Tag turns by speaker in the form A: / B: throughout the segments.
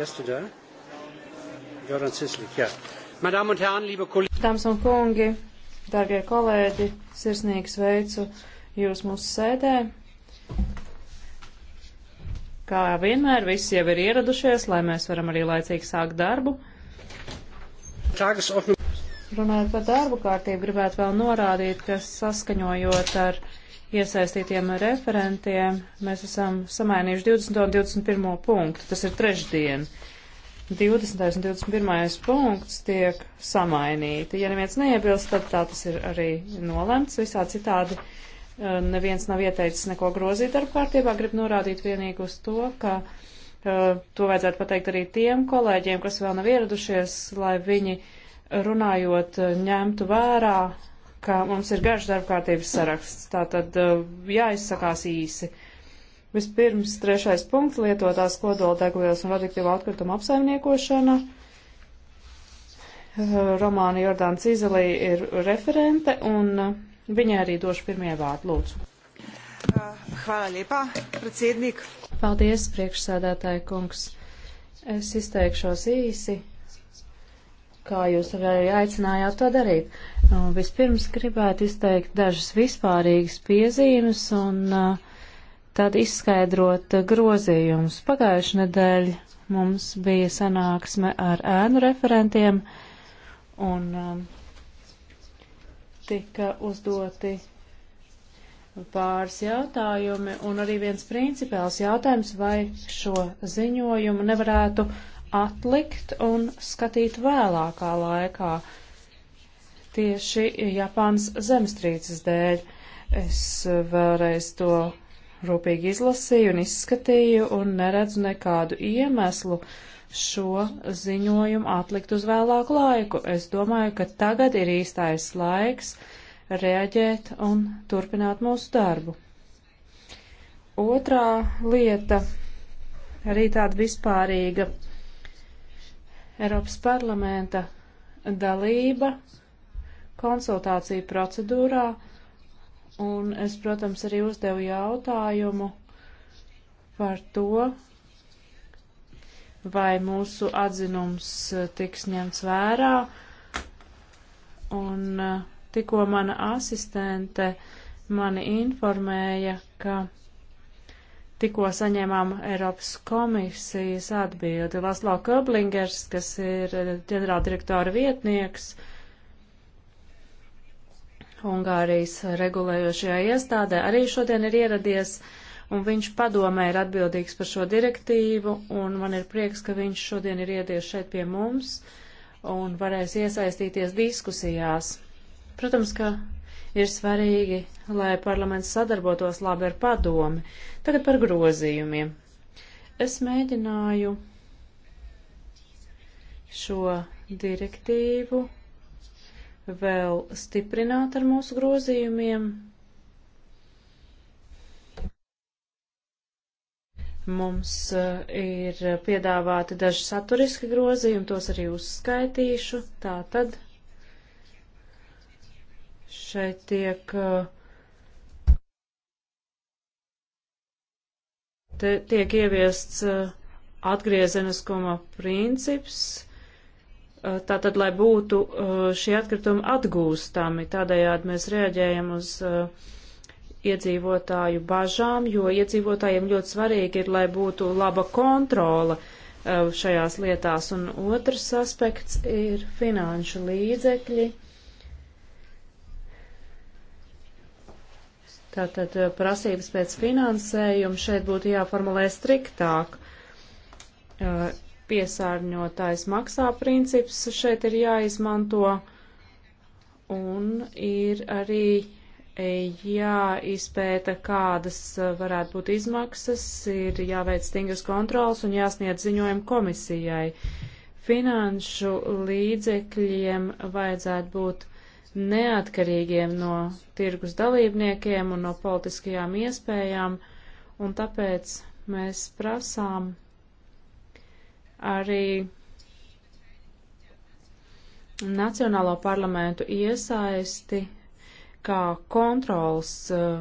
A: erste da? Göran Cislik, jā. Madām un Herren, liebe kolēģi. Dāmas un kungi, dārgie kolēģi, sirsnīgi sveicu jūs mūsu sēdē. Kā vienmēr, visi jau ir ieradušies, lai mēs varam arī laicīgi sākt darbu. Runājot par darbu kārtību, gribētu vēl norādīt, ka saskaņojot ar iesaistītiem referentiem. Mēs esam samainījuši 20. un 21. punktu. Tas ir trešdien. 20. un 21. punkts tiek samainīti. Ja neviens neiebilst, tad tā tas ir arī nolemts. Visā citādi e, neviens nav ieteicis neko grozīt ar kārtībā. Grib norādīt vienīgi uz to, ka e, to vajadzētu pateikt arī tiem kolēģiem, kas vēl nav ieradušies, lai viņi runājot ņemtu vērā ka mums ir garš darbkārtības saraksts, tātad uh, jāizsakās īsi. Vispirms trešais punkts - lietotās kodoldegvielas un radioaktīvu atkritumu apsaimniekošana. Uh, Romāna Jordāna Cizelī ir referente, un uh, viņai arī došu pirmie vārdu. Lūdzu. Hvala lijepa, predsjednik. Paldies, priekšsādātāja kungs. Es izteikšos īsi kā jūs arī aicinājāt to darīt. Un vispirms gribētu izteikt dažas vispārīgas piezīmes un tad izskaidrot grozījumus. Pagājuši nedēļ mums bija sanāksme ar ēnu referentiem un tika uzdoti pāris jautājumi un arī viens principāls jautājums, vai šo ziņojumu nevarētu uh, atlikt un skatīt vēlākā laikā, tieši Japānas zemestrīces dēļ. Es vēlreiz to rūpīgi izlasīju un izskatīju un neredzu nekādu iemeslu šo ziņojumu atlikt uz vēlāku laiku. Es domāju, ka tagad ir īstais laiks reaģēt un turpināt mūsu darbu. Otrā lieta, arī tāda vispārīga Eiropas parlamenta dalība konsultāciju procedūrā, un es, protams, arī uzdevu jautājumu par to, vai mūsu atzinums eh, tiks ņemts vērā, un eh, tikko mana asistente mani informēja, ka Tikko saņēmām Eiropas komisijas atbildi. Laslo Koblingers, kas ir ģenerāldirektora vietnieks Ungārijas regulējošajā iestādē, arī šodien ir ieradies un viņš padomē ir atbildīgs par šo direktīvu, un man ir prieks, ka viņš šodien ir iedies šeit pie mums un varēs iesaistīties diskusijās. Protams, ka ir svarīgi, lai parlaments sadarbotos labi ar padomi. Tagad par grozījumiem. Es mēģināju šo direktīvu vēl stiprināt ar mūsu grozījumiem. Mums uh, ir piedāvāti daži saturiski grozījumi, tos arī uzskaitīšu. Tātad Šeit tiek. Uh, te, tiek ieviests uh, atgriezeniskuma princips, uh, tātad, lai būtu šie atkritumi atgūstami. Tādējādi mēs reaģējam uz iedzīvotāju bažām, jo iedzīvotājiem ļoti svarīgi ir, lai būtu laba kontrola šajās lietās. Un otrs aspekts ir finanšu līdzekļi, Tātad eh, prasības pēc finansējuma šeit būtu jāformulē striktāk. Eh, piesārņotājs maksā princips šeit ir jāizmanto un ir arī eh, jāizpēta, kādas varētu būt izmaksas, ir jāveic stingras kontrols un jāsniedz ziņojumi komisijai. Finanšu līdzekļiem vajadzētu būt neatkarīgiem no tirgus dalībniekiem un no politiskajām iespējām, un tāpēc mēs prasām arī Nacionālo parlamentu iesaisti kā kontrols uh,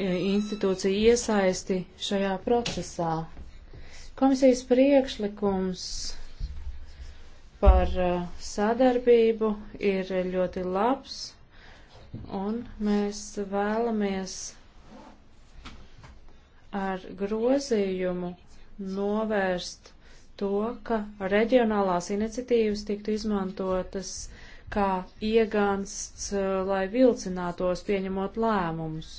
A: institūcija iesaisti šajā procesā. Komisijas priekšlikums par uh, sadarbību ir ļoti labs, un mēs vēlamies ar grozījumu novērst to, ka reģionālās iniciatīvas tiktu izmantotas kā iegansts, uh, lai vilcinātos pieņemot lēmumus.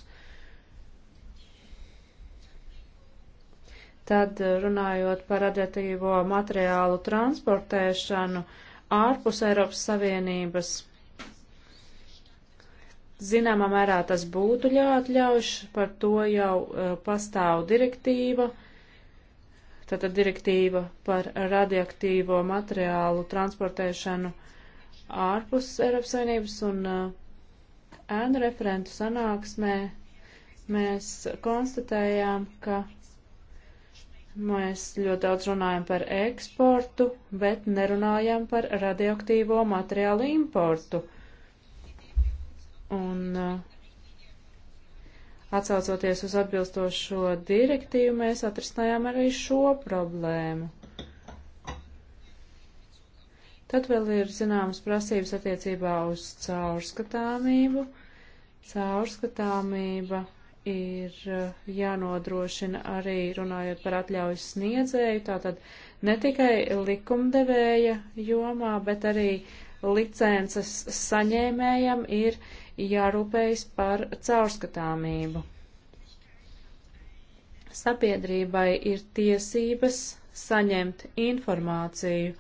A: Tad eh, runājot par radioaktīvo materiālu transportēšanu ārpus Eiropas Savienības, zināmā mērā tas būtu jāatļauj, par to jau uh, pastāv direktīva, tātad direktīva par radioaktīvo materiālu transportēšanu ārpus Eiropas Savienības un uh, ēnu referentu sanāksmē mēs konstatējām, ka Mēs ļoti daudz runājam par eksportu, bet nerunājam par radioaktīvo materiālu importu. Un uh, atsaucoties uz atbilstošo direktīvu, mēs atrisinājām arī šo problēmu. Tad vēl ir zināmas prasības attiecībā uz caurskatāmību. Caurskatāmība ir eh, jānodrošina arī runājot par atļaujas sniedzēju, tātad ne tikai likumdevēja jomā, bet arī licences saņēmējam ir jārūpējas par caurskatāmību. Sabiedrībai ir tiesības saņemt informāciju,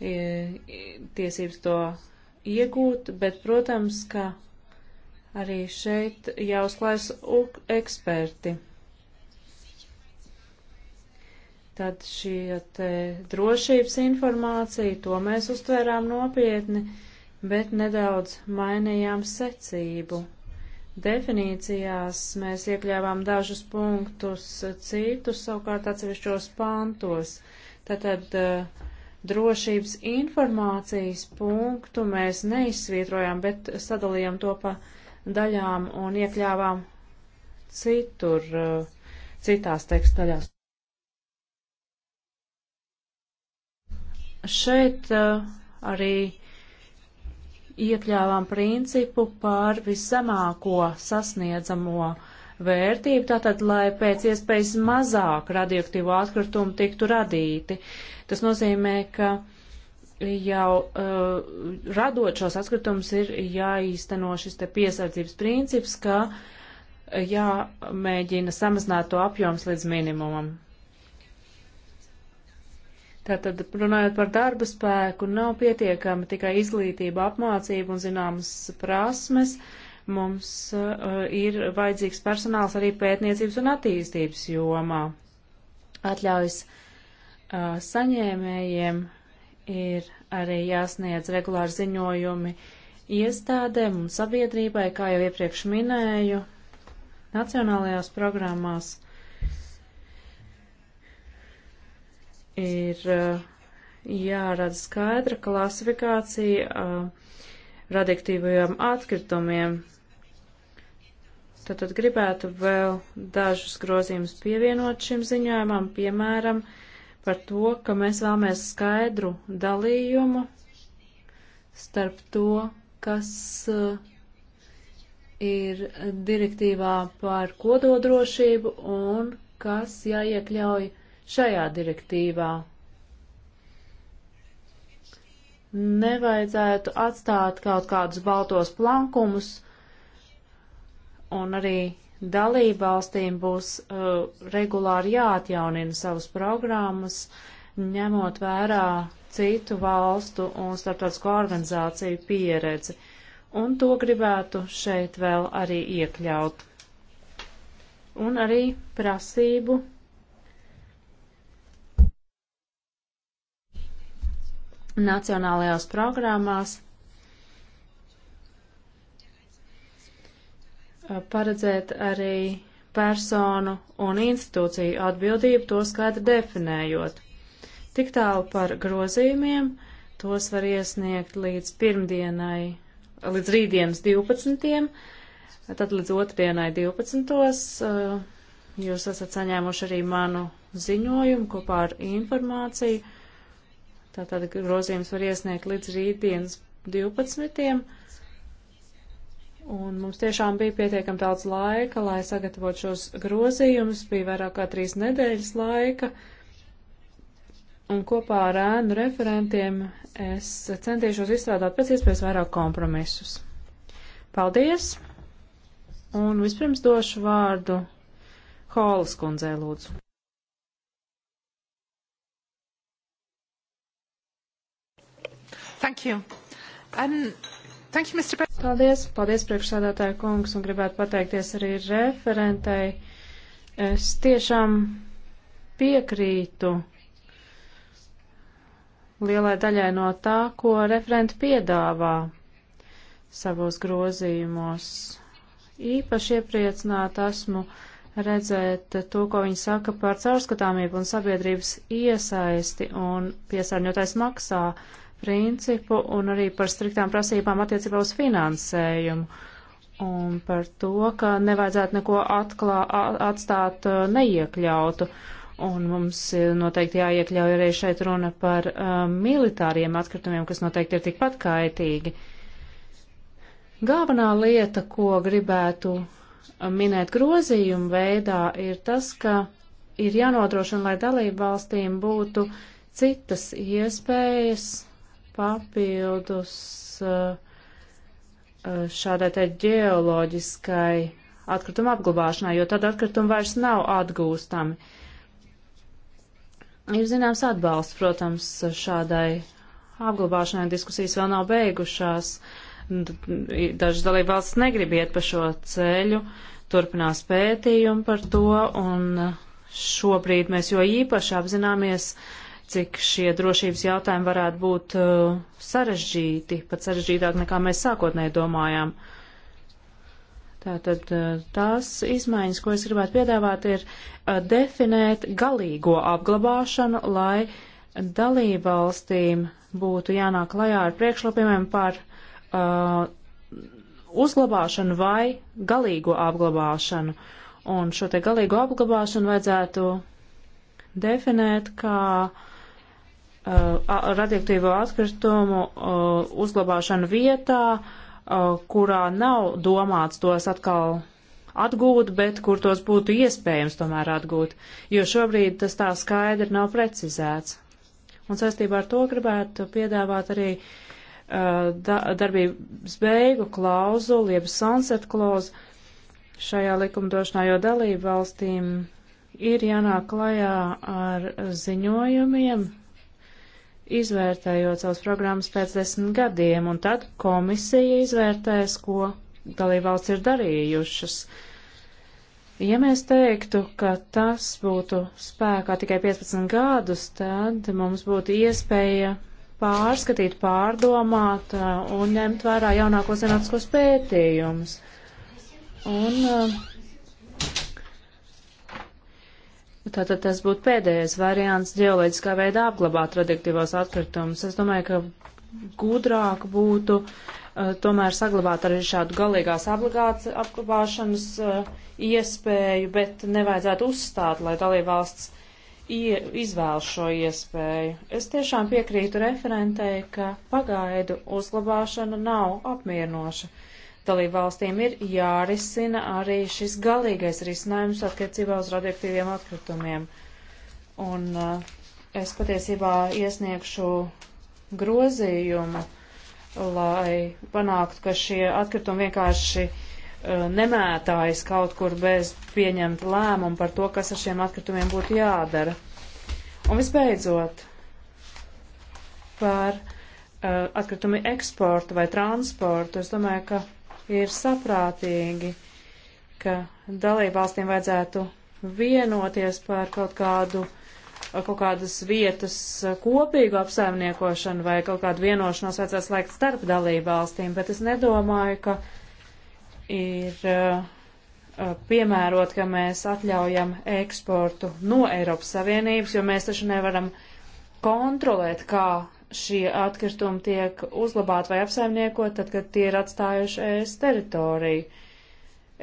A: eh, tiesības to iegūt, bet, protams, ka Arī šeit jāuzklājas eksperti. Tad šī te drošības informācija, to mēs uztvērām nopietni, bet nedaudz mainījām secību. Definīcijās mēs iekļāvām dažus punktus, citus savukārt atsevišķos pantos. Tātad eh, drošības informācijas punktu mēs neizsvietrojām, bet sadalījām to pa daļām un iekļāvām citur, eh, citās teksta daļās. Šeit eh, arī iekļāvām principu par viszemāko sasniedzamo vērtību, tātad, lai pēc iespējas mazāk radioaktīvo atkritumu tiktu radīti. Tas nozīmē, ka uh, jau uh, radot šos atkritumus ir jāīsteno šis te piesardzības princips, ka uh, jāmēģina samazināt to apjoms līdz minimumam. Tātad, runājot par darba spēku, nav pietiekama tikai izglītība, apmācība un zināmas prasmes. Mums uh, ir vajadzīgs personāls arī pētniecības un attīstības jomā. Atļaujas uh, saņēmējiem uh, ir arī jāsniedz regulāri ziņojumi iestādēm un sabiedrībai, kā jau iepriekš minēju, nacionālajās programmās ir uh, jārada skaidra klasifikācija uh, radioaktīvajiem atkritumiem. Tātad gribētu vēl dažus grozījumus pievienot šim ziņojumam, piemēram, uh, par to, ka mēs vēlamies skaidru dalījumu starp to, kas uh, ir direktīvā par kododrošību un kas jāiekļauj šajā direktīvā. Nevajadzētu atstāt kaut kādus baltos plankumus un arī Dalībvalstīm būs uh, regulāri jāatjaunina savas programmas, ņemot vērā citu valstu un starptautisko organizāciju pieredzi. Un to gribētu šeit vēl arī iekļaut. Un arī prasību nacionālajās programmās Uh, paredzēt arī personu un institūciju atbildību, to skaidri definējot. Tik tālu par grozījumiem, tos var iesniegt līdz pirmdienai, līdz rītdienas 12. Tad līdz otrdienai 12. Uh, jūs esat saņēmuši arī manu ziņojumu kopā ar informāciju. Tātad grozījums var iesniegt līdz rītdienas 12. Un mums tiešām bija pietiekam daudz laika, lai sagatavot šos grozījumus, bija vairāk kā trīs nedēļas laika. Un kopā ar ēnu referentiem es centīšos izstrādāt pēc iespējas vairāk kompromisus. Paldies! Un vispirms došu vārdu Holas kundzē, lūdzu. Thank you. Um, Thank you, Mr. President. Paldies, paldies priekšsādātāja kungs un gribētu pateikties arī referentei. Es tiešām piekrītu lielai daļai no tā, ko referenti piedāvā savos grozījumos. Īpaši iepriecināt esmu redzēt to, ko viņi saka par caurskatāmību un sabiedrības iesaisti un piesārņotais maksā principu un arī par striktām prasībām attiecībā uz finansējumu un par to, ka nevajadzētu neko atklā, atstāt uh, neiekļautu. Un mums noteikti jāiekļauj arī šeit runa par uh, militāriem atkritumiem, kas noteikti ir tikpat kaitīgi. Galvenā lieta, ko gribētu uh, minēt grozījumu veidā, ir tas, ka ir jānodrošina, lai dalību valstīm būtu citas iespējas papildus eh, eh, šādai te ģeoloģiskai atkrituma apglabāšanai, jo tad atkritumi vairs nav atgūstami. Ir zināms atbalsts, protams, šādai apglabāšanai diskusijas vēl nav beigušās. Dažas dalība valsts negrib iet pa šo ceļu, turpinās pētījumi par to, un eh, šobrīd mēs jo īpaši apzināmies uh, cik šie drošības jautājumi varētu būt uh, sarežģīti, pat sarežģītāk nekā mēs sākotnēji domājām. Tātad uh, tās izmaiņas, ko es gribētu piedāvāt, ir uh, definēt galīgo apglabāšanu, lai dalībvalstīm būtu jānāk klajā ar priekšlapiem par uh, uzglabāšanu vai galīgo apglabāšanu. Un šo te galīgo apglabāšanu vajadzētu definēt kā uh, Uh, radioaktīvo atkritumu uh, uzglabāšanu vietā, uh, kurā nav domāts tos atkal atgūt, bet kur tos būtu iespējams tomēr atgūt, jo šobrīd tas tā skaidri nav precizēts. Un saistībā ar to gribētu piedāvāt arī uh, da darbības beigu klauzulu, jeb sunset klauzu šajā likumdošanā, jo dalību valstīm ir jānāk klajā ar ziņojumiem izvērtējot savas programmas pēc desmit gadiem, un tad komisija izvērtēs, ko dalībvalsts ir darījušas. Ja mēs teiktu, ka tas būtu spēkā tikai 15 gadus, tad mums būtu iespēja pārskatīt, pārdomāt uh, un ņemt vērā jaunākos zinātniskos pētījumus. Un uh, Tātad tas būtu pēdējais variants ģeoloģiskā veidā apglabāt radioaktīvos atkritumus. Es domāju, ka gudrāk būtu uh, tomēr saglabāt arī šādu galīgās apglabāšanas uh, iespēju, bet nevajadzētu uzstāt, lai dalībvalsts izvēl šo iespēju. Es tiešām piekrītu referentei, ka pagaidu uzglabāšana nav apmierinoša. Uh, Dalību valstīm ir jārisina arī šis galīgais risinājums attiecībā uz radioaktīviem atkritumiem. Un uh, es patiesībā iesniegšu grozījumu, lai panāktu, ka šie atkritumi vienkārši uh, nemētājas kaut kur bez pieņemt lēmumu par to, kas ar šiem atkritumiem būtu jādara. Un visbeidzot, par uh, atkritumu eksportu vai transportu, es domāju, ka ir saprātīgi, ka dalībvalstīm vajadzētu vienoties par kaut kādu kaut kādas vietas kopīgu apsaimniekošanu vai kaut kādu vienošanos vajadzētu slēgt starp dalībvalstīm, bet es nedomāju, ka ir uh, piemērot, ka mēs atļaujam eksportu no Eiropas Savienības, jo mēs taču nevaram kontrolēt, kā šie atkritumi tiek uzglabāti vai apsaimniekot, tad, kad tie ir atstājuši ES teritoriju.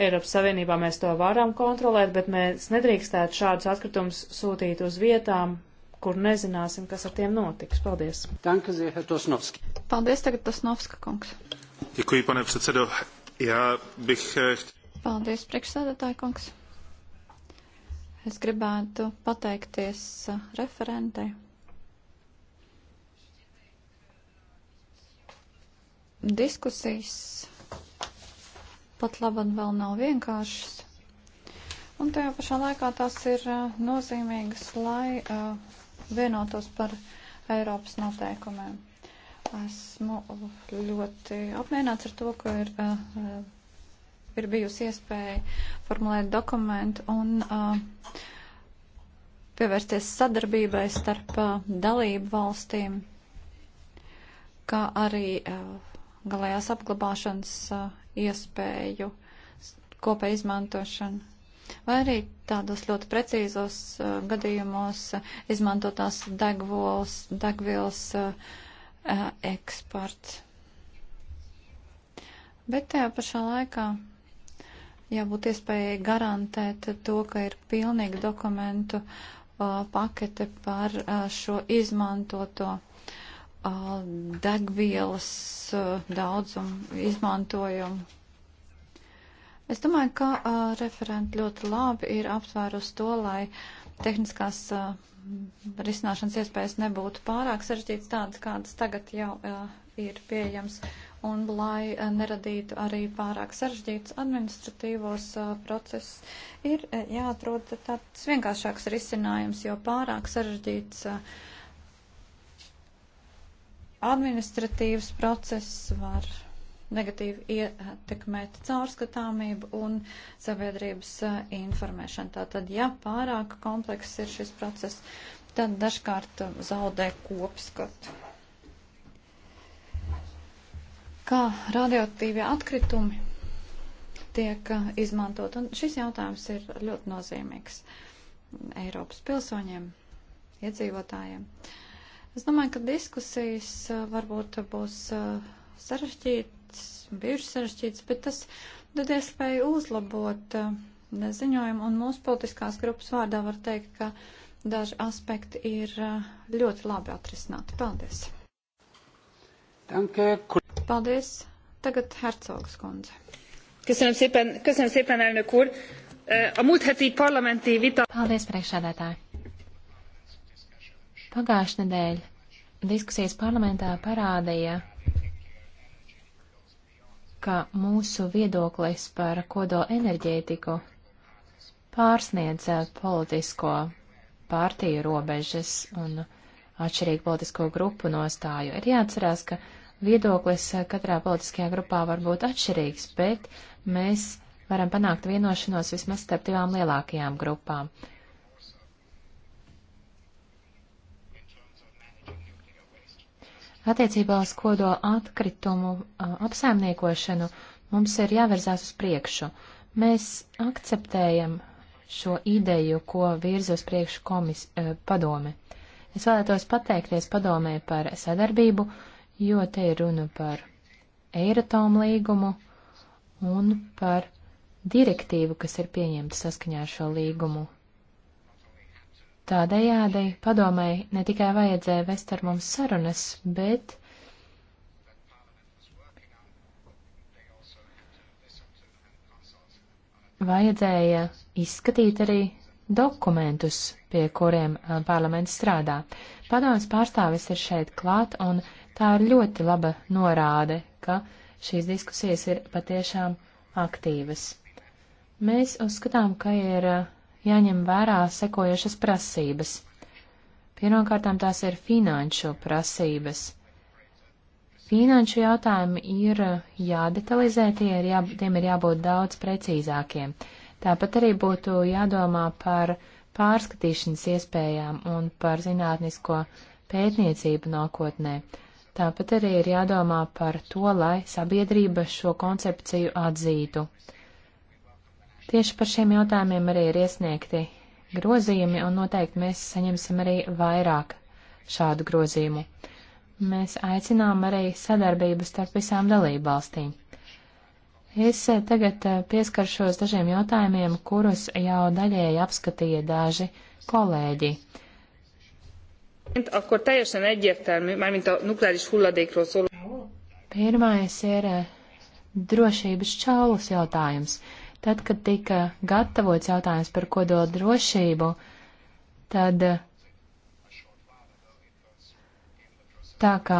A: Eiropas Savienībā mēs to varam kontrolēt, bet mēs nedrīkstētu šādus atkritumus sūtīt uz vietām, kur nezināsim, kas ar tiem notiks. Paldies.
B: Paldies, tagad Tosnovska kungs. Děkuji, pane předsedo. Já bych... Eh, Paldies, priekšsēdētāji kungs. Es gribētu pateikties referentei diskusijas pat laban vēl nav vienkāršas. Un tajā pašā laikā tās ir nozīmīgas, lai uh, vienotos par Eiropas noteikumiem. Esmu ļoti apmierināts ar to, ka ir, uh, ir bijusi iespēja formulēt dokumentu un uh, pievērsties sadarbībai starp dalību valstīm, kā arī uh, galējās apglabāšanas uh, iespēju kopēju izmantošanu. Vai arī tādos ļoti precīzos uh, gadījumos uh, izmantotās degvielas, degvielas eksports. Bet tajā pašā laikā jābūt iespējai garantēt to, ka ir pilnīgi dokumentu uh, pakete par uh, šo izmantoto degvielas daudzumu izmantojumu. Es domāju, ka uh, referenti ļoti labi ir aptvērusi to, lai tehniskās uh, risināšanas iespējas nebūtu pārāk sarežģītas tādas, kādas tagad jau uh, ir pieejams, un lai uh, neradītu arī pārāk sarežģītus administratīvos uh, procesus, ir uh, jāatrod tāds vienkāršāks risinājums, jo pārāk sarežģīts. Uh, administratīvs process var negatīvi ietekmēt caurskatāmību un sabiedrības informēšanu. Tātad, ja pārāk komplekss ir šis process, tad dažkārt zaudē kopskatu. Kā radioaktīvie atkritumi tiek izmantot, un šis jautājums ir ļoti nozīmīgs Eiropas pilsoņiem, iedzīvotājiem. Uh, Es domāju, ka diskusijas varbūt būs sarežģītas, bijuši sarežģītas, bet tas dod iespēju uzlabot ziņojumu, un mūsu politiskās grupas vārdā var teikt, ka daži aspekti ir ļoti labi atrisināti. Paldies! Danke. Paldies! Tagad Hercogs kundze. Köszönöm szépen, köszönöm szépen, elnök úr! A múlt heti parlamenti vita... Paldies,
C: priekšsēdētāji! Pagājušajā nedēļā diskusijas parlamentā parādīja, ka mūsu viedoklis par kodolenerģētiku pārsniedz politisko pārtīju robežas un atšķirīgu politisko grupu nostāju. Ir jāatcerās, ka viedoklis katrā politiskajā grupā var būt atšķirīgs, bet mēs varam panākt vienošanos vismaz starp divām lielākajām grupām. Attiecībā uz kodola atkritumu apsaimniekošanu mums ir jāvirzās uz priekšu. Mēs akceptējam šo ideju, ko virza uz priekšu komis, e, padome. Es vēlētos pateikties padomē par sadarbību, jo te ir runa par Eiratomu līgumu un par direktīvu, kas ir pieņemta saskaņā ar šo līgumu. Tādējādi padomēji ne tikai vajadzēja vest ar mums sarunas, bet vajadzēja izskatīt arī dokumentus, pie kuriem eh, parlaments strādā. Padomas pārstāvis ir šeit klāt, un tā ir ļoti laba norāde, ka šīs diskusijas ir patiešām aktīvas. Mēs uzskatām, ka ir eh, jāņem vērā sekojošas prasības. Pirmkārtām tās ir finanšu prasības. Finanšu jautājumi ir jādetalizē, tie ir jā, tiem ir jābūt daudz precīzākiem. Tāpat arī būtu jādomā par pārskatīšanas iespējām un par zinātnisko pētniecību nākotnē. Tāpat arī ir jādomā par to, lai sabiedrība šo koncepciju atzītu. Tieši par šiem jautājumiem arī ir iesniegti grozījumi, un noteikti mēs saņemsim arī vairāk šādu grozījumu. Mēs aicinām arī sadarbību starp visām dalībvalstīm. Es eh, tagad eh, pieskaršos dažiem jautājumiem, kurus jau daļēji apskatīja daži kolēģi. Pirmais ir eh, drošības čaulus jautājums. Tad, kad tika gatavots jautājums par kodola drošību, tad tā kā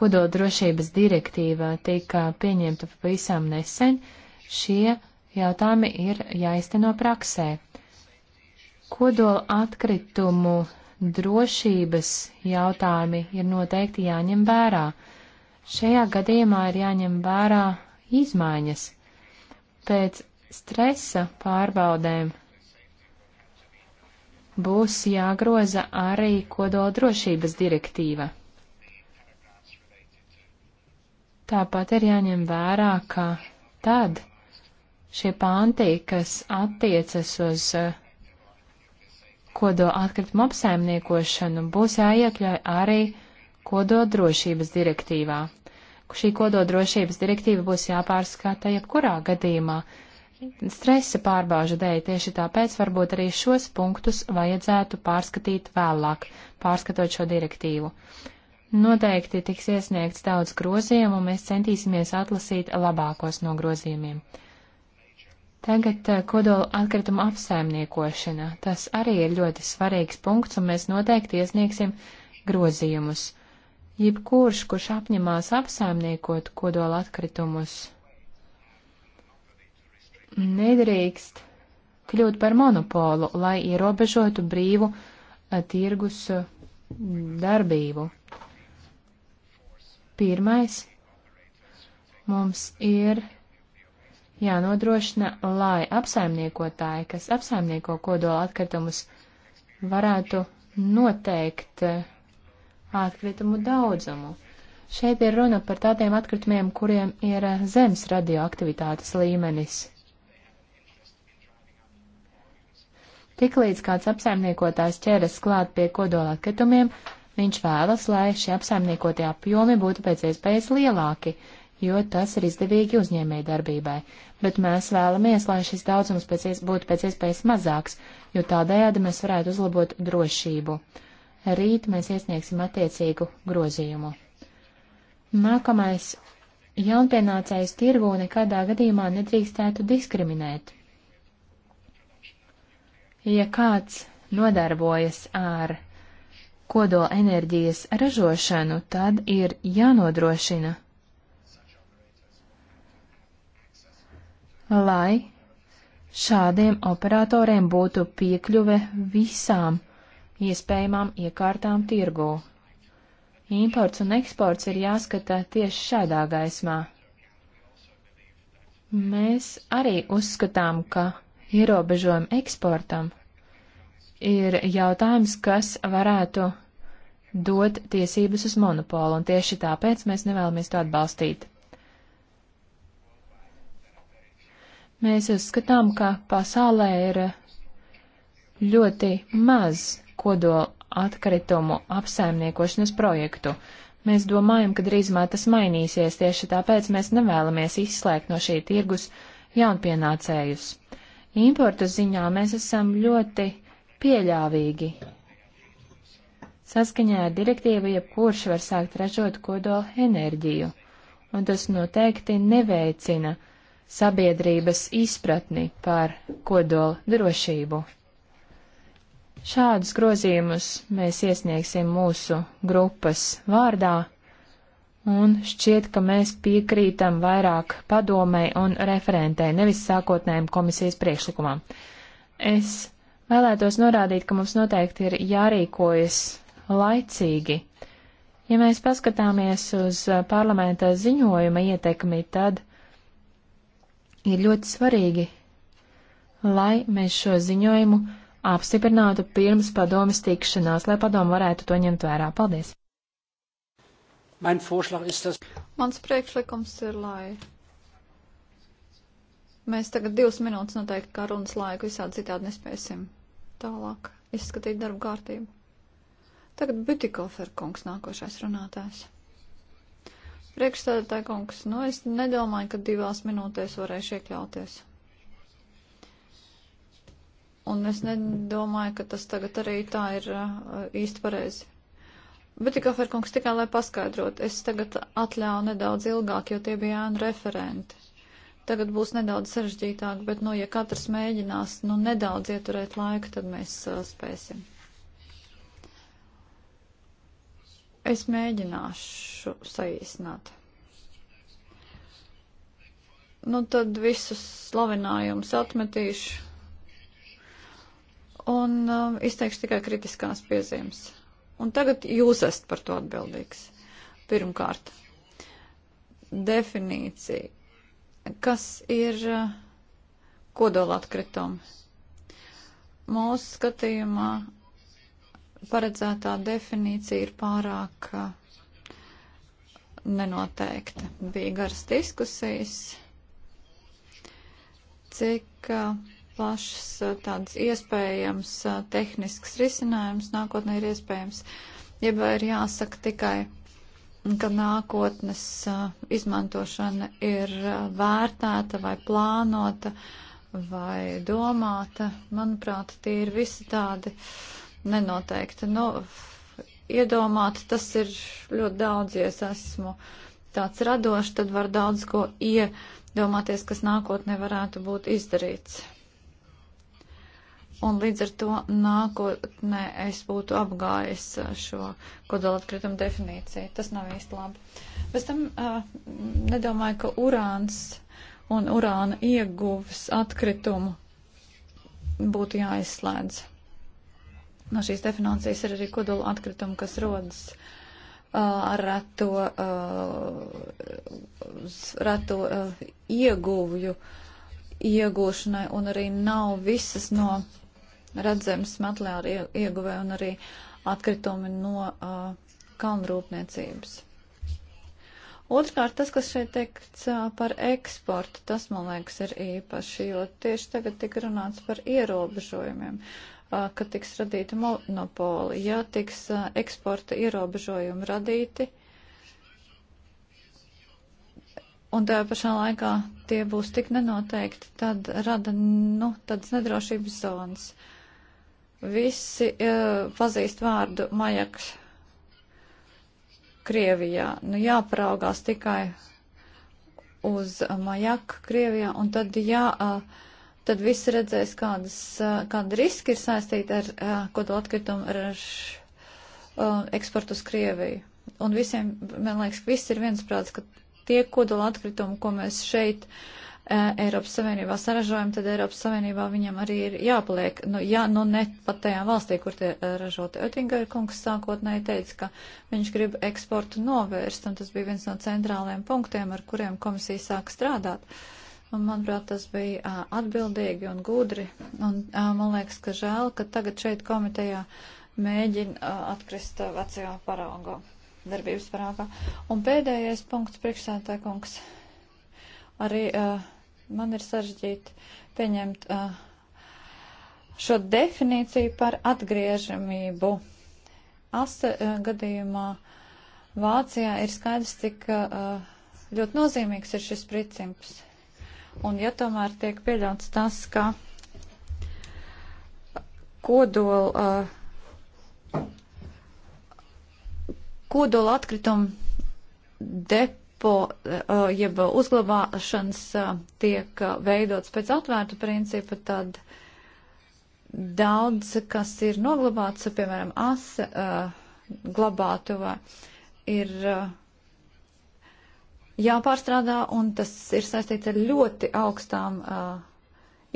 C: kodola drošības direktīva tika pieņemta pavisam nesen, šie jautājumi ir jāizteno praksē. Kodola atkritumu drošības jautājumi ir noteikti jāņem vērā. Šajā gadījumā ir jāņem vērā izmaiņas pēc stresa pārbaudēm būs jāgroza arī kodola drošības direktīva. Tāpat ir jāņem vērā, ka tad šie pāntī, kas attiecas uz eh, kodola atkritumu apsaimniekošanu, būs jāiekļauj arī kodola drošības direktīvā šī kododrošības direktīva būs jāpārskata jebkurā gadījumā. Stresa pārbaužu dēļ tieši tāpēc varbūt arī šos punktus vajadzētu pārskatīt vēlāk, pārskatot šo direktīvu. Noteikti tiks iesniegts daudz grozījumu, un mēs centīsimies atlasīt labākos no grozījumiem. Tagad eh, kodola atkrituma apsaimniekošana. Tas arī ir ļoti svarīgs punkts, un mēs noteikti iesniegsim grozījumus. Jebkurš, kurš apņemās apsaimniekot kodola atkritumus, nedrīkst kļūt par monopolu, lai ierobežotu brīvu eh, tirgus eh, darbību. Pirmais, mums ir jānodrošina, lai apsaimniekotāji, kas apsaimnieko kodola atkritumus, varētu noteikt eh, atkritumu daudzumu. Šeit ir runa par tādiem atkritumiem, kuriem ir zemes radioaktivitātes līmenis. Tiklīdz kāds apsaimniekotājs ķeras klāt pie kodola atkritumiem, viņš vēlas, lai šie apsaimniekotie apjomi būtu pēc iespējas lielāki, jo tas ir izdevīgi uzņēmēji darbībai. Bet mēs vēlamies, lai šis daudzums pēc ies, būtu pēc iespējas mazāks, jo tādējādi mēs varētu uzlabot drošību. Rīt mēs iesniegsim attiecīgu grozījumu. Nākamais jaunpienācējs tirgū nekādā gadījumā nedrīkstētu diskriminēt. Ja kāds nodarbojas ar kodola enerģijas ražošanu, tad ir jānodrošina, lai šādiem operatoriem būtu piekļuve visām iespējamām iekārtām tirgū. Imports un eksports ir jāskata tieši šādā gaismā. Mēs arī uzskatām, ka ierobežojumi eksportam ir jautājums, kas varētu dot tiesības uz monopolu, un tieši tāpēc mēs nevēlamies to atbalstīt. Mēs uzskatām, ka pasaulē ir ļoti maz kodola atkritumu apsaimniekošanas projektu. Mēs domājam, ka drīzumā tas mainīsies, tieši tāpēc mēs nevēlamies izslēgt no šī tirgus jaunpienācējus. Importu ziņā mēs esam ļoti pieļāvīgi. Saskaņā ar direktīvu jebkurš var sākt ražot kodola enerģiju, un tas noteikti neveicina sabiedrības izpratni par kodola drošību. Šādus grozījumus mēs iesniegsim mūsu grupas vārdā, un šķiet, ka mēs piekrītam vairāk padomei un referentei, nevis sākotnējiem komisijas priekšlikumam. Es vēlētos norādīt, ka mums noteikti ir jārīkojas laicīgi. Ja mēs paskatāmies uz parlamenta ziņojuma ietekmi, tad ir ļoti svarīgi, lai mēs šo ziņojumu apstiprinātu pirms padomas tikšanās, lai padomu varētu to ņemt vērā. Paldies!
A: Mans
B: priekšlikums ir, lai mēs tagad divas minūtes noteikti kā runas laiku visādi citādi nespēsim tālāk izskatīt darbu kārtību. Tagad Bütikofer kungs nākošais runātājs. Priekšstādātāja kungs, nu es nedomāju, ka divās minūtēs varēšu iekļauties. Un es nedomāju, ka tas tagad arī tā ir īsti pareizi. Bet tikai Ferkungs, tikai lai paskaidrot, es tagad atļauju nedaudz ilgāk, jo tie bija ēnu referenti. Tagad būs nedaudz sarežģītāk, bet, nu, ja katrs mēģinās, nu, nedaudz ieturēt laiku, tad mēs uh, spēsim. Es mēģināšu saīsināt. Nu, tad visus slavinājumus atmetīšu un um, izteikšu tikai kritiskās piezīmes. Un tagad jūs esat par to atbildīgs. Pirmkārt, definīcija. Kas ir uh, kodola atkritumi? Mūsu skatījumā paredzētā definīcija ir pārāk uh, nenoteikta. Bija garas diskusijas, cik uh, plašs eh, tāds iespējams eh, tehnisks risinājums nākotnē ir iespējams, jeb ir jāsaka tikai, ka nākotnes eh, izmantošana ir vērtēta vai plānota vai domāta. Manuprāt, tie ir visi tādi nenoteikti. Nu, iedomāti, tas ir ļoti daudz, ja es esmu tāds radošs, tad var daudz ko iedomāties, kas nākotnē varētu būt izdarīts. Un līdz ar to nākotnē es būtu apgājis uh, šo kodola atkrituma definīciju. Tas nav īsti labi. Bez tam uh, nedomāju, ka urāns un urāna ieguves atkritumu būtu jāizslēdz. No šīs definīcijas ir arī kodola atkritumi, kas rodas uh, ar reto, uh, reto uh, ieguvju iegūšanai, un arī nav visas no redzams materiāla ieguvē un arī atkritumi no uh, kalnrūpniecības. Otrkārt, tas, kas šeit teikts par eksportu, tas, man liekas, ir īpaši, jo tieši tagad tika runāts par ierobežojumiem, ka tiks radīti monopoli. Ja tiks eksporta ierobežojumi radīti, un tajā pašā laikā tie būs tik nenoteikti, tad rada, nu, tādas nedrošības zonas. Uh, Visi uh, pazīst vārdu majaks Krievijā. Nu, jāpraugās tikai uz majaku Krievijā, un tad jā. Uh, tad visi redzēs, kādas, eh, kāda riski ir saistīta ar kodu atkritumu, ar, ar eksportu uz Krieviju. Un visiem, man liekas, viss ir viensprāts, ka tie kodola atkritumi, ko mēs šeit uh, Eh, Eiropas Savienībā saražojam, tad Eiropas Savienībā viņam arī ir jāpaliek. Nu, ja nu ne pat tajā valstī, kur tie ražoti. Oettinger kungs sākotnēji teica, ka viņš grib eksportu novērst, un tas bija viens no centrālajiem punktiem, ar kuriem komisija sāk strādāt. Un, manuprāt, tas bija uh, atbildīgi un gudri, un uh, man liekas, ka žēl, ka tagad šeit komitejā mēģina uh, atkrist uh, vecajā parāgo, darbības parāgā. Un pēdējais punkts priekšsētā kungs. Arī uh, man ir sarežģīti pieņemt uh, šo definīciju par atgriežamību. Asa uh, gadījumā Vācijā ir skaidrs, cik uh, ļoti nozīmīgs ir šis princips. Un ja tomēr tiek pieļauts tas, ka kodola, uh, kodola atkrituma depozīcija, depo, eh, eh, jeb uzglabāšanas eh, tiek veidots pēc atvērta principa, tad daudz, kas ir noglabāts, piemēram, asa glabātuvā, ir jāpārstrādā, un tas ir saistīts ar ļoti augstām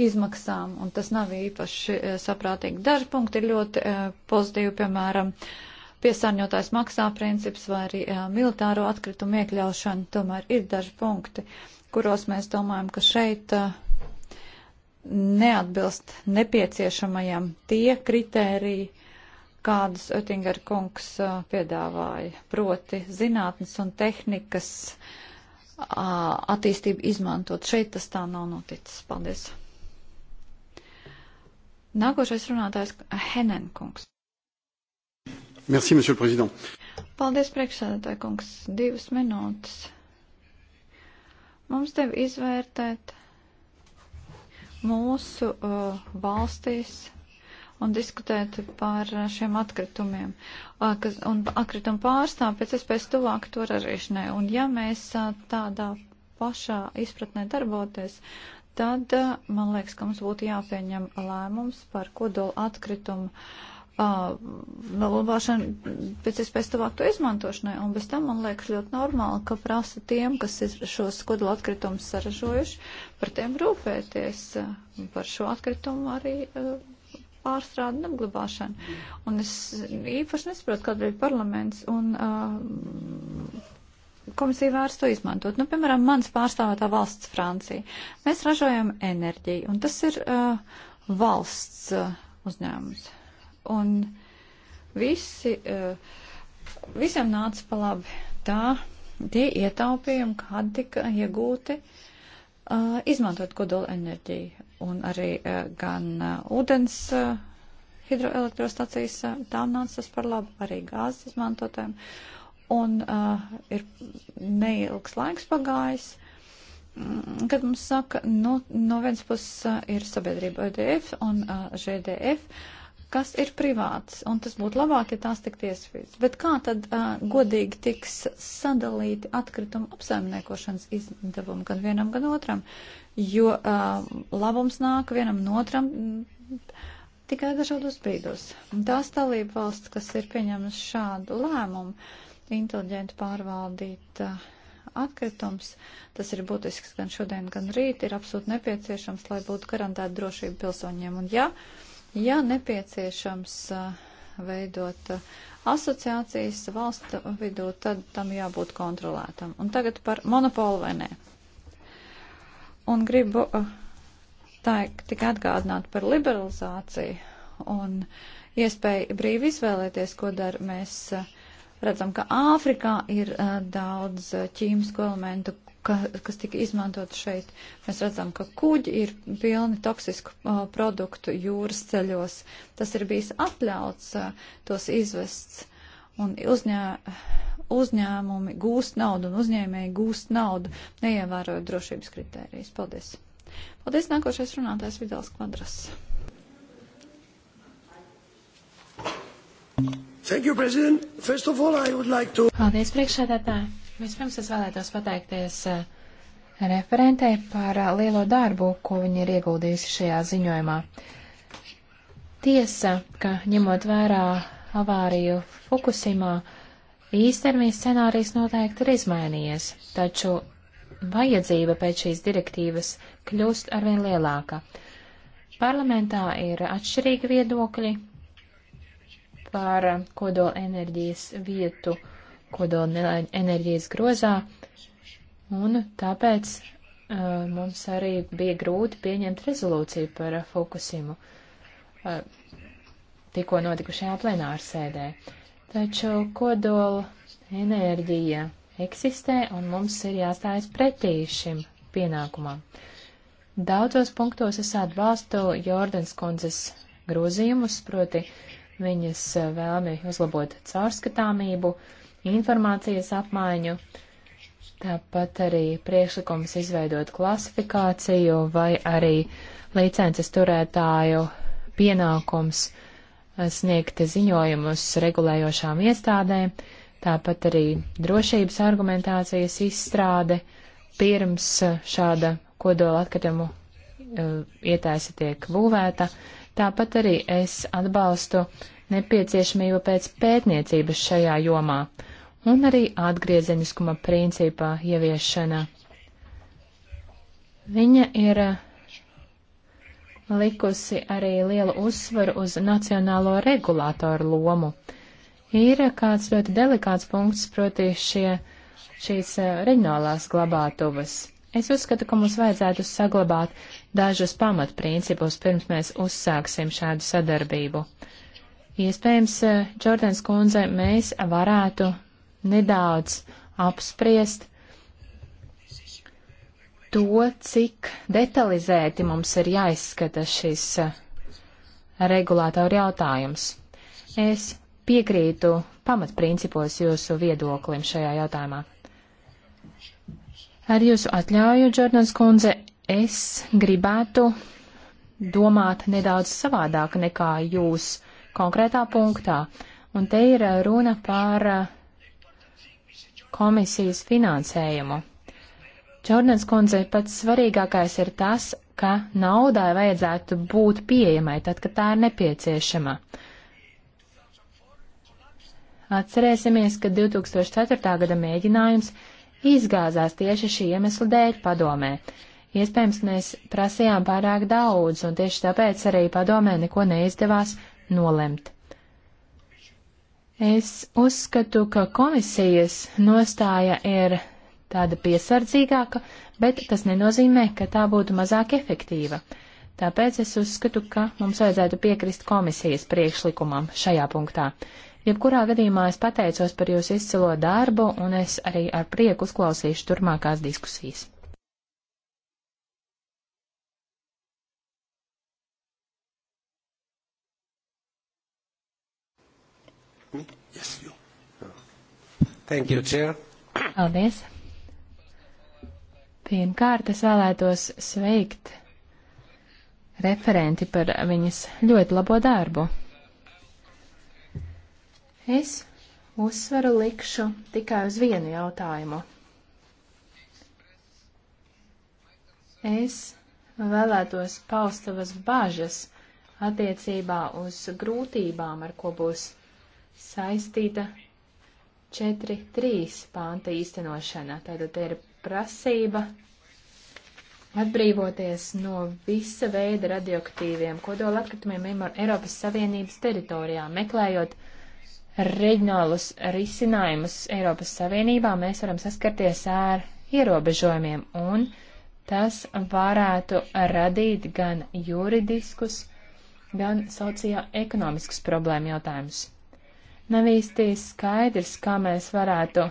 B: izmaksām, un tas nav īpaši saprātīgi. Daži punkti ir ļoti pozitīvi, piemēram, uh, piesārņotājs maksā princips vai arī uh, militāro atkritumu iekļaušanu. Tomēr ir daži punkti, kuros mēs domājam, ka šeit uh, neatbilst nepieciešamajam tie kritēriji, kādus Oettinger kungs uh, piedāvāja, proti zinātnes un tehnikas uh, attīstību izmantot. Šeit tas tā nav noticis. Paldies! Nākošais runātājs Henen kungs.
A: Merci, monsieur le président.
B: Paldies, priekšsēdētāji kungs. Divas minūtes. Mums tev izvērtēt mūsu uh, valstīs un diskutēt par šiem atkritumiem. Uh, kas, un atkritumu pārstāv pēc iespējas tuvāk tur arīšanai. Un ja mēs uh, tādā pašā izpratnē darboties, tad, uh, man liekas, ka mums būtu jāpieņem lēmums par kodolu atkritumu uh, noglabāšanu pēc iespējas tuvāk to izmantošanai. Un bez tam man liekas ļoti normāli, ka prasa tiem, kas ir šos kodolu atkritumus saražojuši, par tiem rūpēties par šo atkritumu arī pārstrādi un apglabāšanu. Un es īpaši nesaprotu, kādēļ parlaments un uh, komisija vairs to izmantot. Nu, piemēram, mans pārstāvētā valsts Francija. Mēs ražojam enerģiju, un tas ir uh, valsts uh, uzņēmums un visi, eh, visam nāca pa labi tā, tie ietaupījumi, kādi tika iegūti, eh, izmantot kodola enerģiju un arī eh, gan ūdens hidroelektrostacijas, tām nāca tas par labu, arī gāzes izmantotājiem. Un uh, ir neilgs laiks pagājis, mm, kad mums saka, nu, no vienas puses ir sabiedrība EDF un uh, ŽDF, kas ir privāts, un tas būtu labāk, ja tās tik tiesvīts. Bet kā tad uh, godīgi tiks sadalīti atkritumu apsaimniekošanas izdevumi gan vienam, gan otram, jo uh, labums nāk vienam un otram mm, tikai dažādos brīdos. Tās dalība valsts, kas ir pieņēmusi šādu lēmumu, inteliģenti pārvaldīt uh, atkritums. Tas ir būtisks gan šodien, gan rīt. Ir absolūti nepieciešams, lai būtu garantēta drošība pilsoņiem. Un ja Ja nepieciešams veidot asociācijas valstu vidū, tad tam jābūt kontrolētam. Un tagad par monopolu vai nē. Un gribu tā tikai atgādināt par liberalizāciju un iespēju brīvi izvēlēties, ko dara mēs. Redzam, ka Āfrikā ir daudz ķīmisko elementu, ka, kas tika izmantot šeit. Mēs redzam, ka kuģi ir pilni toksisku uh, produktu jūras ceļos. Tas ir bijis atļauts uh, tos izvests, un uzņē, uzņēmumi gūst naudu, un uzņēmēji gūst naudu, neievērojot drošības kritērijas. Paldies! Paldies, nākošais runātājs Vidāls Kvadras. Thank you, President. First of all, I would like to... Paldies, priekšsēdētāji.
C: Vispirms es vēlētos pateikties eh, referentei par eh, lielo darbu, ko viņi ir ieguldījusi šajā ziņojumā. Tiesa, ka ņemot vērā avāriju Fukusimā, īstermiņa scenārijs noteikti ir izmainījies, taču vajadzība pēc šīs direktīvas kļūst arvien lielāka. Parlamentā ir atšķirīgi viedokļi par eh, kodola enerģijas vietu kodola enerģijas grozā, un tāpēc uh, mums arī bija grūti pieņemt rezolūciju par uh, Fukusimu uh, tikko notikušajā plenāra sēdē. Taču kodola enerģija eksistē, un mums ir jāstājas pretī šim pienākumam. Daudzos punktos es atbalstu Jordans kundzes grozījumus, proti viņas uh, vēlmi uzlabot caurskatāmību, uh, informācijas apmaiņu, tāpat arī priekšlikums izveidot klasifikāciju vai arī licences turētāju pienākums sniegt ziņojumus regulējošām iestādēm, tāpat arī drošības argumentācijas izstrāde pirms šāda kodola atkritumu e, ietaisa tiek būvēta. Tāpat arī es atbalstu nepieciešamību pēc pētniecības šajā jomā. Uh, un arī atgriezeniskuma principā ieviešana. Viņa ir likusi arī lielu uzsvaru uz nacionālo regulātoru lomu. Ir kāds ļoti delikāts punkts, proti šie, šīs eh, reģionālās glabātuvas. Es uzskatu, ka mums vajadzētu saglabāt dažus pamatprincipus, pirms mēs uzsāksim šādu sadarbību. Iespējams, Čordens eh, kundze, mēs varētu nedaudz apspriest to, cik detalizēti mums ir jāizskata šis eh, regulātoru jautājums. Es piekrītu pamatprincipos jūsu viedoklim šajā jautājumā. Ar jūsu atļauju, Džordans Kunze, es gribētu domāt nedaudz savādāk nekā jūs konkrētā punktā. Un te ir runa par uh, komisijas finansējumu. Čornens kundze, pats svarīgākais ir tas, ka naudai vajadzētu būt pieejamai tad, kad tā ir nepieciešama. Atcerēsimies, ka 2004. gada mēģinājums izgāzās tieši šī iemesla dēļ padomē. Iespējams, mēs prasījām pārāk daudz, un tieši tāpēc arī padomē neko neizdevās nolemt. Es uzskatu, ka komisijas nostāja ir tāda piesardzīgāka, bet tas nenozīmē, ka tā būtu mazāk efektīva. Tāpēc es uzskatu, ka mums vajadzētu piekrist komisijas priekšlikumam šajā punktā. Jebkurā gadījumā es pateicos par jūsu izcilo darbu, un es arī ar prieku uzklausīšu turmākās diskusijas.
B: Thank you, Chair.
C: Paldies. Pirmkārt, es vēlētos sveikt referenti par viņas ļoti labo darbu. Es uzsvaru likšu tikai uz vienu jautājumu. Es vēlētos paust savas bāžas attiecībā uz grūtībām, ar ko būs saistīta 4.3 pānta īstenošana. Tātad ir prasība atbrīvoties no visa veida radioaktīviem kodola atkritumiem Eiropas Savienības teritorijā, meklējot reģionālus risinājumus Eiropas Savienībā, mēs varam saskarties ar ierobežojumiem, un tas varētu radīt gan juridiskus, gan sociālo-ekonomiskus problēmu jautājumus. Nav īsti skaidrs, kā mēs varētu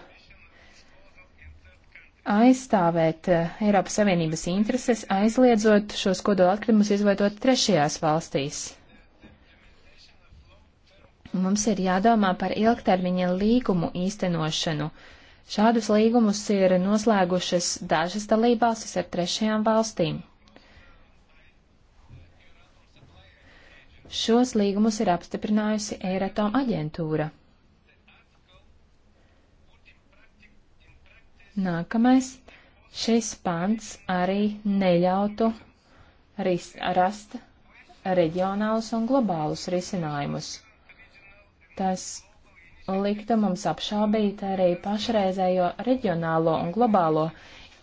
C: aizstāvēt eh, Eiropas Savienības intereses, aizliedzot šos kodola atkritumus izvietot trešajās valstīs. Mums ir jādomā par ilgtermiņa līgumu īstenošanu. Šādus līgumus ir noslēgušas dažas dalībvalstis ar trešajām valstīm. Šos līgumus ir apstiprinājusi Eiratom aģentūra. Nākamais. Šis pants arī neļautu ris, rast reģionālus un globālus risinājumus. Tas liktu mums apšaubīt arī pašreizējo reģionālo un globālo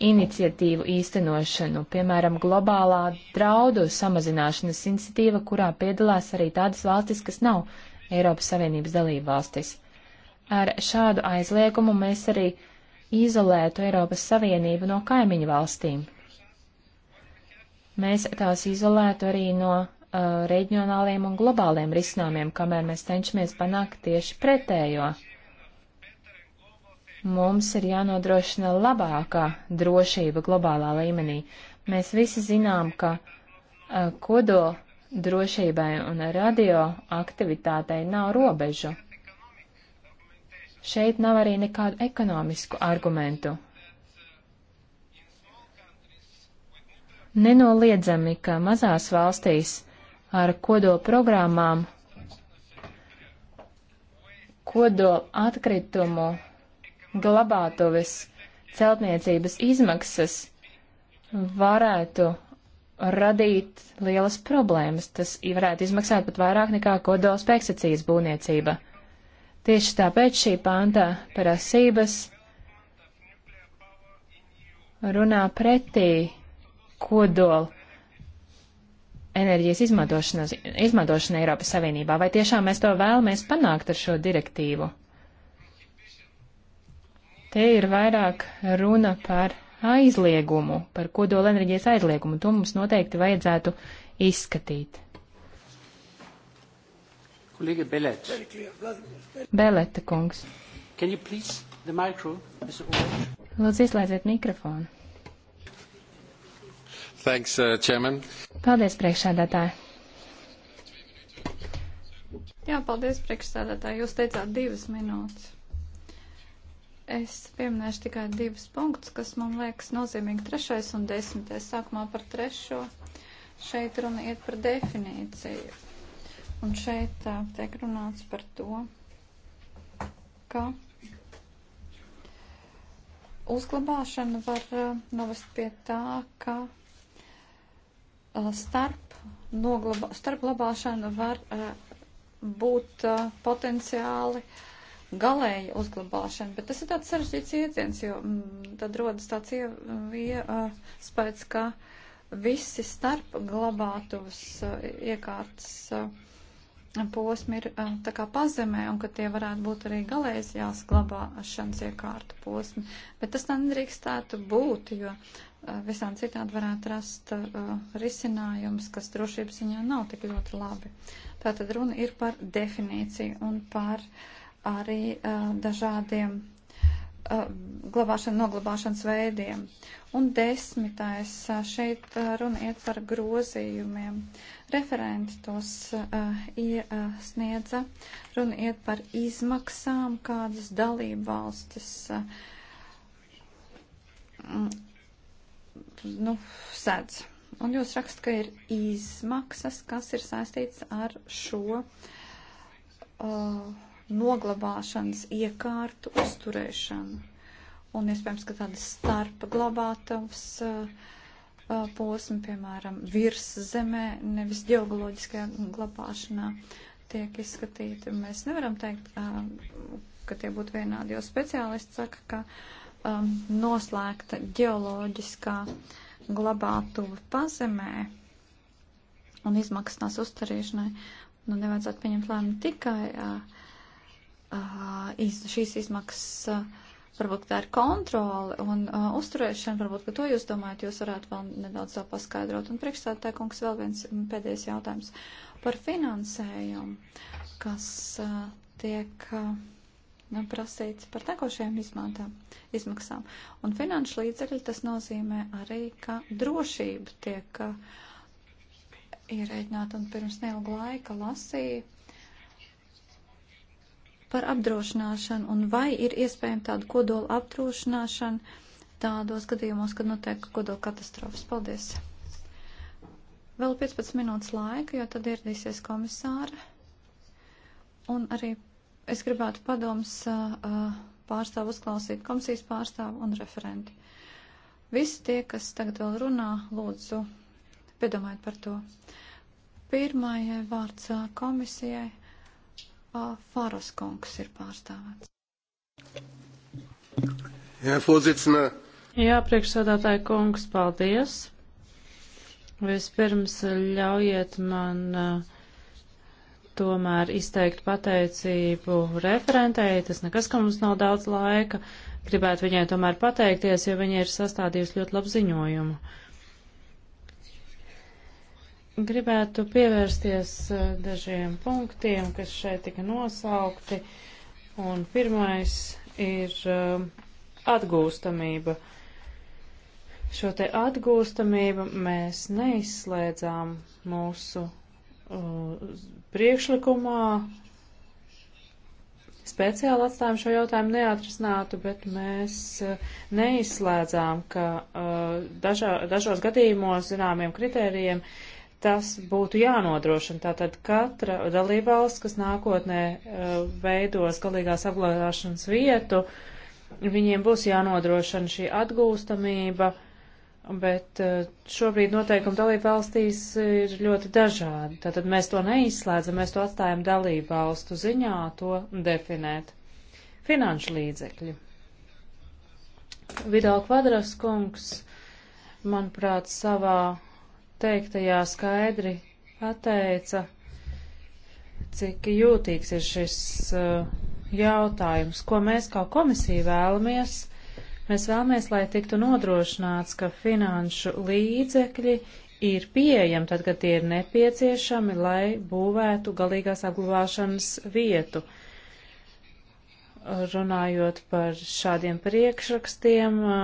C: iniciatīvu īstenošanu, piemēram, globālā draudu samazināšanas iniciatīva, kurā piedalās arī tādas valstis, kas nav Eiropas Savienības dalība valstis. Ar šādu aizliegumu mēs arī izolētu Eiropas Savienību no kaimiņu valstīm. Mēs tās izolētu arī no uh, reģionāliem un globāliem risinājumiem, kamēr mēs cenšamies panākt tieši pretējo. Mums ir jānodrošina labākā drošība globālā līmenī. Mēs visi zinām, ka uh, kodola drošībai un radioaktivitātei nav robežu. Šeit nav arī nekādu ekonomisku argumentu. Nenoliedzami, ka mazās valstīs ar kodola programmām kodola atkritumu glabātuves celtniecības izmaksas varētu radīt lielas problēmas. Tas varētu izmaksāt pat vairāk nekā kodols pēksacīs būvniecība. Tieši tāpēc šī pānta prasības runā pretī kodola enerģijas izmantošanai Eiropas Savienībā. Vai tiešām mēs to vēlamies panākt ar šo direktīvu? Te ir vairāk runa par aizliegumu, par kodolenerģijas aizliegumu. To mums noteikti vajadzētu izskatīt.
B: Kolēģi Belet. Beleta kungs. Can you please the micro, Mr. Ulrich?
C: Lūdzu, izslēdziet mikrofonu.
B: Thanks, uh,
A: chairman.
C: Paldies, priekšsēdētāji.
B: Jā, paldies, priekšsēdētāji. Jūs teicāt divas minūtes. Es pieminēšu tikai divus punktus, kas man liekas nozīmīgi - trešais un desmitais. Sākumā par trešo. Šeit runa iet par definīciju. Un šeit tā, tiek runāts par to, ka uzglabāšana var uh, novest pie tā, ka uh, starp, noglabā, starp glabāšana var uh, būt potenciāli uh, galēja uzglabāšana, bet tas ir tāds sarežģīts iedziens, jo mm, tad rodas tāds iespējas, uh, ka visi starp glabātuvas uh, iekārtas uh, posmi ir uh, tā kā pazemē un ka tie varētu būt arī galējās glabāšanas iekārtu posmi, bet tas tā nedrīkstētu būt, jo uh, visām citādi varētu rast uh, risinājums, kas drošības ziņā nav tik ļoti labi. Tātad runa ir par definīciju un par uh, arī uh, dažādiem uh, glabāšana, noglabāšanas veidiem. Un desmitais šeit runa iet par grozījumiem. Referenti tos uh, iesniedza. Runa iet par izmaksām, kādas dalībvalstis uh, nu, sēdz. Un jūs rakstat, ka ir izmaksas, kas ir saistīts ar šo. Uh, noglabāšanas iekārtu uzturēšanu. Un iespējams, ka tādas starp glabātavas uh, uh posmi, piemēram, virs zemē, nevis ģeoloģiskajā glabāšanā tiek izskatīti. Mēs nevaram teikt, uh, ka tie būtu vienādi, jo speciālisti saka, ka um, noslēgta ģeoloģiskā glabātuva pazemē un izmaksas tās uzturēšanai, nu nevajadzētu pieņemt lēmumu tikai uh, šīs izmaksas varbūt tā ir kontrole un uh, uzturēšana, varbūt, ka to jūs domājat, jūs varētu vēl nedaudz to paskaidrot. Un priekšstādātāj, kungs, vēl viens pēdējais jautājums par finansējumu, kas uh, tiek uh, prasīts par tekošajām izmantām, izmaksām. Un finanšu līdzekļi tas nozīmē arī, ka drošība tiek uh, ierēķināta un pirms neilga laika lasīja par apdrošināšanu un vai ir iespējama tāda kodola apdrošināšana tādos gadījumos, kad notiek kodola katastrofas. Paldies! Vēl 15 minūtes laika, jo tad ieradīsies komisāra. Un arī es gribētu padoms pārstāvu uzklausīt komisijas pārstāvu un referenti. Visi tie, kas tagad vēl runā, lūdzu, piedomājiet par to. Pirmajai vārds komisijai. Fāras kungs ir pārstāvēts.
A: Jā, pozicinā. Jā, priekšsēdētāji kungs, paldies. Vispirms ļaujiet man uh, tomēr izteikt pateicību referentei. Tas nekas, ka mums nav daudz laika. Gribētu viņai tomēr pateikties, jo viņa ir sastādījusi ļoti labu ziņojumu. Gribētu pievērsties eh, dažiem punktiem, kas šeit tika nosaukti. Un pirmais ir eh, atgūstamība. Šo te atgūstamību mēs neizslēdzām mūsu uh, priekšlikumā. Speciāli atstājām šo jautājumu neatrisinātu, bet mēs uh, neizslēdzām, ka uh, dažā, dažos gadījumos zināmiem kritērijiem uh, Tas būtu jānodrošina. Tātad katra dalībvalsts, kas nākotnē uh, veidos galīgās apglabāšanas vietu, viņiem būs jānodrošina šī atgūstamība, bet uh, šobrīd noteikumi dalībvalstīs ir ļoti dažādi. Tātad mēs to neizslēdzam, mēs to atstājam dalībvalstu ziņā to definēt. Finanšu līdzekļi. Vidal Kvadras kungs, manuprāt, savā teiktajā skaidri pateica, cik jūtīgs ir šis uh, jautājums, ko mēs kā komisija vēlamies. Mēs vēlamies, lai tiktu nodrošināts, ka finanšu līdzekļi ir pieejami tad, kad tie ir nepieciešami, lai būvētu galīgās apglabāšanas vietu. Runājot par šādiem priekšrakstiem, uh,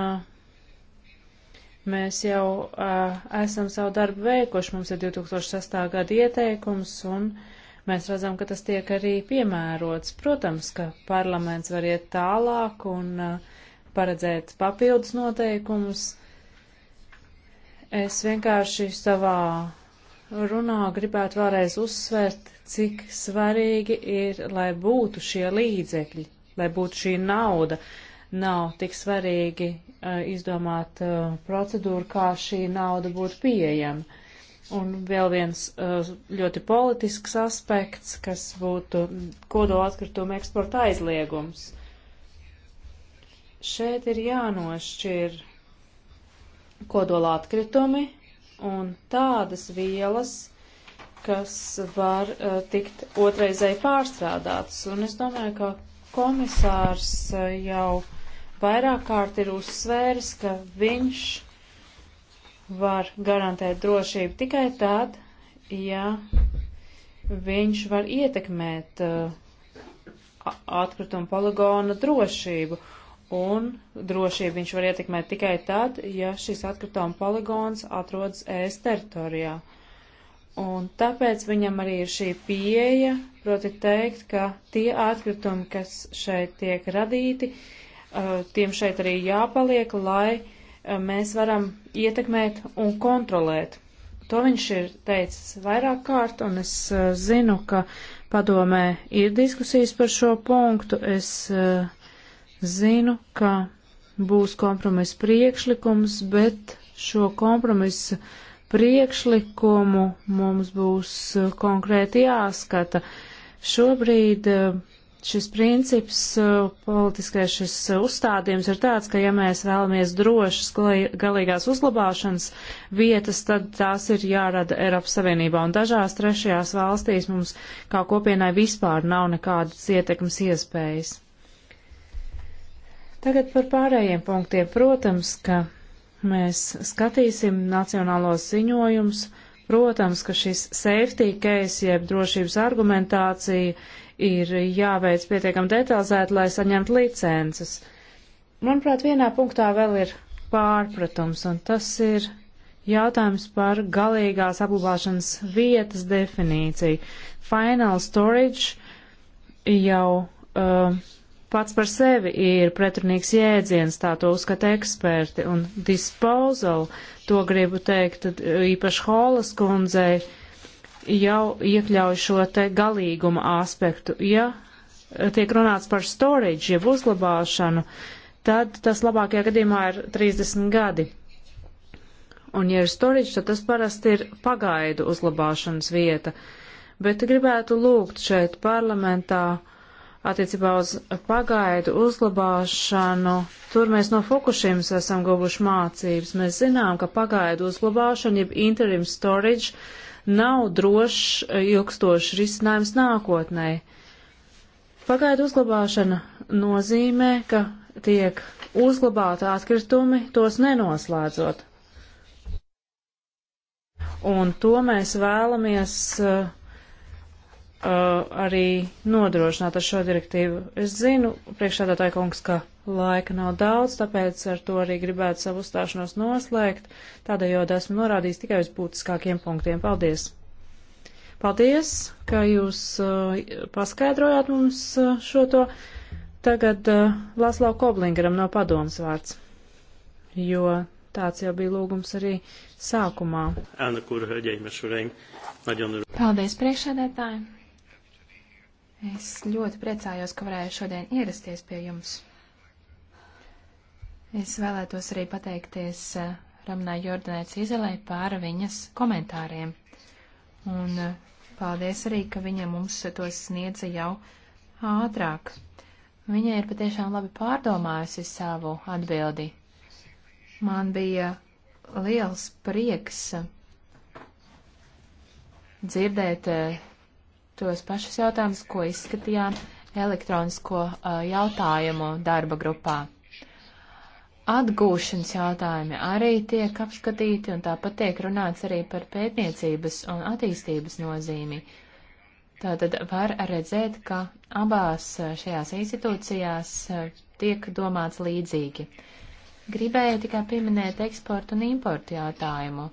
A: Mēs jau uh, esam savu darbu veikuši, mums ir 2006. gada ieteikums, un mēs redzam, ka tas tiek arī piemērots. Protams, ka parlaments var iet tālāk un uh, paredzēt papildus noteikumus. Es vienkārši savā runā gribētu vēlreiz uzsvērt, cik svarīgi ir, lai būtu šie līdzekļi, lai būtu šī nauda, nav tik svarīgi uh, izdomāt uh, procedūru, kā šī nauda būtu pieejama. Un vēl viens uh, ļoti politisks aspekts, kas būtu kodola atkrituma eksporta aizliegums. Šeit ir jānošķir kodola atkritumi un tādas vielas, kas var uh, tikt otraizēji pārstrādātas. Un es domāju, ka komisārs uh, jau vairāk kārt ir uzsvēris, ka viņš var garantēt drošību tikai tad, ja viņš var ietekmēt uh, atkritumu poligonu drošību. Un drošību viņš var ietekmēt tikai tad, ja šis atkrituma poligons atrodas ēst teritorijā. Un tāpēc viņam arī ir šī pieeja, proti teikt, ka tie atkritumi, kas šeit tiek radīti, uh, Eh, tiem šeit arī jāpaliek, lai eh, mēs varam ietekmēt un kontrolēt. To viņš ir teicis vairāk kārt, un es eh, zinu, ka padomē ir diskusijas par šo punktu. Es zinu, ka būs kompromisa priekšlikums, bet šo kompromisa priekšlikumu mums būs konkrēti jāskata. Šobrīd uh, Šis princips, uh, politiskais šis uh, uzstādījums ir tāds, ka ja mēs vēlamies drošas galīgās uzglabāšanas vietas, tad tās ir jārada Eiropas Savienībā. Un dažās trešajās valstīs mums kā kopienai vispār nav nekādas ietekmes iespējas. Tagad par pārējiem punktiem. Protams, ka mēs skatīsim nacionālos ziņojumus. Protams, ka šis safety case, jeb drošības argumentācija, ir jāveic pietiekam detalizēti, lai saņemtu licences. Manuprāt, vienā punktā vēl ir pārpratums, un tas ir jautājums par galīgās apglabāšanas vietas definīciju. Final storage jau uh, pats par sevi ir pretrunīgs jēdziens, tā to uzskata eksperti, un disposal, to gribu teikt uh, īpaši Holas kundzei, uh, jau iekļauj šo te galīguma aspektu. Ja tiek runāts par storage, jeb uzglabāšanu, tad tas labākajā gadījumā ir 30 gadi. Un, ja ir storage, tad tas parasti ir pagaidu uzglabāšanas vieta. Bet gribētu lūgt šeit parlamentā attiecībā uz pagaidu uzglabāšanu. Tur mēs no Fukushimas esam guvuši mācības. Mēs zinām, ka pagaidu uzglabāšana, jeb interim storage, uh, nav drošs eh, ilgstošs risinājums nākotnē. Pagaidu uzglabāšana nozīmē, ka tiek uzglabāti atkritumi, tos nenoslēdzot. Un to mēs vēlamies uh, uh, arī nodrošināt ar šo direktīvu. Es zinu, priekšādātāja kungs, ka Laika nav daudz, tāpēc ar to arī gribētu savu uzstāšanos noslēgt, tādējādi esmu norādījis tikai uz būtiskākiem punktiem. Paldies! Paldies, ka jūs uh, paskaidrojāt mums uh, šo to. Tagad uh, Laslau Koblingaram no padomas vārds, jo tāds jau bija lūgums arī sākumā.
B: Anna, kur, ģeimes, šureim, Paldies,
C: priekšsēdētāji! Es ļoti priecājos, ka varēju šodien ierasties pie jums. Es vēlētos arī pateikties eh, Ramnai Jordanai Cizelai par viņas komentāriem. Un eh, paldies arī, ka viņa mums tos sniedza jau ātrāk. Viņa ir patiešām labi pārdomājusi savu atbildi. Man bija liels prieks eh, dzirdēt tos pašus jautājumus, ko izskatījām elektronisko jautājumu darba grupā atgūšanas jautājumi arī tiek apskatīti, un tāpat tiek runāts arī par pētniecības un attīstības nozīmi. Tātad var redzēt, ka abās eh, šajās institūcijās eh, tiek domāts līdzīgi. Gribēju tikai pieminēt eksportu un importu jautājumu.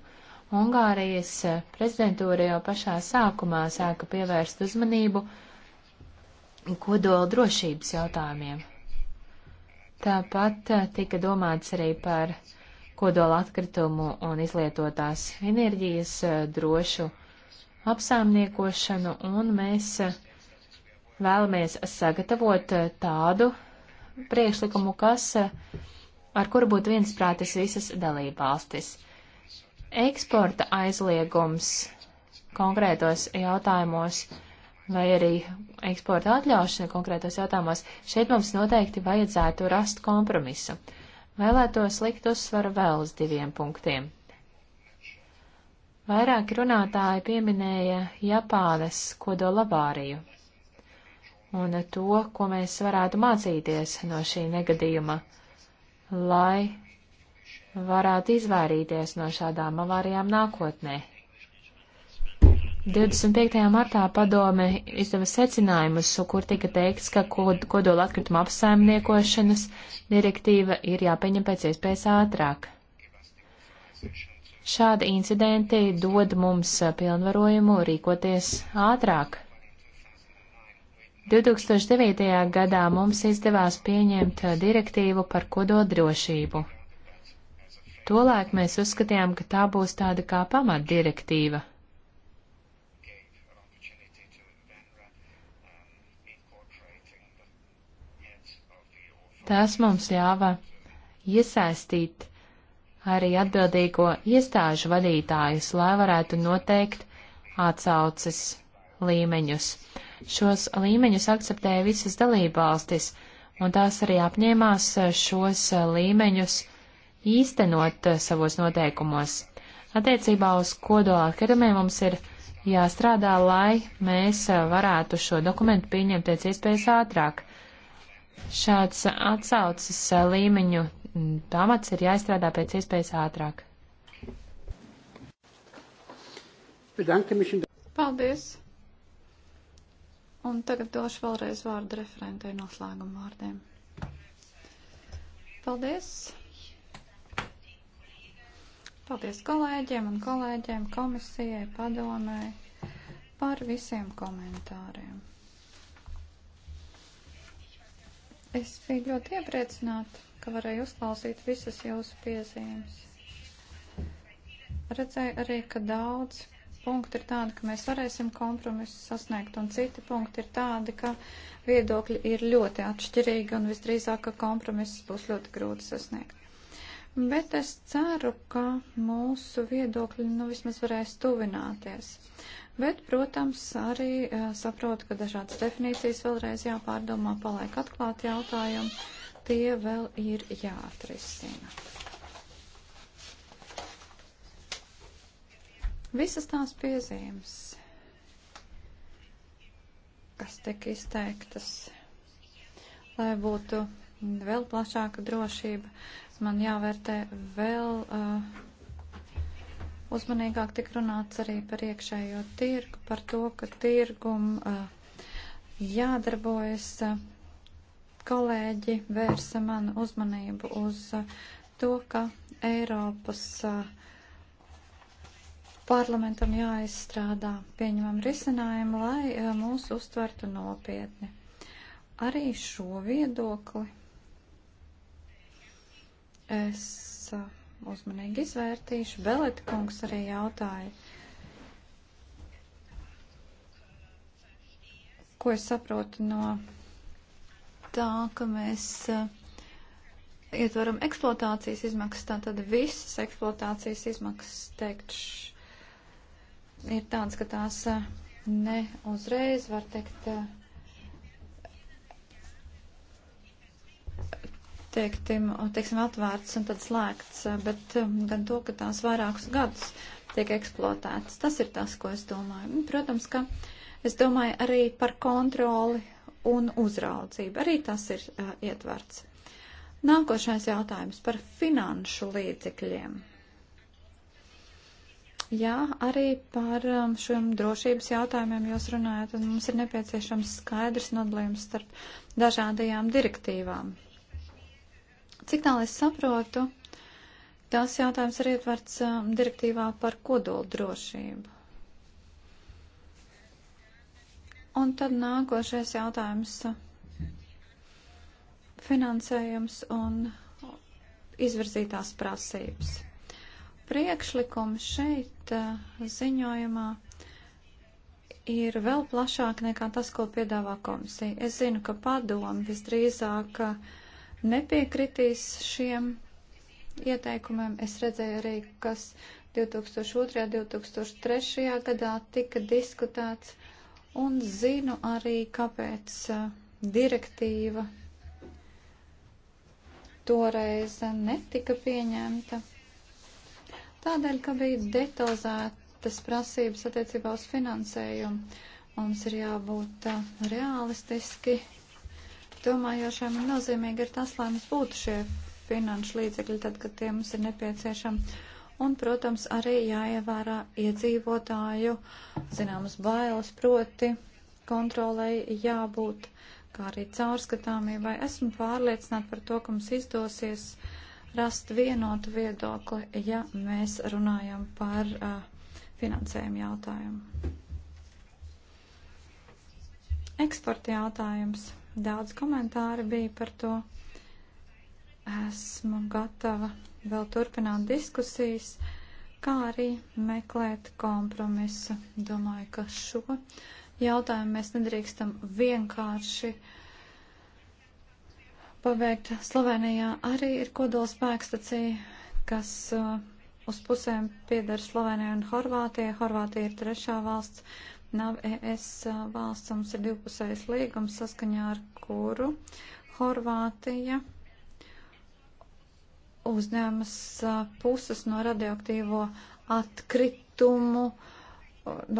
C: Ungārijas eh, prezidentūra jau pašā sākumā sāka pievērst uzmanību kodola drošības jautājumiem. Tāpat eh, tika domāts arī par kodola atkritumu un izlietotās enerģijas eh, drošu apsaimniekošanu, un mēs eh, vēlamies sagatavot tādu priekšlikumu, kas, ar kuru būtu viensprātis visas dalībvalstis. Eksporta aizliegums konkrētos jautājumos vai arī eksporta atļaušana konkrētos jautājumos, šeit mums noteikti vajadzētu rast kompromisu. Vēlētos likt uzsvaru vēl uz diviem punktiem. Vairāki runātāji pieminēja Japānas kodolabāriju un to, ko mēs varētu mācīties no šī negadījuma, lai varētu izvairīties no šādām avārijām nākotnē. 25. martā padome izdeva secinājumus, kur tika teikts, ka kodola atkrituma apsaimniekošanas direktīva ir jāpieņem pēc iespējas ātrāk. Šādi incidenti dod mums pilnvarojumu rīkoties ātrāk. 2009. gadā mums izdevās pieņemt direktīvu par kododrošību. Tolēk mēs uzskatījām, ka tā būs tāda kā pamatdirektīva. Tas mums ļāva iesaistīt arī atbildīgo iestāžu vadītājus, lai varētu noteikt atsauces līmeņus. Šos līmeņus akceptēja visas dalībvalstis, un tās arī apņēmās šos līmeņus īstenot savos noteikumos. Attiecībā uz kodola atkritumiem mums ir jāstrādā, lai mēs varētu šo dokumentu pieņemt pēc iespējas ātrāk. Šāds atsaucas līmeņu pamats ir jāizstrādā pēc iespējas ātrāk.
B: Paldies! Un tagad došu vēlreiz vārdu referentei noslēguma vārdiem. Paldies! Paldies kolēģiem un kolēģiem, komisijai, padomē par visiem komentāriem. Es biju ļoti iepriecināta, ka varēju uzklausīt visas jūsu piezīmes. Redzēju arī, ka daudz punkti ir tādi, ka mēs varēsim kompromisu sasniegt, un citi punkti ir tādi, ka viedokļi ir ļoti atšķirīgi, un visdrīzāk, ka kompromiss būs ļoti grūti sasniegt bet es ceru, ka mūsu viedokļi nu vismaz varēs tuvināties. Bet, protams, arī e, saprotu, ka dažādas definīcijas vēlreiz jāpārdomā, paliek atklāti jautājumi, tie vēl ir jāatrisina. Visas tās piezīmes, kas tika izteiktas, lai būtu vēl plašāka drošība, man jāvērtē vēl uh, uzmanīgāk tik runāts arī par iekšējo tirgu, par to, ka tirgum uh, jādarbojas. Uh, kolēģi vērsa manu uzmanību uz uh, to, ka Eiropas uh, parlamentam jāizstrādā pieņemam risinājumu, lai uh, mūs uztvertu nopietni. Arī šo viedokli Es uzmanīgi izvērtīšu. Beleta kungs arī jautāja, ko es saprotu no tā, ka mēs ietveram eksploatācijas izmaksas, tātad visas eksploatācijas izmaksas, teikt, ir tāds, ka tās ne uzreiz, var teikt, teiktim, teiksim, atvērts un tad slēgts, bet um, gan to, ka tās vairākus gadus tiek eksploatētas. Tas ir tas, ko es domāju. Protams, ka es domāju arī par kontroli un uzraudzību. Arī tas ir uh, ietverts. Nākošais jautājums par finanšu līdzekļiem. Jā, arī par um, šiem drošības jautājumiem jūs runājat, un mums ir nepieciešams skaidrs nodalījums starp dažādajām direktīvām. Cik tālu es saprotu, tās jautājums ir ietverts um, direktīvā par kodolu drošību. Un tad nākošais jautājums - finansējums un izvirzītās prasības. Priekšlikumi šeit uh, ziņojumā ir vēl plašāk nekā tas, ko piedāvā komisija. Es zinu, ka padomi visdrīzāk uh, nepiekritīs šiem ieteikumiem. Es redzēju arī, kas 2002. un 2003. gadā tika diskutēts, un zinu arī, kāpēc direktīva toreiz netika pieņemta. Tādēļ, ka bija detalizētas prasības attiecībā uz finansējumu, mums ir jābūt realistiski domājošiem un nozīmīgi ir tas, lai mums būtu šie finanšu līdzekļi tad, kad tie mums ir nepieciešami. Un, protams, arī jāievērā iedzīvotāju zināmas bailes, proti kontrolei jābūt, kā arī caurskatāmībai. Esmu pārliecināta par to, ka mums izdosies rast vienotu viedokli, ja mēs runājam par uh, finansējumu jautājumu. Eksporta jautājums. Daudz komentāri bija par to. Esmu gatava vēl turpināt diskusijas, kā arī meklēt kompromisu. Domāju, ka šo jautājumu mēs nedrīkstam vienkārši pabeigt. Slovenijā arī ir kodolspēkstacija, kas uh, uz pusēm pieder Slovenijai un Horvātijai. Horvātija ir trešā valsts, nav ES valsts, mums ir divpusējs līgums, saskaņā ar kuru Horvātija uzņēmas puses no radioaktīvo atkritumu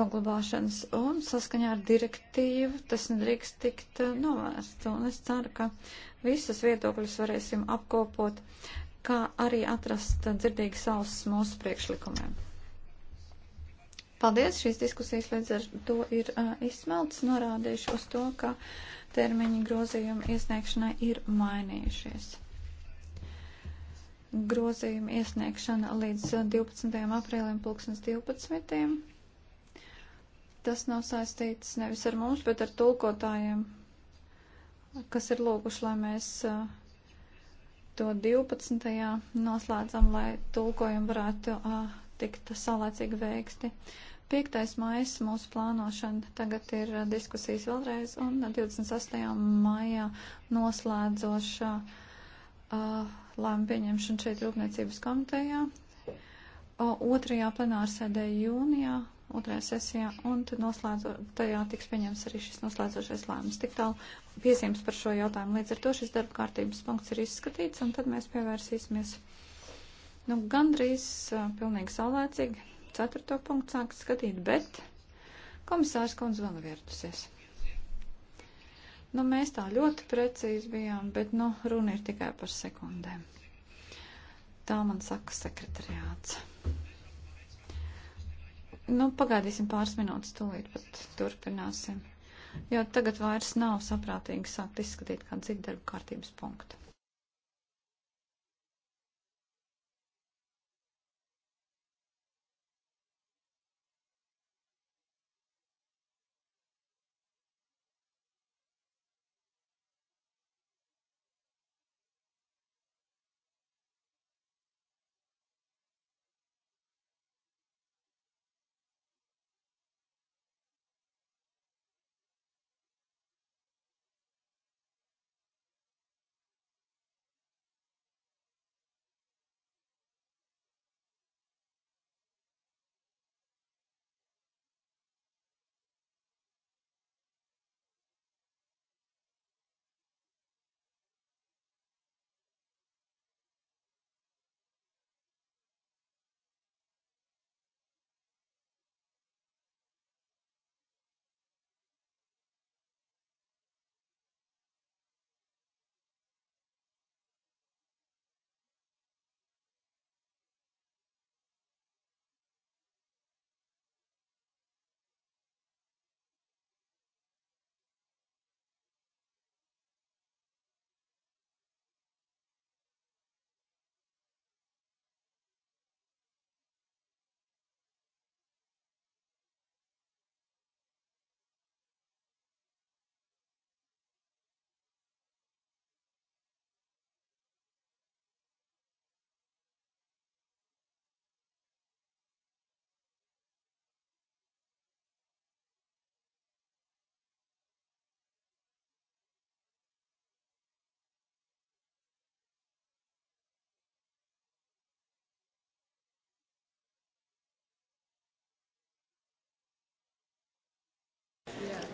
B: noglabāšanas un saskaņā ar direktīvu tas nedrīkst tikt novērsts. Un es ceru, ka visas viedokļus varēsim apkopot, kā arī atrast dzirdīgas ausis mūsu priekšlikumiem. Paldies! Šīs diskusijas līdz ar to ir uh, izsmelts, norādījuši uz to, ka termiņi grozījuma iesniegšanai ir mainījušies. Grozījuma iesniegšana līdz 12. aprīlim 2012. Tas nav saistīts nevis ar mums, bet ar tulkotājiem, kas ir lūguši, lai mēs uh, to 12. noslēdzam, lai tulkojumi varētu uh, tikt saulēcīgi veikti. Uh, 5. maijs mūsu plānošana tagad ir uh, diskusijas vēlreiz un 28. Uh, maijā noslēdzošā uh, lēma pieņemšana šeit Rūpniecības komitejā. Uh, otrajā plenārsēdē jūnijā otrajā sesijā, un tad noslēdzo, tajā tiks pieņems arī šis noslēdzošais lēmums. Tik tālu piezīmes par šo jautājumu. Līdz ar to šis darba kārtības punkts ir izskatīts, un tad mēs pievērsīsimies nu, gandrīz uh, pilnīgi saulēcīgi ceturto punktu sākt skatīt, bet komisārs kundze vēl vērtusies. Nu, mēs tā ļoti precīzi bijām, bet, nu, runa ir tikai par sekundēm. Tā man saka sekretariāts. Nu, pagaidīsim pāris minūtes, tūlīt pat turpināsim. Jo tagad vairs nav saprātīgi sākt izskatīt kādu citu darbu kārtības punktu.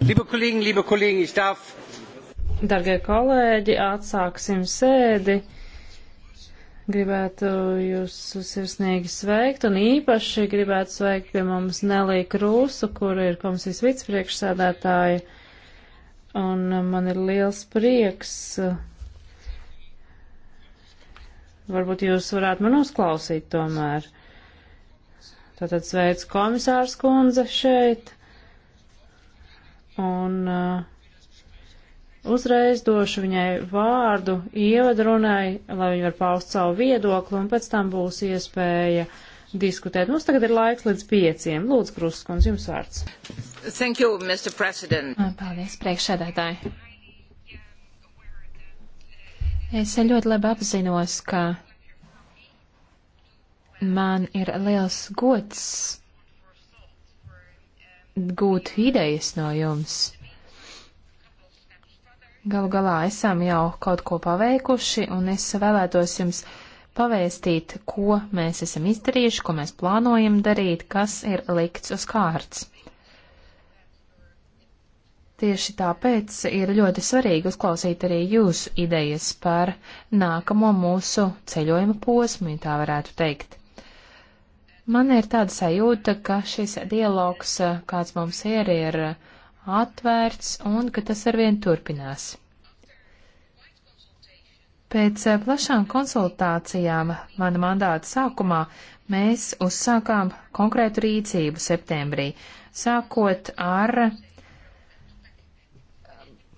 A: Liebe Kollegen, liebe Kollegen, ich darf. Dargie kolēģi, atsāksim sēdi. Gribētu jūs sirsnīgi sveikt un īpaši gribētu sveikt pie mums Nelī Krūsu, kur ir komisijas vicepriekšsēdētāja. Un man ir liels prieks. Varbūt jūs varētu man uzklausīt tomēr. Tātad sveic komisārs kundze šeit un uh, uzreiz došu viņai vārdu ievadrunai, lai viņa var paust savu viedokli, un pēc tam būs iespēja diskutēt. Mums tagad ir laiks līdz pieciem. Lūdzu, Kruskunds, jums vārds.
C: Thank you, Mr. President. Ah, paldies, priekšsēdētāji. Es ļoti labi apzinos, ka man ir liels gods gūt idejas no jums. Galu galā esam jau kaut ko paveikuši, un es vēlētos jums pavēstīt, ko mēs esam izdarījuši, ko mēs plānojam darīt, kas ir likts uz kārts. Tieši tāpēc ir ļoti svarīgi uzklausīt arī jūsu idejas par nākamo mūsu ceļojuma posmu, ja tā varētu teikt. Man ir tāda sajūta, ka šis dialogs, eh, kāds mums ir, ir atvērts un ka tas arvien turpinās. Pēc eh, plašām konsultācijām mana mandāta sākumā mēs uzsākām konkrētu rīcību septembrī, sākot ar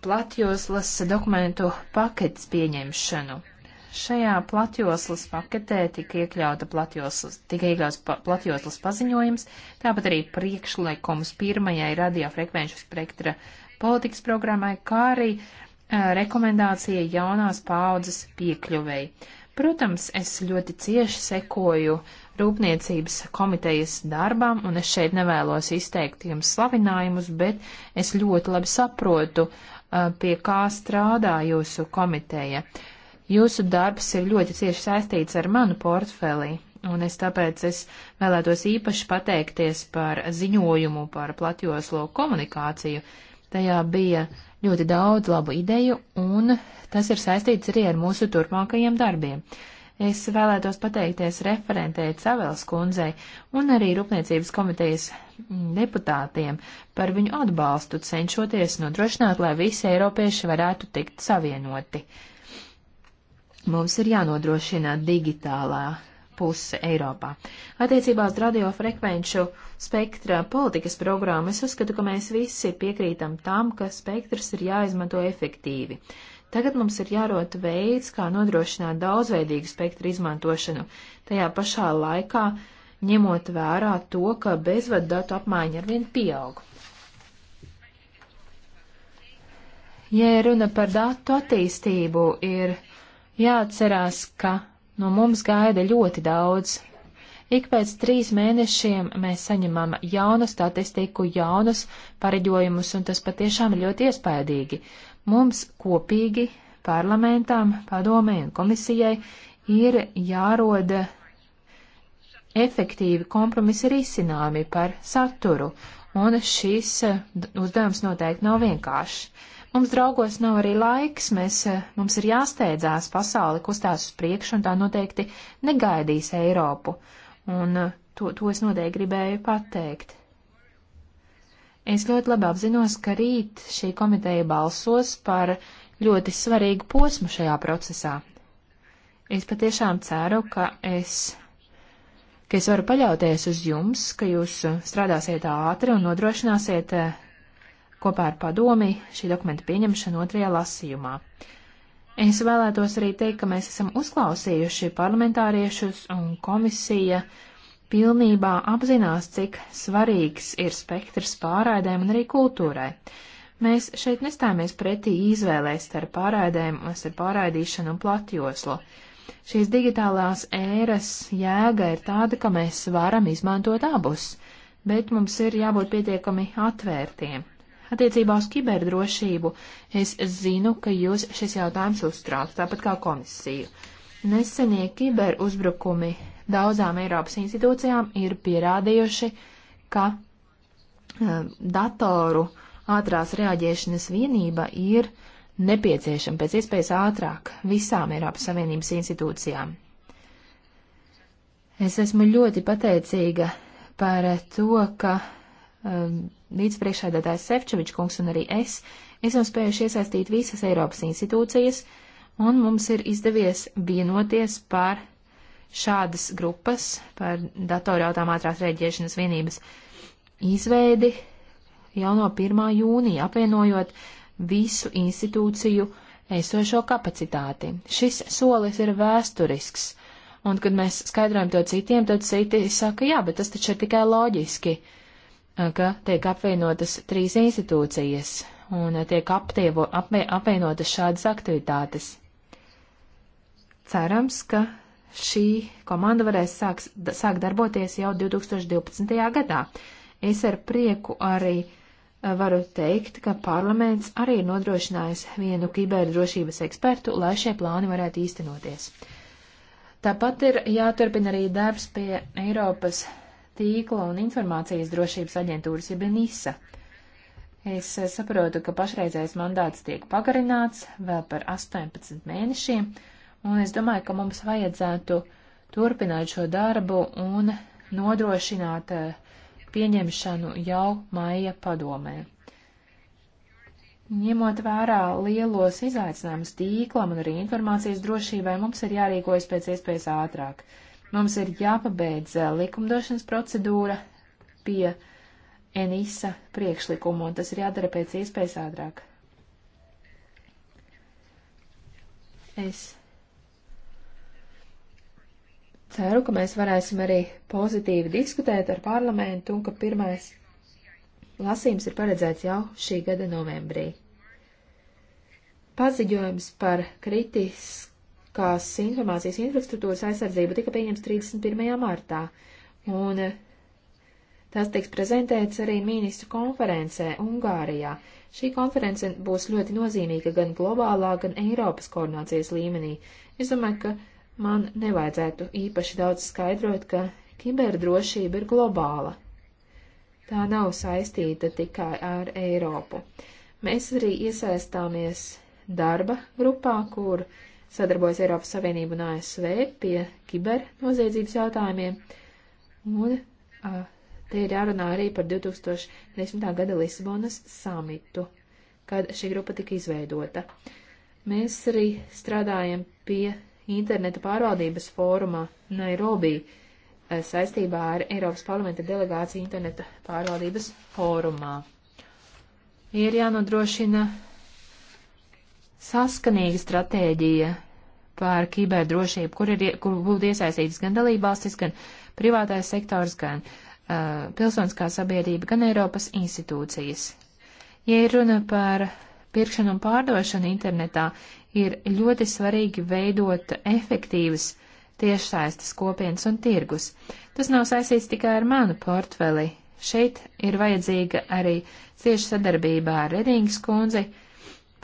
C: platjoslas dokumentu paketes pieņemšanu. Šajā platjoslas paketē tika, iekļauta platjoslas, tika iekļauts pa, platjoslas paziņojums, tāpat arī priekšlikums pirmajai radiofrekvenču spektra politikas programmai, kā arī uh, rekomendācija jaunās paaudzes piekļuvei. Protams, es ļoti cieši sekoju Rūpniecības komitejas darbām, un es šeit nevēlos izteikt jums slavinājumus, bet es ļoti labi saprotu, e, pie kā strādā jūsu komiteja. Jūsu darbs ir ļoti cieši saistīts ar manu portfelī, un es tāpēc es vēlētos īpaši pateikties par ziņojumu par platjoslo komunikāciju. Tajā bija ļoti daudz labu ideju, un tas ir saistīts arī ar mūsu turpmākajiem darbiem. Es vēlētos pateikties referentei Cavels kundzei un arī Rūpniecības komitejas deputātiem par viņu atbalstu, cenšoties nodrošināt, lai visi eiropieši varētu tikt savienoti. Uh, Mums ir jānodrošina digitālā puse Eiropā. Attiecībā uz radiofrekvenču spektra politikas programmu es uzskatu, ka mēs visi piekrītam tam, ka spektrs ir jāizmanto efektīvi. Tagad mums ir jārot veids, kā nodrošināt daudzveidīgu spektru izmantošanu, tajā pašā laikā ņemot vērā to, ka bezvaddatu apmaiņa arvien pieaug. Ja runa par datu attīstību, ir Jāatcerās, ka no mums gaida ļoti daudz. Ik pēc trīs mēnešiem mēs saņemam jaunu statistiku, jaunus pareģojumus, un tas patiešām ir ļoti iespaidīgi. Mums kopīgi parlamentām, padomē un komisijai ir jāroda efektīvi kompromisi risinājumi par saturu, un šis uzdevums noteikti nav vienkāršs. Mums draugos nav arī laiks, mēs, eh, mums ir jāsteidzās, pasauli kustās uz priekšu, un tā noteikti negaidīs Eiropu. Un eh, to, to es noteikti gribēju pateikt. Es ļoti labi apzinos, ka rīt šī komiteja balsos par ļoti svarīgu posmu šajā procesā. Es patiešām ceru, ka es, ka es varu paļauties uz jums, ka jūs eh, strādāsiet ātri un nodrošināsiet kopā ar padomi šī dokumenta pieņemšanu otrajā lasījumā. Es vēlētos arī teikt, ka mēs esam uzklausījuši parlamentāriešus un komisija pilnībā apzinās, cik svarīgs ir spektrs pārādēm un arī kultūrai. Mēs šeit nestāmies pretī izvēlēs starp pārādēm, starp pārādīšanu un platjoslu. Šīs digitālās ēras jēga ir tāda, ka mēs varam izmantot abus, bet mums ir jābūt pietiekami atvērtiem. Attiecībā uz kiberdrošību es zinu, ka jūs šis jautājums uztrauc, tāpat kā komisiju. Nesenie kiberuzbrukumi daudzām Eiropas institūcijām ir pierādījuši, ka um, datoru ātrās reaģēšanas vienība ir nepieciešama pēc iespējas ātrāk visām Eiropas Savienības institūcijām. Es esmu ļoti pateicīga par to, ka um, līdzpriekšēdētājs Sefčovičs kungs un arī es esam spējuši iesaistīt visas Eiropas institūcijas, un mums ir izdevies vienoties par šādas grupas, par datoru jautām ātrās rēģiešanas vienības izveidi jau no 1. jūnija, apvienojot visu institūciju esošo kapacitāti. Šis solis ir vēsturisks, un kad mēs skaidrojam to citiem, tad citi saka, jā, bet tas taču ir tikai loģiski. Uh, ka tiek apvienotas trīs institūcijas un tiek aptievo, apve, apvienotas šādas aktivitātes. Cerams, ka šī komanda varēs sāks, sāk darboties jau 2012. gadā. Es ar prieku arī varu teikt, ka parlaments arī ir nodrošinājis vienu kiberdrošības ekspertu, lai šie plāni varētu īstenoties. Tāpat ir jāturpina arī darbs pie Eiropas tīkla un informācijas drošības aģentūras, jeb NISA. Es eh, saprotu, ka pašreizējais mandāts tiek pagarināts vēl par 18 mēnešiem, un es domāju, ka mums vajadzētu turpināt šo darbu un nodrošināt eh, pieņemšanu jau maija padomē. Ņemot vērā lielos izaicinājumus tīklam un arī informācijas drošībai, mums ir jārīkojas pēc iespējas ātrāk. Mums ir jāpabeidz eh, likumdošanas procedūra pie Enisa priekšlikumu, un tas ir jādara pēc iespējas ātrāk. Es ceru, ka mēs varēsim arī pozitīvi diskutēt ar parlamentu un ka pirmais lasījums ir paredzēts jau šī gada novembrī. Paziņojums par kritisku kas informācijas infrastruktūras aizsardzību tika pieņems 31. martā. Un eh, tas tiks prezentēts arī ministru konferencē Ungārijā. Šī konference būs ļoti nozīmīga gan globālā, gan Eiropas koordinācijas līmenī. Es domāju, ka man nevajadzētu īpaši daudz skaidrot, ka kiberdrošība ir globāla. Tā nav saistīta tikai ar Eiropu. Mēs arī iesaistāmies darba grupā, kur uh, sadarbojas Eiropas Savienība un ASV pie kiber noziedzības jautājumiem. Un uh, te ir jārunā arī par 2010. gada Lisabonas samitu, kad šī grupa tika izveidota. Mēs arī strādājam pie interneta pārvaldības fóruma Nairobi saistībā ar Eiropas parlamenta delegāciju interneta pārvaldības fórumā. Ir jānodrošina saskanīga stratēģija par kiberdrošību, kur, ir, kur būtu iesaistītas gan dalībvalstis, gan privātais sektors, gan uh, pilsoniskā sabiedrība, gan Eiropas institūcijas. Ja ir runa par pirkšanu un pārdošanu internetā, ir ļoti svarīgi veidot efektīvas tiešsaistes kopienas un tirgus. Tas nav saistīts tikai ar manu portfeli. Šeit ir vajadzīga arī cieša sadarbība ar Redingas kundzi, uh,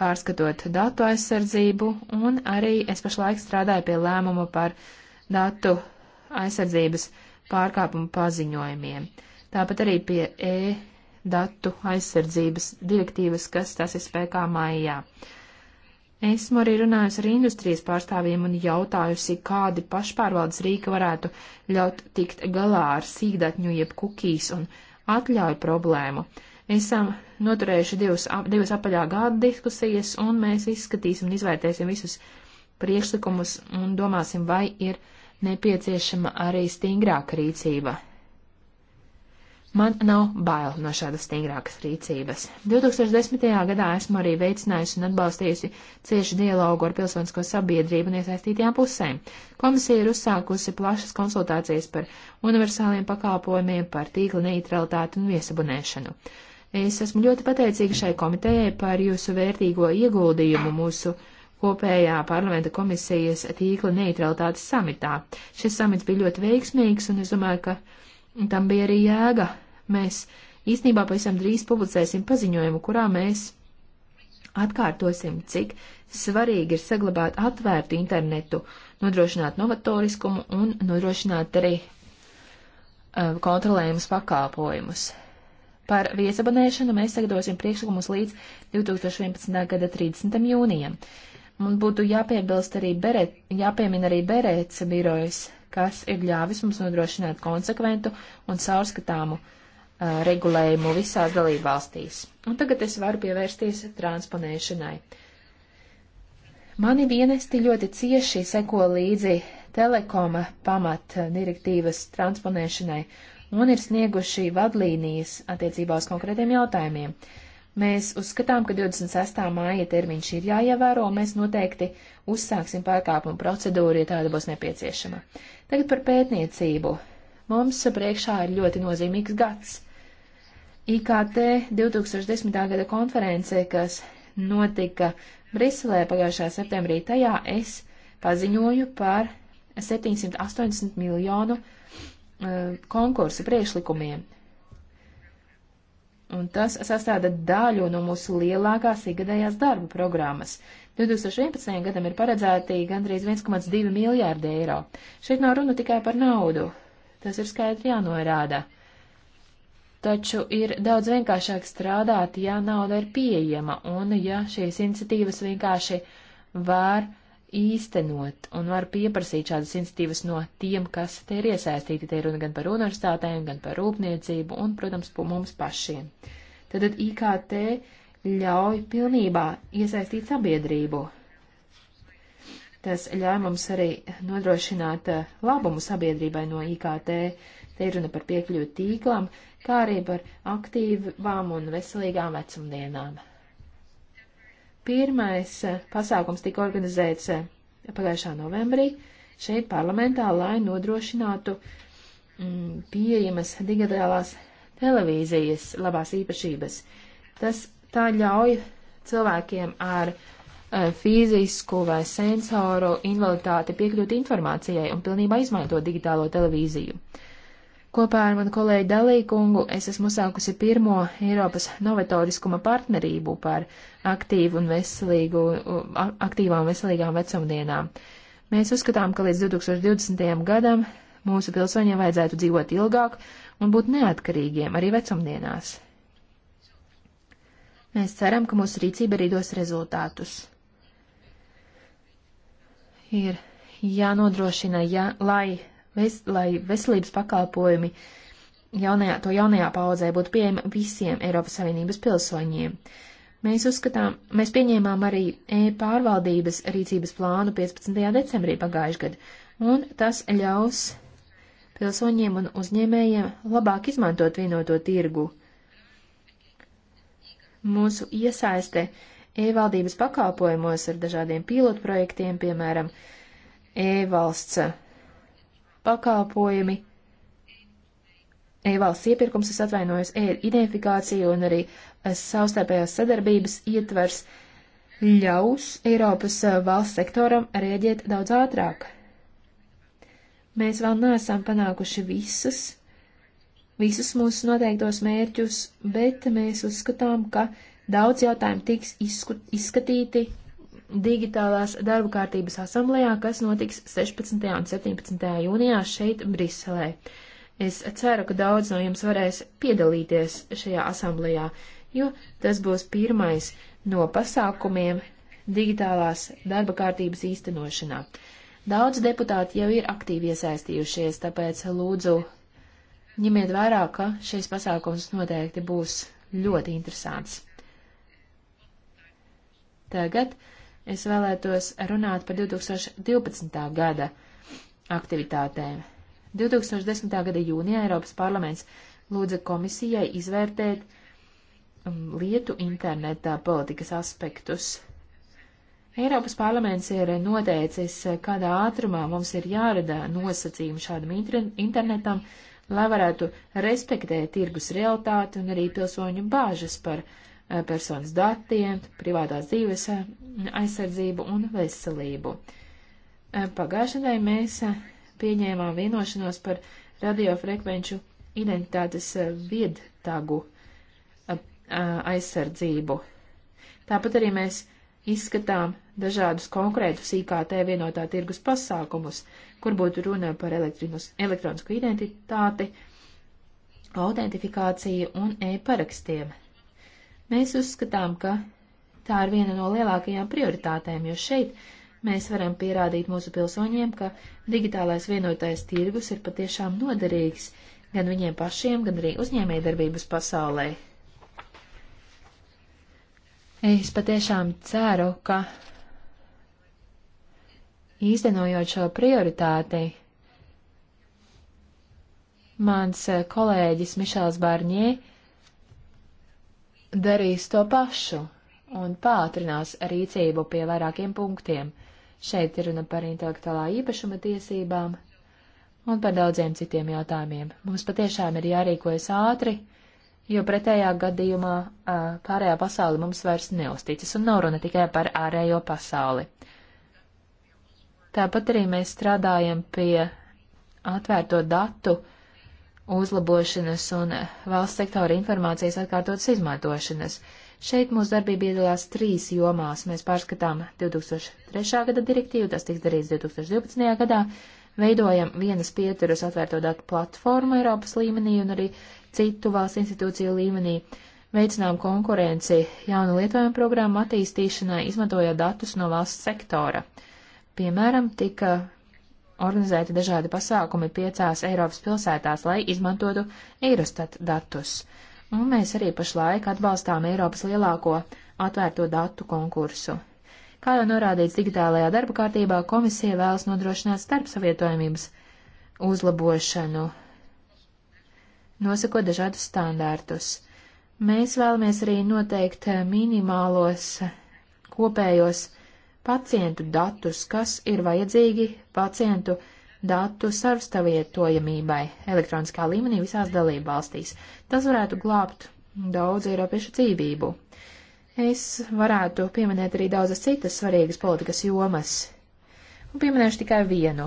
C: pārskatot datu aizsardzību, un arī es pašlaik strādāju pie lēmumu par datu aizsardzības pārkāpumu paziņojumiem. Tāpat arī pie e-datu aizsardzības direktīvas, kas tas ir spēkā maijā. Esmu arī runājusi ar industrijas pārstāvjiem un jautājusi, kādi pašpārvaldes rīka varētu ļaut tikt galā ar sīkdatņu jeb kukīs un atļauju problēmu esam noturējuši divas, divas apaļā gada diskusijas, un mēs izskatīsim un izvērtēsim visus priekšlikumus un domāsim, vai ir nepieciešama arī stingrāka rīcība. Man nav bail no šādas stingrākas rīcības. 2010. gadā esmu arī veicinājusi un atbalstījusi cieši dialogu ar pilsonisko sabiedrību un iesaistītajām pusēm. Komisija ir uzsākusi plašas konsultācijas par universāliem pakalpojumiem, par tīkla neutralitāti un viesabunēšanu. Es esmu ļoti pateicīga šai komitejai par jūsu vērtīgo ieguldījumu mūsu kopējā parlamenta komisijas tīkla neutralitātes samitā. Šis samits bija ļoti veiksmīgs, un es domāju, ka tam bija arī jēga. Mēs īstenībā pavisam drīz publicēsim paziņojumu, kurā mēs atkārtosim, cik svarīgi ir saglabāt atvērtu internetu, nodrošināt novatoriskumu un nodrošināt arī uh, kontrolējumus pakāpojumus par viesabonēšanu mēs sagatavosim priekšlikumus līdz 2011. gada 30. jūnijam. Un būtu jāpiebilst arī beret, jāpiemina arī berēts birojas, kas ir ļāvis mums nodrošināt konsekventu un caurskatāmu uh, regulējumu visās dalībvalstīs. Un tagad es varu pievērsties transponēšanai. Mani vienesti ļoti cieši seko līdzi telekoma pamat direktīvas transponēšanai, un ir snieguši vadlīnijas attiecībā uz konkrētiem jautājumiem. Mēs uzskatām, ka 26. māja termiņš ir jāievēro, un mēs noteikti uzsāksim pārkāpumu procedūru, ja tāda būs nepieciešama. Tagad par pētniecību. Mums priekšā ir ļoti nozīmīgs gads. IKT 2010. gada konferencē, kas notika Briselē pagājušā septembrī, tajā es paziņoju par 780 miljonu eiro Uh, konkursu priekšlikumiem. Un tas sastāda daļu no mūsu lielākās ikgadējās darba programmas. 2011. gadam ir paredzēti gandrīz 1,2 miljārdi eiro. Šeit nav runa tikai par naudu. Tas ir skaidri jānorāda. Taču ir daudz vienkāršāk strādāt, ja nauda ir pieejama un ja šīs iniciatīvas vienkārši var uh, īstenot un var pieprasīt šādas iniciatīvas no tiem, kas te ir iesaistīti. Te ir runa gan par universitātēm, gan par rūpniecību un, protams, par mums pašiem. Tad IKT ļauj pilnībā iesaistīt sabiedrību. Tas ļauj mums arī nodrošināt eh, labumu sabiedrībai no IKT. Te ir runa par piekļuvi tīklam, kā arī par aktīvām un veselīgām vecumdienām. Pirmais eh, pasākums tika organizēts eh, pagājušā novembrī šeit parlamentā, lai nodrošinātu mm, pieejamas digitālās televīzijas labās īpašības. Tas tā ļauj cilvēkiem ar eh, fizisku vai sensoru invaliditāti piekļūt informācijai un pilnībā izmantot digitālo televīziju. Uh, Kopā ar manu kolēģi Dalīkungu es esmu uzsākusi pirmo Eiropas novatoriskuma partnerību par aktīvu un veselīgu, aktīvām un veselīgām vecumdienām. Mēs uzskatām, ka līdz 2020. gadam mūsu pilsoņiem vajadzētu dzīvot ilgāk un būt neatkarīgiem arī vecumdienās. Mēs ceram, ka mūsu rīcība arī dos rezultātus. Ir jānodrošina, ja, lai ves, lai veselības pakalpojumi jaunajā, to jaunajā paudzē būtu pieejami visiem Eiropas Savienības pilsoņiem. Mēs uzskatām, mēs pieņēmām arī e-pārvaldības rīcības plānu 15. decembrī pagājušajā gadā, un tas ļaus pilsoņiem un uzņēmējiem labāk izmantot vienoto tirgu. Mūsu iesaiste e-valdības pakalpojumos ar dažādiem pilotprojektiem, piemēram, e-valsts pakalpojumi, e-valsts iepirkums, es atvainojos, e-identifikācija un arī e, savstarpējās sadarbības ietvers ļaus Eiropas e, valsts sektoram rēģēt daudz ātrāk. Mēs vēl neesam panākuši visas, visus mūsu noteiktos mērķus, bet mēs uzskatām, ka daudz jautājumu tiks izsku, izskatīti digitālās darba kārtības asamblējā, kas notiks 16. un 17. jūnijā šeit, Briselē. Es ceru, ka daudz no jums varēs piedalīties šajā asamblējā, jo tas būs pirmais no pasākumiem digitālās darba kārtības īstenošanā. Daudz deputāti jau ir aktīvi iesaistījušies, tāpēc lūdzu ņemiet vērā, ka šis pasākums noteikti būs ļoti interesants. Tagad es vēlētos runāt par 2012. gada aktivitātēm. 2010. gada jūnijā Eiropas parlaments lūdza komisijai izvērtēt um, lietu internetā politikas aspektus. Eiropas parlaments ir noteicis, kādā ātrumā mums ir jārada nosacījumi šādam internetam, lai varētu respektēt tirgus realitāti un arī pilsoņu bāžas par uh, Eh, personas datiem, privātās dzīves eh, aizsardzību un veselību. Eh, pagājušajā nedēļā mēs pieņēmām vienošanos par radiofrekvenču identitātes viedtagu aizsardzību. Tāpat arī mēs izskatām dažādus konkrētus IKT vienotā tirgus pasākumus, kur būtu runa par elektronisku identitāti, autentifikāciju un e-parakstiem. Mēs uzskatām, ka tā ir viena no lielākajām prioritātēm, jo šeit mēs varam pierādīt mūsu pilsoņiem, ka digitālais vienotais tirgus ir patiešām noderīgs gan viņiem pašiem, gan arī uzņēmējdarbības pasaulē. Es patiešām ceru, ka īstenojot šo prioritāti, mans kolēģis Mišels Barņē darīs to pašu un pātrinās rīcību pie vairākiem punktiem. Šeit ir runa par intelektuālā īpašuma tiesībām un par daudziem citiem jautājumiem. Mums patiešām ir jārīkojas ātri, jo pretējā gadījumā pārējā pasaule mums vairs neusticas un nav runa tikai par ārējo pasauli. Tāpat arī mēs strādājam pie atvērto datu, uh, uzlabošanas un valsts sektora informācijas atkārtotas izmantošanas. Šeit mūsu darbība iedalās trīs jomās. Mēs pārskatām 2003. gada direktīvu, tas tiks darīts 2012. gadā, veidojam vienas pieturas atvērto datu platformu Eiropas līmenī un arī citu valsts institūciju līmenī, veicinām konkurenci jaunu lietojumu programmu attīstīšanai, izmantojot datus no valsts sektora. Piemēram, tika organizēti dažādi pasākumi piecās Eiropas pilsētās, lai izmantotu Eirostat datus. Un mēs arī pašlaik atbalstām Eiropas lielāko atvērto datu konkursu. Kā jau norādīts digitālajā darba kārtībā, komisija vēlas nodrošināt starpsavietojamības uzlabošanu, nosakot dažādus standārtus. Mēs vēlamies arī noteikt minimālos kopējos pacientu datus, kas ir vajadzīgi pacientu datu savstarpējietojamībai elektroniskā līmenī visās dalībvalstīs. Tas varētu glābt daudz Eiropiešu dzīvību. Es varētu pieminēt arī daudzas citas svarīgas politikas jomas. Un pieminēšu tikai vienu.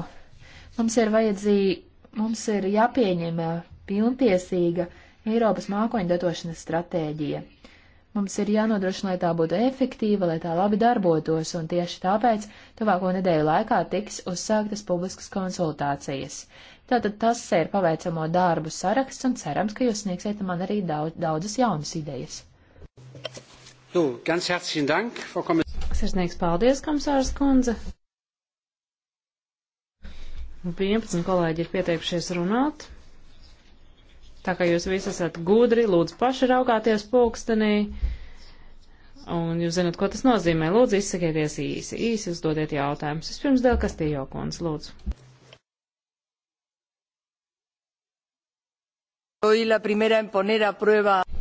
C: Mums ir vajadzīgi, mums ir jāpieņem pilntiesīga Eiropas mākoņu datošanas stratēģija. Mums ir jānodrošina, lai tā būtu efektīva, lai tā labi darbotos, un tieši tāpēc tuvāko nedēļu laikā tiks uzsāktas publiskas konsultācijas. Tātad tas ir paveicamo darbu saraksts, un cerams, ka jūs sniegsiet man arī daudz, daudzas jaunas idejas.
A: So, nu, ganz herzlichen Dank, Frau Kommissarin.
C: Sirsnīgs paldies,
A: komisārs Kundze. 11 kolēģi ir pieteikušies runāt. Tā kā jūs visi esat gudri, lūdzu paši raugāties pulkstenī. Un jūs zinat, ko tas nozīmē. Lūdzu, izsakieties īsi, īsi uzdodiet jautājumus. Vispirms dēļ, kas tie jokons, lūdzu.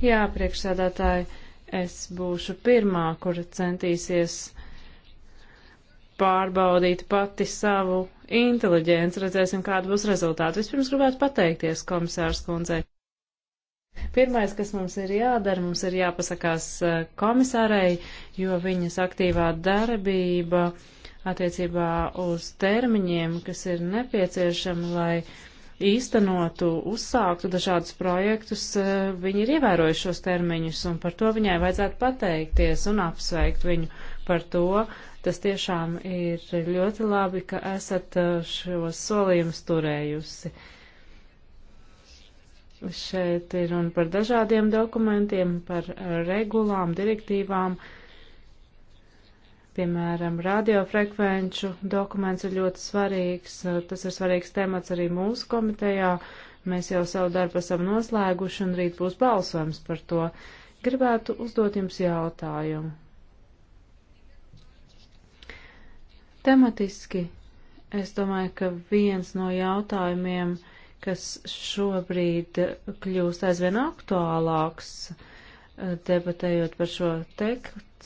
A: Jā, priekšsēdētāji, es būšu pirmā, kura centīsies pārbaudīt pati savu inteliģenci, redzēsim, kāda būs rezultāta. Vispirms gribētu pateikties komisārs kundzei. Pirmais, kas mums ir jādara, mums ir jāpasakās eh, komisārei, jo viņas aktīvā darbība attiecībā uz termiņiem, kas ir nepieciešami, lai īstenotu, uzsāktu dažādus projektus, eh, viņi ir ievērojuši šos termiņus, un par to viņai vajadzētu pateikties un apsveikt viņu par to, uh, Tas tiešām ir ļoti labi, ka esat uh, šos solījumus turējusi. Šeit ir runa par dažādiem dokumentiem, par uh, regulām, direktīvām. Piemēram, radiofrekvenču dokuments ir ļoti svarīgs. Uh, tas ir svarīgs temats arī mūsu komitejā. Mēs jau savu darbu esam noslēguši un rīt būs balsojums par to. Gribētu uzdot jums jautājumu. Tematiski es domāju, ka viens no jautājumiem, kas šobrīd kļūst aizvien aktuālāks, eh, debatējot par šo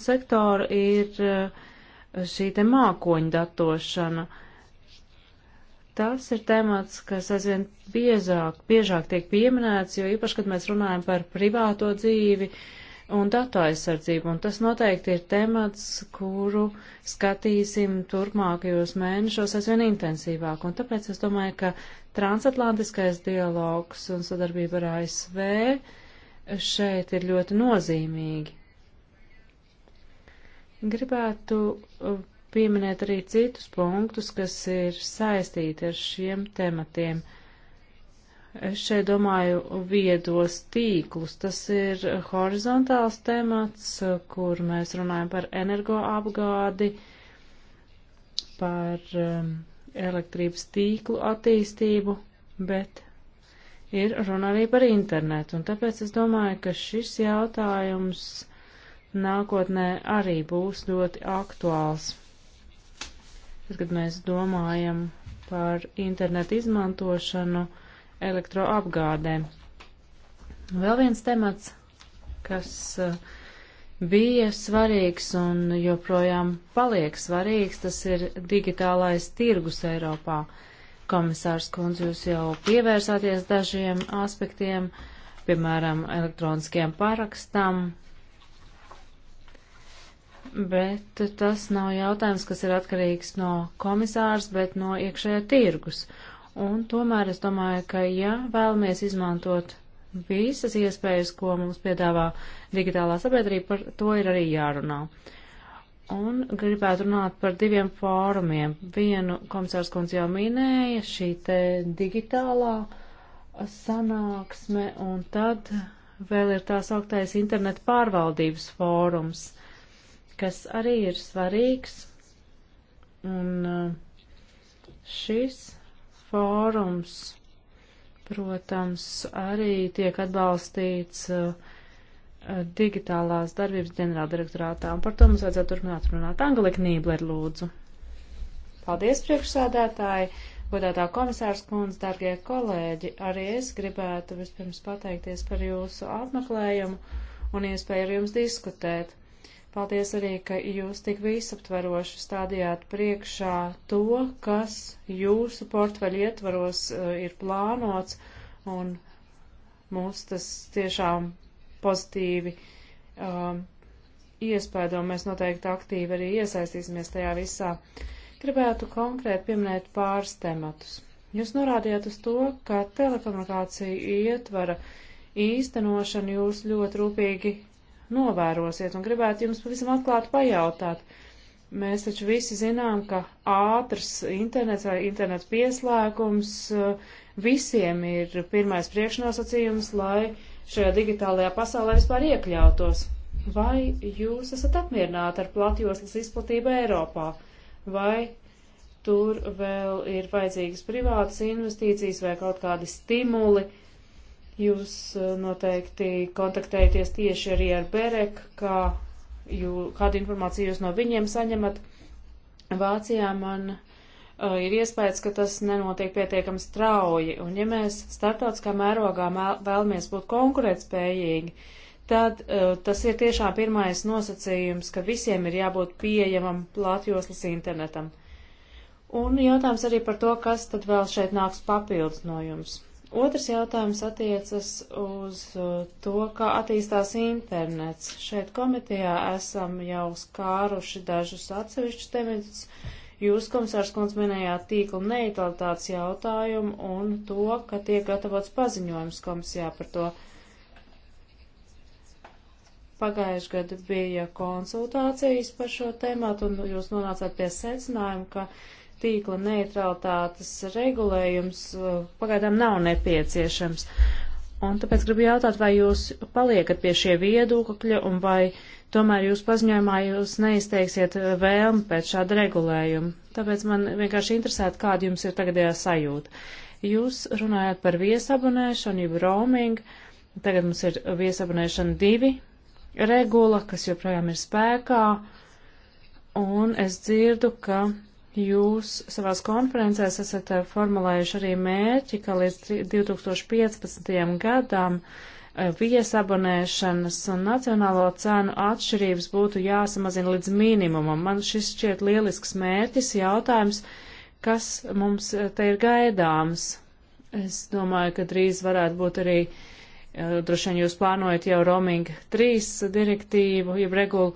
A: sektoru, ir eh, šī te mākoņu datošana. Tas ir temats, kas aizvien biežāk, biežāk tiek pieminēts, jo īpaši, kad mēs runājam par privāto dzīvi, uh, un datu aizsardzību, un tas noteikti ir temats, kuru skatīsim turpmākajos mēnešos aizvien intensīvāk, un tāpēc es domāju, ka transatlantiskais dialogs un sadarbība ar ASV šeit ir ļoti nozīmīgi. Gribētu uh, pieminēt arī citus punktus, kas ir saistīti ar šiem tematiem. Uh, Es šeit domāju viedos tīklus. Tas ir horizontāls temats, kur mēs runājam par energoapgādi, par um, elektrības tīklu attīstību, bet ir runa arī par internetu. Un tāpēc es domāju, ka šis jautājums nākotnē arī būs ļoti aktuāls. Tad, kad mēs domājam par internetu izmantošanu, uh, elektroapgādē. Vēl viens temats, kas eh, bija svarīgs un joprojām paliek svarīgs, tas ir digitālais tirgus Eiropā. Komisārs Kunz, jūs jau pievērsāties dažiem aspektiem, piemēram, elektroniskiem parakstam, bet tas nav jautājums, kas ir atkarīgs no komisārs, bet no iekšējā tirgus. Un tomēr es domāju, ka ja vēlamies izmantot visas iespējas, ko mums piedāvā digitālā sabiedrība, par to ir arī jārunā. Un gribētu runāt par diviem fórumiem. Vienu komisārs kundze jau minēja, šī te digitālā sanāksme, un tad vēl ir tās augtais internetu pārvaldības fórums, kas arī ir svarīgs. Un uh, šis fórums, protams, arī tiek atbalstīts uh, digitālās darbības ģenerāldirektorātā, un par to mums vajadzētu turpināt runāt. Angelika Nībler, lūdzu. Paldies, priekšsādātāji, godātā komisārs kundze, dārgie kolēģi, arī es gribētu vispirms pateikties par jūsu apmeklējumu un iespēju ar jums diskutēt. Paldies arī, ka jūs tik visaptveroši stādījāt priekšā to, kas jūsu portfeļu ietvaros eh, ir plānots, un mūs tas tiešām pozitīvi um, iespēdo, un mēs noteikti aktīvi arī iesaistīsimies tajā visā. Gribētu konkrēti pieminēt pāris tematus. Jūs norādījāt uz to, ka telekomunikāciju ietvara īstenošanu jūs ļoti rūpīgi novērosiet un gribētu jums pavisam atklāti pajautāt. Mēs taču visi zinām, ka ātrs internets vai interneta pieslēgums eh, visiem ir pirmais priekšnosacījums, lai šajā digitālajā pasaulē vispār iekļautos. Vai jūs esat apmierināti ar platjoslas izplatību Eiropā? Vai tur vēl ir vajadzīgas privātas investīcijas vai kaut kādi stimuli, uh, Jūs eh, noteikti kontaktējaties tieši arī ar Berek, kā jū, kādu informāciju jūs no viņiem saņemat. Vācijā man uh, ir iespējas, ka tas nenotiek pietiekami strauji, un ja mēs starptautiskā mērogā vēlamies būt konkurētspējīgi, tad uh, tas ir tiešām pirmais nosacījums, ka visiem ir jābūt pieejamam platjoslas internetam. Un jautājums arī par to, kas tad vēl šeit nāks papildus no jums. Otrs jautājums attiecas uz uh, to, kā attīstās internets. Šeit komitejā esam jau skāruši dažus atsevišķus tematus. Jūs, komisārs Kunds, minējāt tīkla neutralitātes jautājumu un to, ka tiek gatavots paziņojums komisijā par to. Pagājuši gadu bija konsultācijas par šo tēmātu, un jūs nonācāt pie secinājuma, ka uh, tīkla neutralitātes regulējums uh, pagaidām nav nepieciešams. Un tāpēc gribu jautāt, vai jūs paliekat pie šie viedokļa un vai tomēr jūs paziņojumā jūs neizteiksiet uh, vēlmi pēc šāda regulējuma. Tāpēc man vienkārši interesētu, kāda jums ir tagadējā sajūta. Jūs runājat par viesabunēšanu, jeb roaming. Tagad mums ir viesabunēšana divi regula, kas joprojām ir spēkā. Un es dzirdu, ka Jūs savās konferencēs esat eh, formulējuši arī mērķi, ka līdz 2015. gadam eh, viesabonēšanas un nacionālo cenu atšķirības būtu jāsamazina līdz minimumam. Man šis šķiet lielisks mērķis, jautājums, kas mums eh, te ir gaidāms. Es domāju, ka drīz varētu būt arī, droši vien jūs plānojat jau roaming 3 direktīvu, jeb regulu.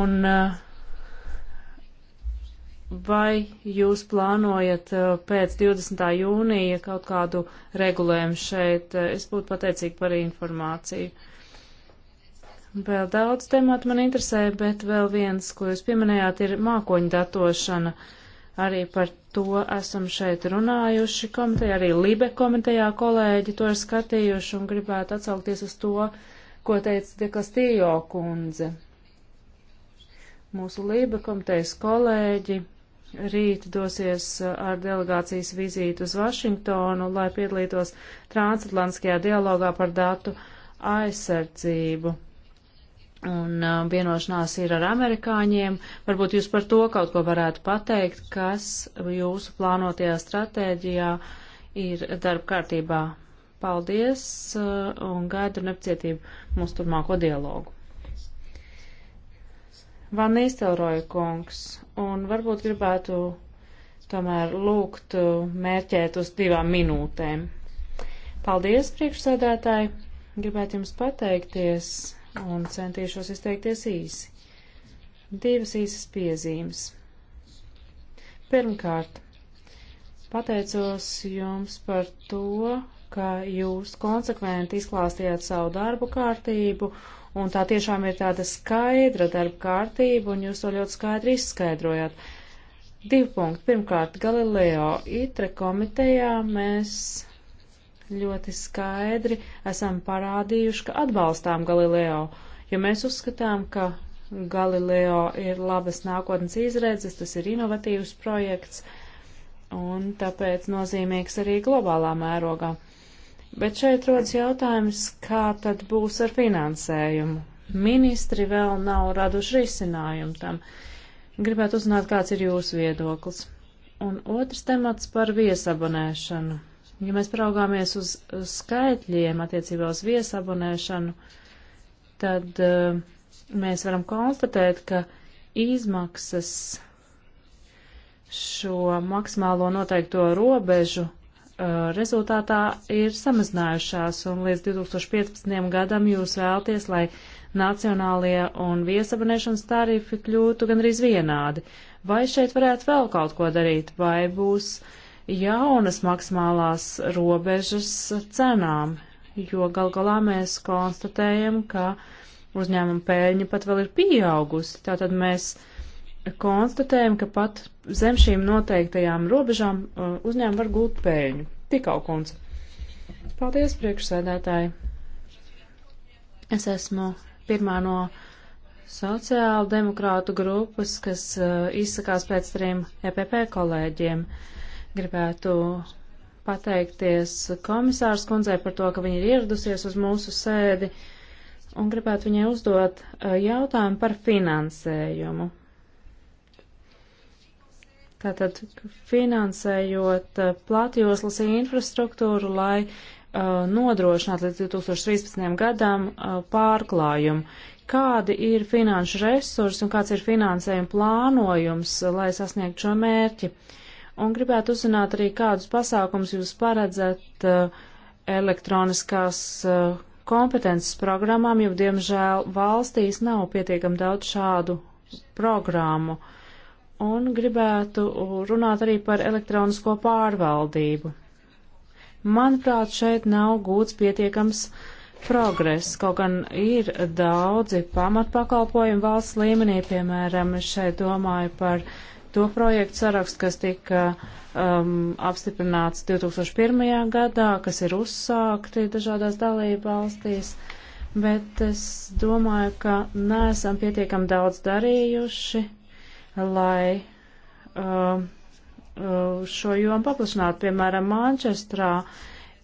A: Un uh, Vai jūs plānojat uh, pēc 20. jūnija kaut kādu regulējumu šeit? Uh, es būtu pateicīga par informāciju. Vēl daudz tematu man interesē, bet vēl viens, ko jūs pieminējāt, ir mākoņu datošana. Arī par to esam šeit runājuši komitejā, arī Libe komitejā kolēģi to ir skatījuši un gribētu atsaukties uz to, ko teica Dekastījo kundze. Mūsu Libe komitejas kolēģi rīt dosies uh, ar delegācijas vizīti uz Vašingtonu, lai piedalītos transatlantiskajā dialogā par datu aizsardzību. Un uh, vienošanās ir ar amerikāņiem. Varbūt jūs par to kaut ko varētu pateikt, kas jūsu plānotajā stratēģijā ir darba kārtībā. Paldies uh, un gaidu nepacietību mūsu turmāko dialogu. Van Īstelroja kungs, un varbūt gribētu tomēr lūgt uh, mērķēt uz divām minūtēm. Paldies, priekšsēdētāji! Gribētu jums pateikties un centīšos izteikties īsi. Divas īsas piezīmes. Pirmkārt, pateicos jums par to, ka jūs konsekventi izklāstījāt savu darbu kārtību un tā tiešām ir tāda skaidra darba kārtība, un jūs to ļoti skaidri izskaidrojāt. Divi punkti. Pirmkārt, Galileo itre komitejā mēs ļoti skaidri esam parādījuši, ka atbalstām Galileo, jo mēs uzskatām, ka Galileo ir labas nākotnes izredzes, tas ir inovatīvs projekts un tāpēc nozīmīgs arī globālā mērogā. Bet šeit rodas jautājums, kā tad būs ar finansējumu. Ministri vēl nav raduši risinājumu tam. Gribētu uzzināt, kāds ir jūsu viedoklis. Un otrs temats par viesabonēšanu. Ja mēs paraugāmies uz skaitļiem attiecībā uz viesabonēšanu, tad uh, mēs varam konstatēt, ka izmaksas šo maksimālo noteikto robežu Uh, rezultātā ir samazinājušās, un līdz 2015. gadam jūs vēlties, lai nacionālie un viesabonēšanas tarifi kļūtu gandrīz vienādi. Vai šeit varētu vēl kaut ko darīt, vai būs jaunas maksimālās robežas cenām, jo gal galā mēs konstatējam, ka uzņēmuma pēļņa pat vēl ir pieaugusi. Tātad mēs uh, konstatējam, ka pat zem šīm noteiktajām robežām uh, uzņēmumi var gūt pēļņu. Tikau kundze. Paldies, priekšsēdētāji. Es esmu pirmā no sociāla demokrātu grupas, kas uh, izsakās pēc trim EPP kolēģiem. Gribētu pateikties komisārs kundzei par to, ka viņa ir ieradusies uz mūsu sēdi un gribētu viņai uzdot uh, jautājumu par finansējumu. Tātad finansējot eh, platjoslas infrastruktūru, lai uh, nodrošinātu līdz 2013. gadam uh, pārklājumu. Kādi ir finanšu resursi un kāds ir finansējuma plānojums, lai sasniegtu šo mērķi? Un gribētu uzzināt arī, kādus pasākums jūs paredzat uh, elektroniskās kompetences programmām, jo, diemžēl, valstīs nav pietiekam daudz šādu programmu. Uh, un gribētu runāt arī par elektronisko pārvaldību. Manuprāt, šeit nav gūts pietiekams progress, kaut gan ir daudzi pamatpakalpojumi valsts līmenī, piemēram, šeit domāju par to projektu sarakstu, kas tika um, apstiprināts 2001. gadā, kas ir uzsākti dažādās dalība valstīs, bet es domāju, ka neesam pietiekam daudz darījuši lai um, uh, šo jomu paplašinātu. Piemēram, Mančestrā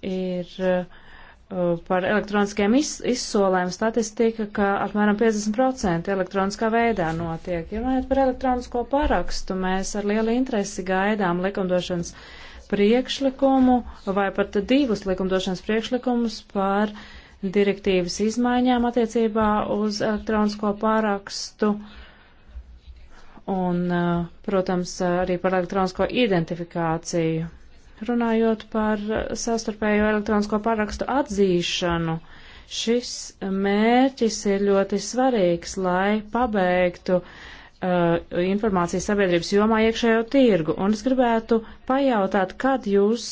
A: ir uh, par elektroniskiem iz, izsolēm statistika, ka apmēram 50% elektroniskā veidā notiek. Ja runājot par elektronisko parakstu, mēs ar lielu interesi gaidām likumdošanas priekšlikumu vai pat divus likumdošanas priekšlikumus par direktīvas izmaiņām attiecībā uz elektronisko parakstu. Uh, un, eh, protams, arī par elektronisko identifikāciju. Runājot par sastarpējo elektronisko parakstu atzīšanu, šis mērķis ir ļoti svarīgs, lai pabeigtu uh, informācijas sabiedrības jomā iekšējo tirgu. Un es gribētu pajautāt, kad jūs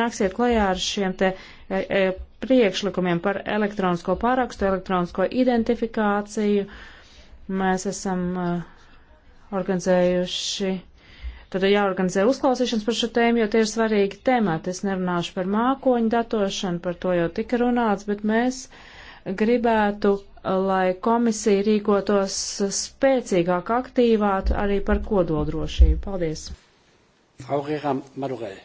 A: nāksiet klajā ar šiem te e, e, priekšlikumiem par elektronisko parakstu, elektronisko identifikāciju. Mēs esam uh, organizējuši, tad ir jāorganizē uzklausīšanas par šo tēmu, jo tie ir svarīgi temati. Es nerunāšu par mākoņu datošanu, par to jau tika runāts, bet mēs gribētu, lai komisija rīkotos spēcīgāk, aktīvāk arī par kodoldrošību. Paldies! Frau Rera Madurell.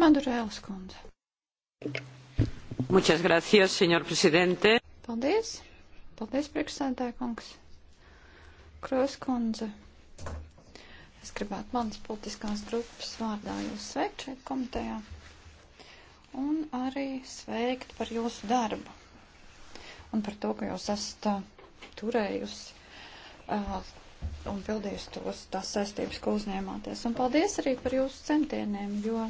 B: Madurellas kundze. Muchas gracias, señor presidente. Paldies. Paldies, priekšsēdētāj kungs. Krūskundze, es gribētu manas politiskās grupas vārdā jūs sveikt šeit komitejā un arī sveikt par jūsu darbu un par to, ka jūs esat uh, turējusi uh, un pildījusi tos tās saistības, ko uzņēmāties. Un paldies arī par jūsu centieniem, jo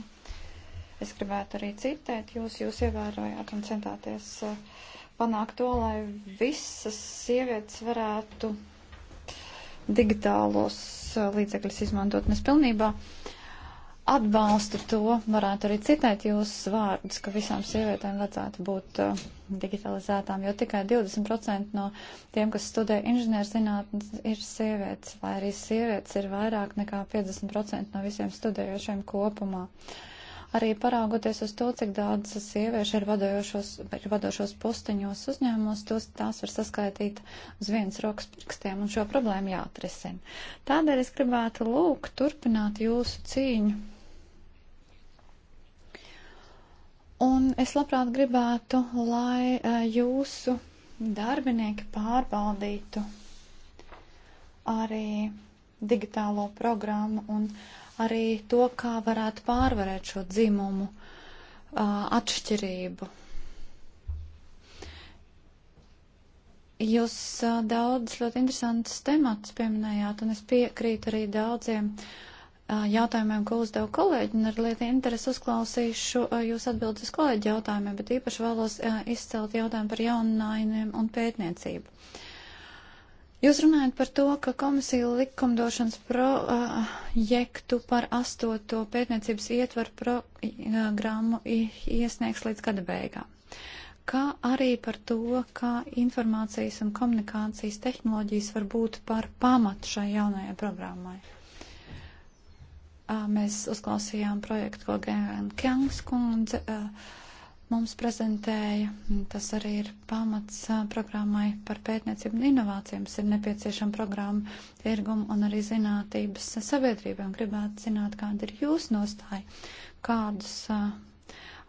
B: es gribētu arī citēt, jūs, jūs ievērojāt un centāties uh, panākt to, lai visas sievietes varētu digitālos uh, līdzekļus izmantot nespilnībā. Atbalstu to, varētu arī citēt jūsu vārdus, ka visām sievietēm vajadzētu būt uh, digitalizētām, jo tikai 20% no tiem, kas studē inženierzinātnes, ir sievietes, vai arī sievietes ir vairāk nekā 50% no visiem studējošiem kopumā. Uh, arī paraugoties uz to, cik daudz sieviešu ir vadošos, ir vadošos posteņos uzņēmumos, tos tās var saskaitīt uz vienas rokas pirkstiem, un šo problēmu jāatrisina. Tādēļ es gribētu lūgt turpināt jūsu cīņu. Un es labprāt gribētu, lai eh, jūsu darbinieki pārbaudītu arī digitālo programmu un uh, arī to, kā varētu pārvarēt šo dzimumu atšķirību. Jūs daudz ļoti interesantus tematus pieminējāt, un es piekrītu arī daudziem jautājumiem, ko uzdev kolēģi, un ar lieti interesi uzklausīšu jūs atbildes uz kolēģi jautājumiem, bet īpaši vēlos izcelt jautājumu par jauninājumiem un pētniecību. Uh, Jūs runājat par to, ka komisija likumdošanas projektu par astoto pētniecības ietvaru programmu iesniegs līdz gada beigām. Kā arī par to, kā informācijas un komunikācijas tehnoloģijas var būt par pamatu šai jaunajai programmai. Mēs uzklausījām projektu, ko Gan Kjangs kundze. Uh, mums prezentēja. Tas arī ir pamats programmai par pētniecību un inovācijām. Ir nepieciešama programma tirgumu un arī zinātības sabiedrībām. Gribētu zināt, kāda ir jūsu nostāja, kādus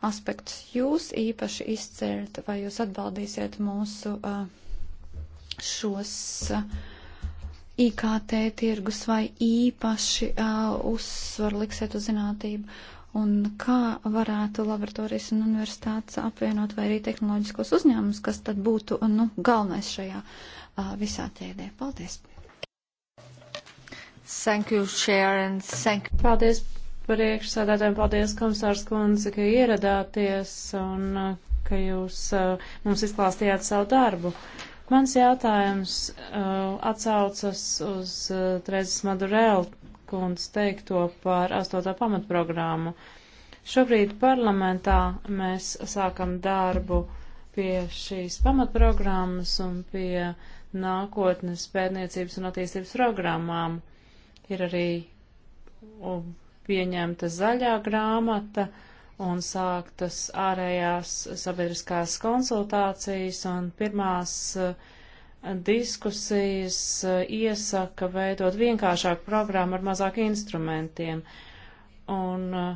B: aspektus jūs īpaši izcēlat, vai jūs atbaldīsiet mūsu šos. IKT tirgus vai īpaši uh, uzsvaru liksiet uz zinātību un kā varētu laboratorijas un universitātes apvienot vai arī tehnoloģiskos uzņēmumus, kas tad būtu nu, galvenais šajā uh, visā ķēdē. Paldies! Thank you, Chair, and thank you. Paldies priekšsēdētājiem, paldies komisārs
A: kundze, ka ieradāties un ka jūs uh, mums izklāstījāt savu darbu. Mans jautājums uh, atsaucas uz uh, Trezes Madurēlu kundz teikto par astoto pamatprogrammu. Šobrīd parlamentā mēs sākam darbu pie šīs pamatprogrammas un pie nākotnes pētniecības un attīstības programmām. Ir arī pieņemta zaļā grāmata un sāktas ārējās sabiedriskās konsultācijas un pirmās uh, diskusijas eh, iesaka veidot vienkāršāku programmu ar mazāk instrumentiem. Un eh,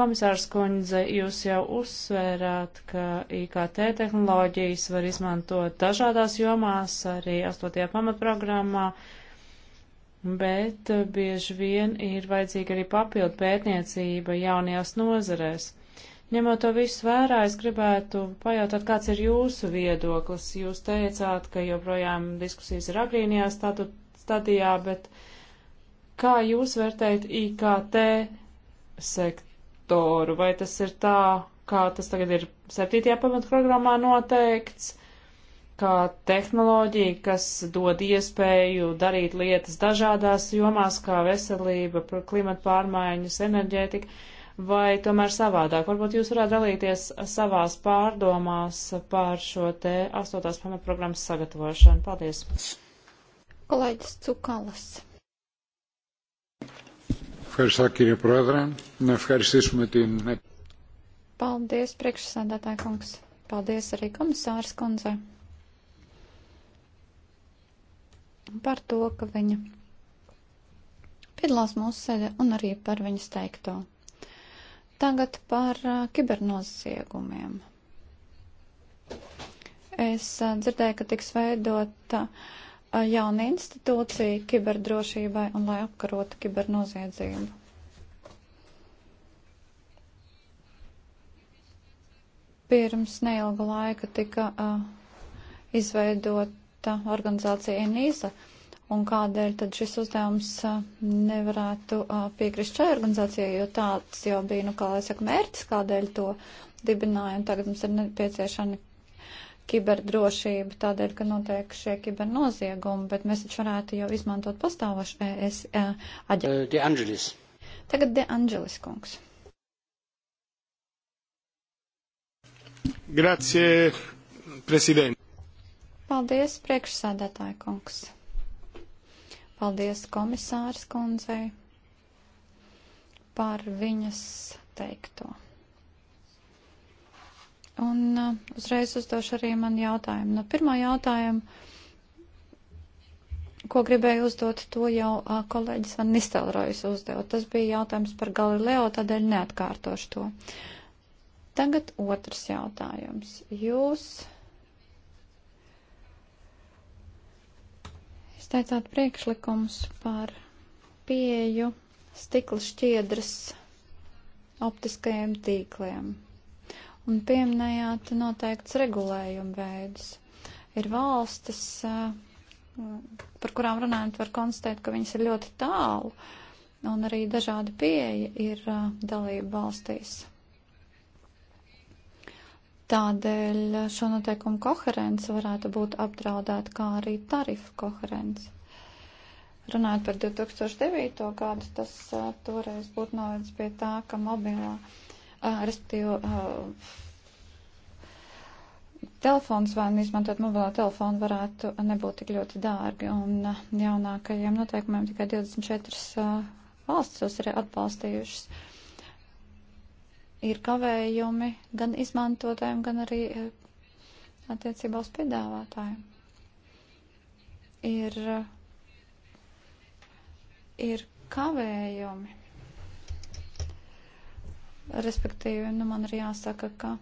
A: komisārs kundze, jūs jau uzsvērāt, ka IKT tehnoloģijas var izmantot dažādās jomās, arī 8. pamatprogrammā, bet eh, bieži vien ir vajadzīga arī papildu pētniecība jaunajās nozarēs. Ņemot to visu vērā, es gribētu pajautāt, kāds ir jūsu viedoklis. Jūs teicāt, ka joprojām diskusijas ir agrīnijā statu, stadijā, bet kā jūs vērtējat IKT sektoru? Vai tas ir tā, kā tas tagad ir 7. pamatprogrammā noteikts, kā tehnoloģija, kas dod iespēju darīt lietas dažādās jomās, kā veselība, klimata pārmaiņas, enerģētika? vai tomēr savādāk? Varbūt jūs varētu dalīties savās pārdomās par šo te astotās pamatprogrammas sagatavošanu. Paldies!
B: Kolēģis Cukalas.
A: Ευχαριστώ κύριε Πρόεδρε. Να ευχαριστήσουμε την...
B: Paldies, priekšsēdētāja kungs. Paldies arī komisārs kundze par to, ka viņa piedalās mūsu sēdē un arī par viņas teikto. Tagad par kibernoziegumiem. Es dzirdēju, ka tiks veidota jauna institūcija kiberdrošībai un lai apkarotu kibernoziedzību. Pirms neilga laika tika uh, izveidota organizācija NISA, uh, un kādēļ tad šis uzdevums nevarētu piekrist šai organizācijai, jo tāds jau bija, nu, kā lai saka, mērķis, kādēļ to dibināja, un tagad mums ir nepieciešama kiberdrošība, tādēļ, ka notiek šie kibernoziegumi, bet mēs taču varētu jau izmantot pastāvošu ES aģentu. Uh, De Angelis. Tagad De Angelis kungs.
C: Grazie, prezident.
B: Paldies, priekšsādātāja kungs. Paldies komisārs kundzei par viņas teikto. Un uh, uzreiz uzdošu arī man jautājumu. No nu, pirmā jautājuma, ko gribēju uzdot, to jau uh, kolēģis Van Nistelrojas uzdeva. Tas bija jautājums par Galileo, tādēļ neatkārtošu to. Tagad otrs jautājums. Jūs izteicāt priekšlikums par pieju stikla šķiedras optiskajiem tīkliem un pieminējāt noteikts regulējumu veidus. Ir valstis, eh, par kurām runājot, var konstatēt, ka viņas ir ļoti tālu, un arī dažādi pieeja ir eh, dalība valstīs. Tādēļ šo noteikumu koherence varētu būt apdraudēta, kā arī tarifu koherence. Runājot par 2009. gadu, tas uh, toreiz būtu novedis pie tā, ka mobilā, uh, respektīvi, uh, telefons vai izmantot mobilā telefonu varētu nebūt tik ļoti dārgi, un uh, jaunākajiem noteikumiem tikai 24 uh, valstis tos ir atbalstījušas. Uh, ir kavējumi gan izmantotājiem, gan arī eh, attiecībā uz piedāvātājiem. Ir, eh, ir kavējumi. Respektīvi, nu man ir jāsaka, ka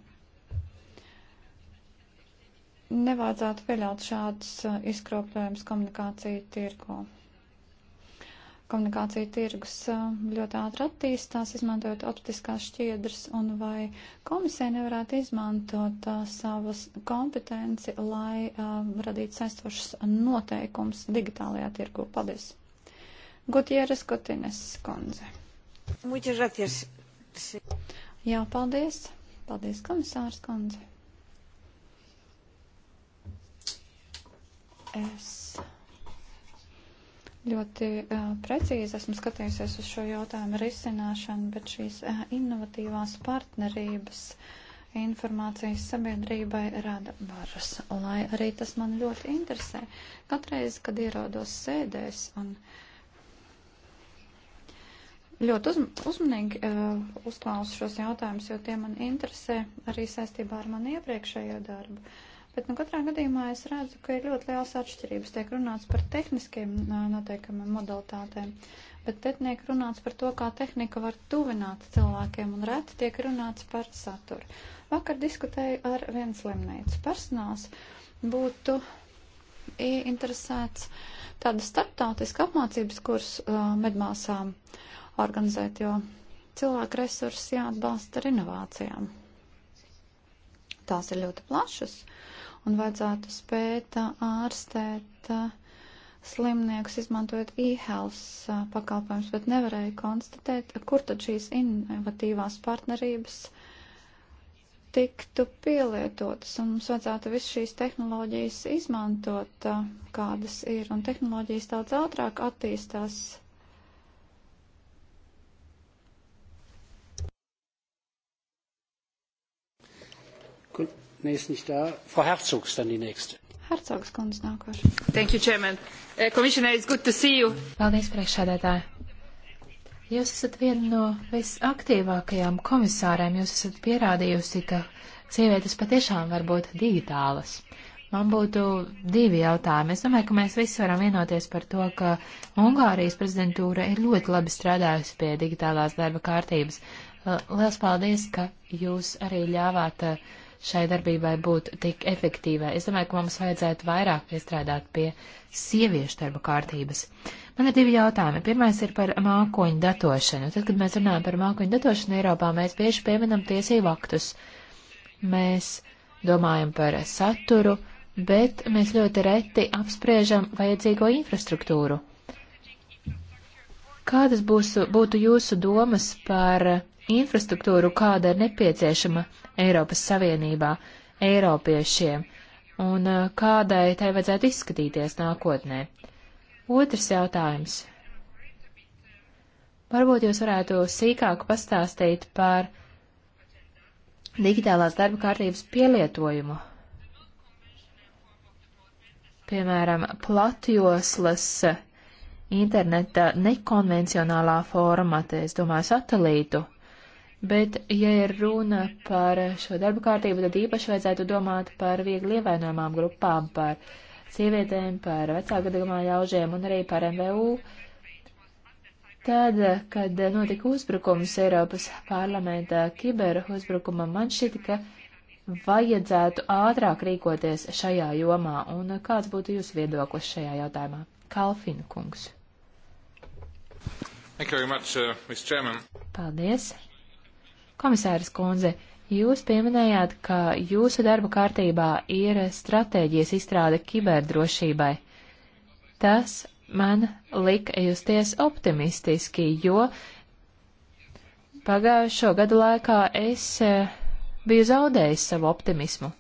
B: nevajadzētu pieļaut šādus eh, izkropļojumus komunikāciju tirko komunikāciju tirgus eh, ļoti ātri attīstās, izmantojot optiskās šķiedras, un vai komisija nevarētu izmantot uh, savas kompetenci, lai uh, radītu saistošas noteikums digitālajā tirgu. Paldies! Gutieres Gutines kundze. Muchas gracias. Jā, paldies. Paldies, komisārs kundze. Es ļoti uh, precīzi esmu skatījusies uz šo jautājumu risināšanu, bet šīs uh, innovatīvās partnerības informācijas sabiedrībai rada bažas, lai arī tas man ļoti interesē. Katreiz, kad ierodos sēdēs un ļoti uz, uzmanīgi uh, uzklausu šos jautājumus, jo tie man interesē arī saistībā ar manu iepriekšējo darbu. Uh, Bet, nu, katrā gadījumā es redzu, ka ir ļoti liels atšķirības. Tiek runāts par tehniskiem noteikumiem, modalitātēm, bet te tiek runāts par to, kā tehnika var tuvināt cilvēkiem, un reti tiek runāts par saturu. Vakar diskutēju ar viens slimnīcu. Personāls būtu interesēts tādu starptautisku apmācības kursu uh, medmāsām organizēt, jo cilvēku resursi jāatbalsta ar inovācijām. Tās ir ļoti plašas. Uh, un vajadzētu spēt uh, ārstēt uh, slimniekus, izmantojot e-health uh, pakalpojumus, bet nevarēja konstatēt, kur tad šīs innovatīvās partnerības tiktu pielietotas, un mums vajadzētu visu šīs tehnoloģijas izmantot, kādas ir, un tehnoloģijas daudz ātrāk attīstās Nee, ist nicht da. Frau Herzog ist dann die nächste. Hercogs kundze nākošais. Thank you, Chairman. Uh, Commissioner, it's good to see you.
C: Paldies, priekšsēdētāji. Jūs esat viena no visaktīvākajām komisārēm. Jūs esat pierādījusi, ka sievietes patiešām var būt digitālas. Man būtu divi jautājumi. Es domāju, ka mēs visi varam vienoties par to, ka Ungārijas prezidentūra ir ļoti labi strādājusi pie digitālās darba kārtības. Lielas paldies, ka jūs arī ļāvāt uh, šai darbībai būtu tik efektīvai. Es domāju, ka mums vajadzētu vairāk piestrādāt pie sieviešu darba kārtības. Man ir divi jautājumi. Pirmais ir par mākoņu datošanu. Tad, kad mēs runājam par mākoņu datošanu Eiropā, mēs bieži pieminam tiesību aktus. Mēs domājam par saturu, bet mēs ļoti reti apspriežam vajadzīgo infrastruktūru. Kādas būs, būtu jūsu domas par infrastruktūru, kāda ir nepieciešama Eiropas Savienībā Eiropiešiem un uh, kādai tai vajadzētu izskatīties nākotnē. Otrs jautājums. Varbūt jūs varētu sīkāk pastāstīt par digitālās darba kārtības pielietojumu. Piemēram, platjoslas uh, interneta nekonvencionālā formata, es domāju, satelītu Bet, ja ir runa par šo darbu kārtību, tad īpaši vajadzētu domāt par viegli ievainojumām grupām, par sievietēm, par vecākgadījumā ļaužiem un arī par MVU. Tad, kad notika uzbrukums Eiropas parlamentā kiber uzbrukumam, man šķita, ka vajadzētu ātrāk rīkoties šajā jomā. Un kāds būtu jūsu viedoklis šajā jautājumā? Kalfinu kungs.
A: Much, uh,
C: Paldies, Komisāras kundze, jūs pieminējāt, ka jūsu darba kārtībā ir stratēģijas izstrāde kiberdrošībai. Tas man lika justies optimistiski, jo pagājušo gadu laikā es eh, biju zaudējis savu optimismu.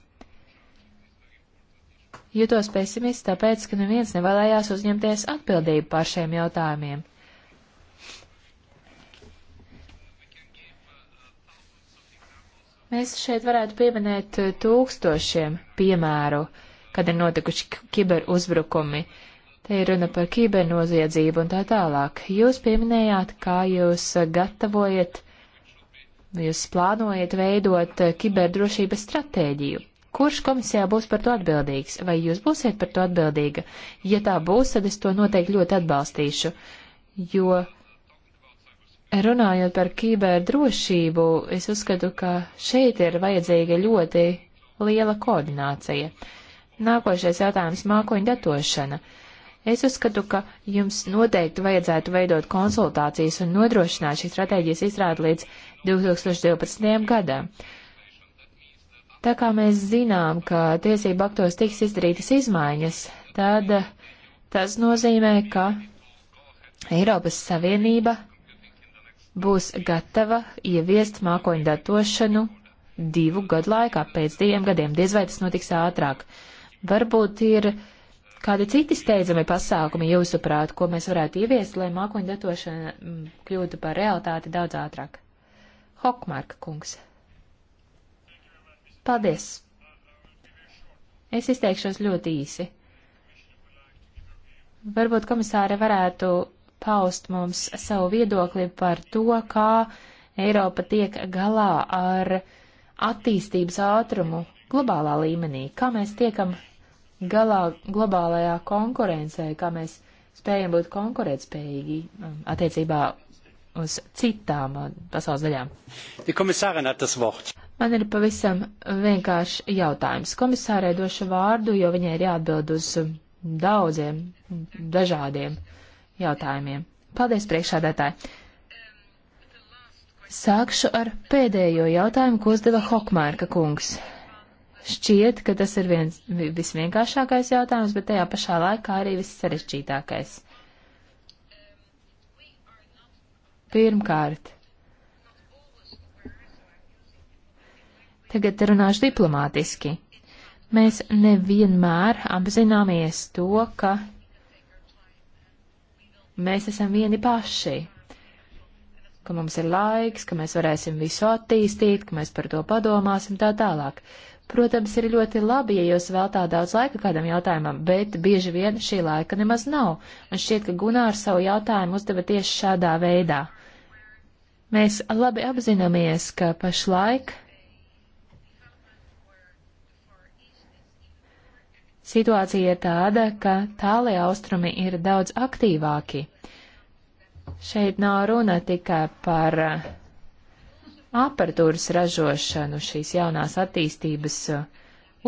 C: Jūtos pesimists tāpēc, ka neviens nevēlējās uzņemties atbildību par šiem jautājumiem. Mēs šeit varētu pieminēt eh, tūkstošiem piemēru, kad ir notikuši kiberuzbrukumi. Te ir runa par kibernoziedzību un tā tālāk. Jūs pieminējāt, kā jūs eh, gatavojat, jūs plānojat veidot eh, kiberdrošības stratēģiju. Kurš komisijā būs par to atbildīgs? Vai jūs būsiet par to atbildīga? Ja tā būs, tad es to noteikti ļoti atbalstīšu, jo Runājot par kiberdrošību, es uzskatu, ka šeit ir vajadzīga ļoti liela koordinācija. Nākošais jautājums - mākoņu datošana. Es uzskatu, ka jums noteikti vajadzētu veidot konsultācijas un nodrošināt šīs stratēģijas izrādi līdz 2012. gadam. Tā kā mēs zinām, ka tiesību aktos tiks izdarītas izmaiņas, tad tas nozīmē, ka Eiropas Savienība būs gatava ieviest mākoņu datošanu divu gadu laikā, pēc diviem gadiem. Diez vai tas notiks ātrāk. Varbūt ir kādi citi steidzami pasākumi jūsuprāt, ko mēs varētu ieviest, lai mākoņu datošana mm, kļūtu par realitāti daudz ātrāk. Hokmarka kungs. Paldies! Es izteikšos ļoti īsi. Varbūt komisāre varētu paust mums savu viedokli par to, kā Eiropa tiek galā ar attīstības ātrumu globālā līmenī, kā mēs tiekam galā globālajā konkurencē, kā mēs spējam būt konkurētspējīgi um, attiecībā uz citām uh, pasaules daļām. Man ir pavisam vienkārši jautājums. Komisārai došu vārdu, jo viņai ir jāatbild uz daudziem dažādiem jautājumiem. Paldies, priekšādātāji! Sākšu ar pēdējo jautājumu, ko uzdeva Hokmārka kungs. Šķiet, ka tas ir viens visvienkāršākais jautājums, bet tajā pašā laikā arī viss sarežģītākais. Pirmkārt, tagad runāšu diplomātiski. Mēs nevienmēr apzināmies to, ka mēs esam vieni paši, ka mums ir laiks, ka mēs varēsim visu attīstīt, ka mēs par to padomāsim tā tālāk. Protams, ir ļoti labi, ja jūs veltāt daudz laika kādam jautājumam, bet bieži vien šī laika nemaz nav. Man šķiet, ka Gunārs savu jautājumu uzdeva tieši šādā veidā. Mēs labi apzināmies, ka pašlaik Situācija ir tāda, ka tālie austrumi ir daudz aktīvāki. Šeit nav runa tikai par uh, aparatūras ražošanu, šīs jaunās attīstības uh,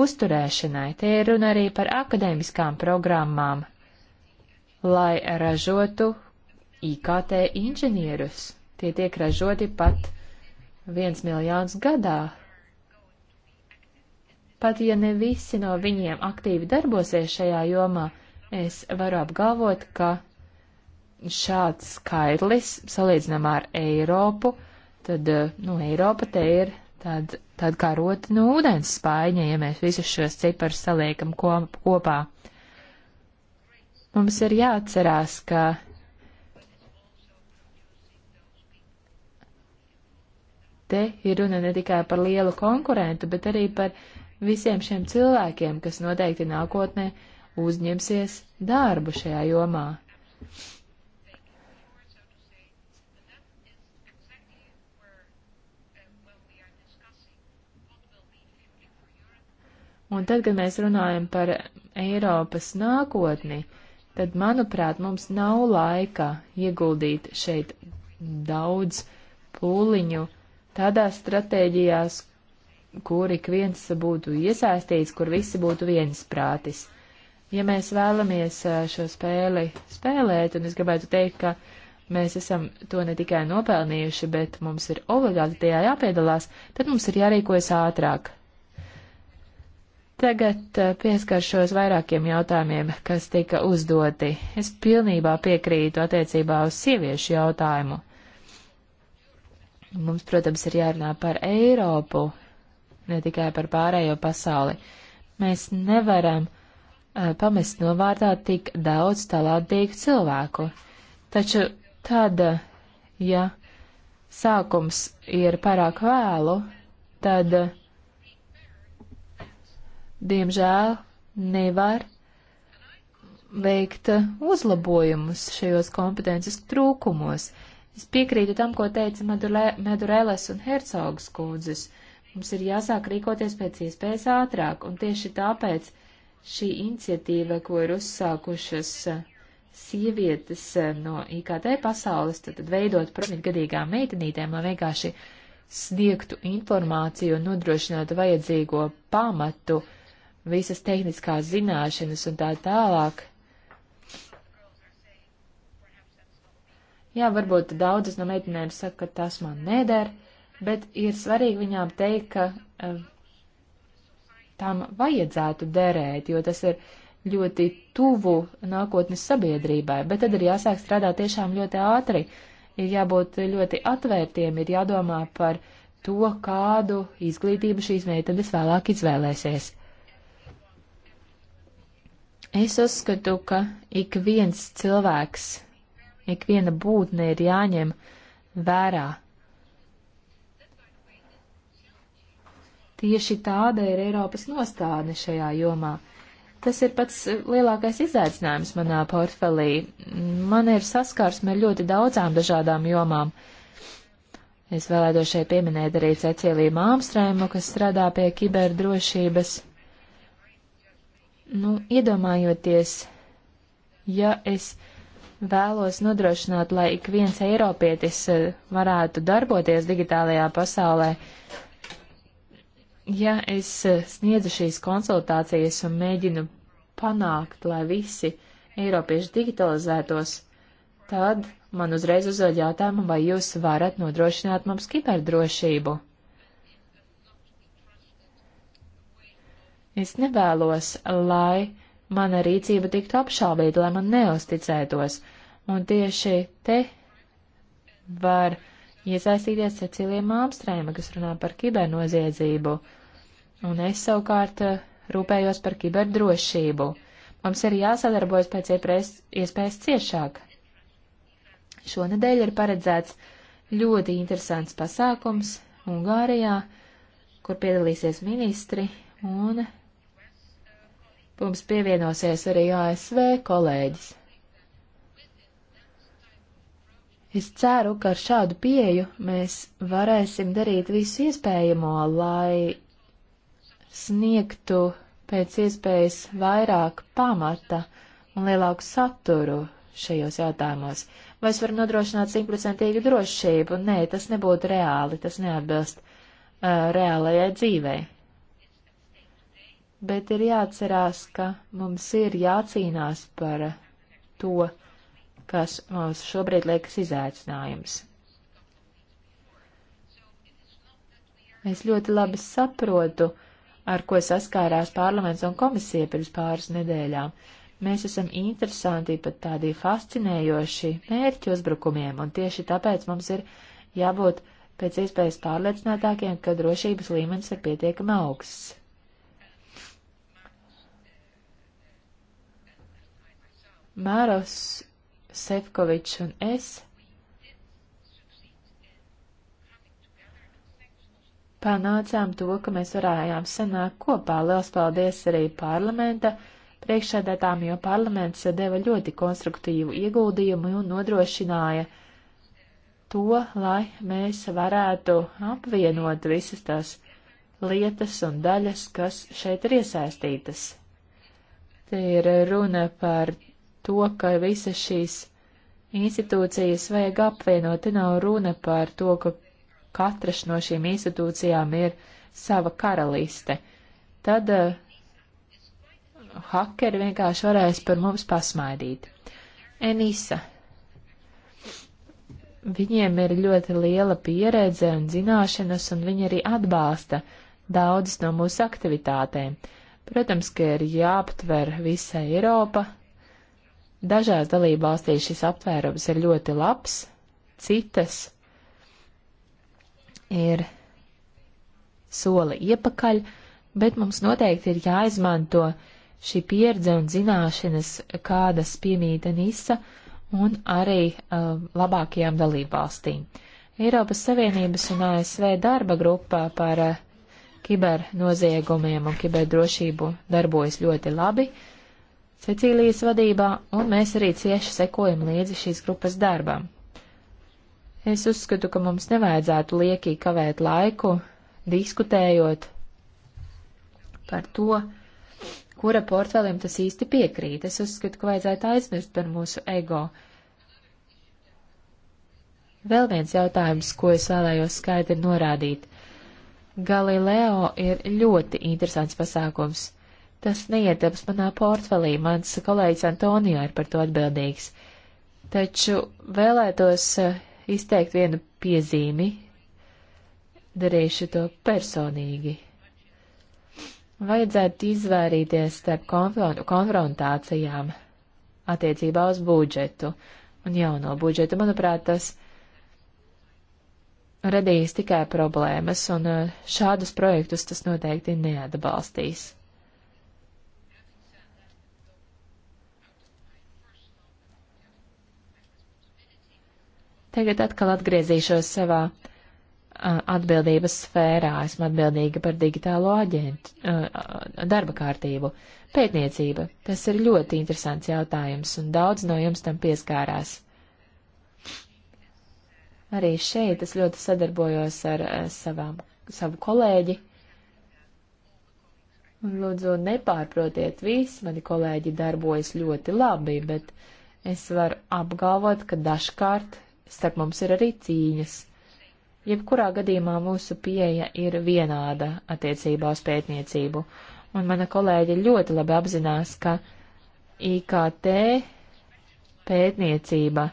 C: uzturēšanai. Te ir runa arī par akadēmiskām programmām, lai ražotu IKT inženierus. Tie tiek ražoti pat viens miljons gadā Pat ja ne visi no viņiem aktīvi darbosies šajā jomā, es varu apgalvot, ka šāds skaidrs, salīdzinām ar Eiropu, tad, eh, nu, Eiropa te ir tāda, tāda kā rota no ūdens spaiņa, ja mēs visus šos ciparus saliekam kopā. Mums ir jāatcerās, ka te ir runa ne tikai par lielu konkurentu, bet arī par visiem šiem cilvēkiem, kas noteikti nākotnē uzņemsies darbu šajā jomā. Un tad, kad mēs runājam par Eiropas nākotni, tad, manuprāt, mums nav laika ieguldīt šeit daudz pūliņu tādās stratēģijās, kur ik viens būtu iesaistīts, kur visi būtu viensprātis. Ja mēs vēlamies šo spēli spēlēt, un es gribētu teikt, ka mēs esam to ne tikai nopelnījuši, bet mums ir obligāti tajā jāpiedalās, tad mums ir jārīkojas ātrāk. Tagad pieskaršos vairākiem jautājumiem, kas tika uzdoti. Es pilnībā piekrītu attiecībā uz sieviešu jautājumu. Mums, protams, ir jārunā par Eiropu, ne tikai par pārējo pasauli. Mēs nevaram uh, pamest novārtā tik daudz talantīgu cilvēku. Taču tad, eh, ja sākums ir pārāk vēlu, tad, eh, diemžēl, nevar veikt uzlabojumus šajos kompetences trūkumos. Es piekrītu tam, ko teica Madurēlas un Hercogas kūdzes. Uh, Mums ir jāsāk rīkoties pēc iespējas ātrāk, un tieši tāpēc šī iniciatīva, ko ir uzsākušas eh, sievietes eh, no IKT pasaules, tad, tad veidot promitgadīgām meitenītēm, lai vienkārši sniegtu informāciju un nodrošinātu vajadzīgo pamatu, visas tehniskās zināšanas un tā tālāk. Jā, varbūt daudzas no meitenēm saka, ka tas man neder, bet ir svarīgi viņām teikt, ka eh, tam vajadzētu derēt, jo tas ir ļoti tuvu nākotnes sabiedrībai, bet tad ir jāsāk strādāt tiešām ļoti ātri, ir jābūt ļoti atvērtiem, ir jādomā par to, kādu izglītību šīs meitenes vēlāk izvēlēsies. Es uzskatu, ka ik viens cilvēks, ik viena būtne ir jāņem vērā Tieši tāda ir Eiropas nostādne šajā jomā. Tas ir pats eh, lielākais izaicinājums manā portfelī. Man ir saskarsme ar ļoti daudzām dažādām jomām. Es vēlētos šeit pieminēt arī Cecīliju Māmstrēmu, kas strādā pie kiberdrošības. Nu, iedomājoties, ja es vēlos nodrošināt, lai ik viens eiropietis eh, varētu darboties digitālajā pasaulē, ja es eh, sniedzu šīs konsultācijas un mēģinu panākt, lai visi Eiropieši digitalizētos, tad man uzreiz uzdod jautājumu, vai jūs varat nodrošināt mums kiberdrošību. Es nevēlos, lai mana rīcība tiktu apšaubīta, lai man neusticētos, un tieši te var iesaistīties Cecilija Māmstrēma, kas runā par kibernoziedzību un es savukārt eh, rūpējos par kiberdrošību. Mums ir jāsadarbojas pēc iespējas ciešāk. Šonadēļ ir paredzēts ļoti interesants pasākums Ungārijā, kur piedalīsies ministri, un mums pievienosies arī ASV kolēģis. Es ceru, ka ar šādu pieju mēs varēsim darīt visu iespējamo, lai sniegtu pēc iespējas vairāk pamata un lielāku saturu šajos jautājumos. Vai es varu nodrošināt simtprocentīgu drošību? Nē, tas nebūtu reāli, tas neatbilst uh, reālajai dzīvei. Bet ir jāatcerās, ka mums ir jācīnās par to, kas mums šobrīd liekas izaicinājums. Es ļoti labi saprotu, uh, ar ko saskārās parlaments un komisija pirms pāris nedēļām. Mēs esam interesanti pat tādi fascinējoši mērķu uzbrukumiem, un tieši tāpēc mums ir jābūt pēc iespējas pārliecinātākiem, ka drošības līmenis ir pietiekami augsts. Māros Sefkovičs un es panācām to, ka mēs varējām sanākt kopā. Liels paldies arī parlamenta priekšsēdētām, jo parlaments deva ļoti konstruktīvu ieguldījumu un nodrošināja to, lai mēs varētu apvienot visas tās lietas un daļas, kas šeit ir iesaistītas. Te ir runa par to, ka visas šīs institūcijas vajag apvienot, te nav runa par to, ka katras no šīm institūcijām ir sava karaliste, tad uh, hakeri vienkārši varēs par mums pasmaidīt. Enisa. Viņiem ir ļoti liela pieredze un zināšanas, un viņi arī atbalsta daudzas no mūsu aktivitātēm. Protams, ka ir jāaptver visa Eiropa. Dažās dalībvalstīs šis aptvērums ir ļoti labs, citas ir soli iepakaļ, bet mums noteikti ir jāizmanto šī pieredze un zināšanas, kādas piemīta Nisa un arī uh, labākajām dalībvalstīm. Eiropas Savienības un ASV darba grupā par uh, kibernoziegumiem un kiberdrošību darbojas ļoti labi Cecīlijas vadībā, un mēs arī cieši sekojam līdzi šīs grupas darbam. Es uzskatu, ka mums nevajadzētu lieki kavēt laiku, diskutējot par to, kura portfelim tas īsti piekrīt. Es uzskatu, ka vajadzētu aizmirst par mūsu ego. Vēl viens jautājums, ko es vēlējos skaidri norādīt. Galileo ir ļoti interesants pasākums. Tas neietilps manā portfelī, mans kolēģis Antonio ir par to atbildīgs. Taču vēlētos izteikt vienu piezīmi, darīšu to personīgi. Vajadzētu izvairīties starp konfrontācijām attiecībā uz budžetu un jauno budžetu. Manuprāt, tas radīs tikai problēmas, un uh, šādus projektus tas noteikti neatbalstīs. Tagad atkal atgriezīšos savā a, atbildības sfērā. Esmu atbildīga par digitālo aģentu, a, darba kārtību. Pētniecība. Tas ir ļoti interesants jautājums, un daudz no jums tam pieskārās. Arī šeit es ļoti sadarbojos ar savām, savu kolēģi. Un lūdzu, nepārprotiet, visi mani kolēģi darbojas ļoti labi, bet es varu apgalvot, ka dažkārt starp mums ir arī cīņas. Jebkurā gadījumā mūsu pieeja ir vienāda attiecībā uz pētniecību, un mana kolēģe ļoti labi apzinās, ka IKT pētniecība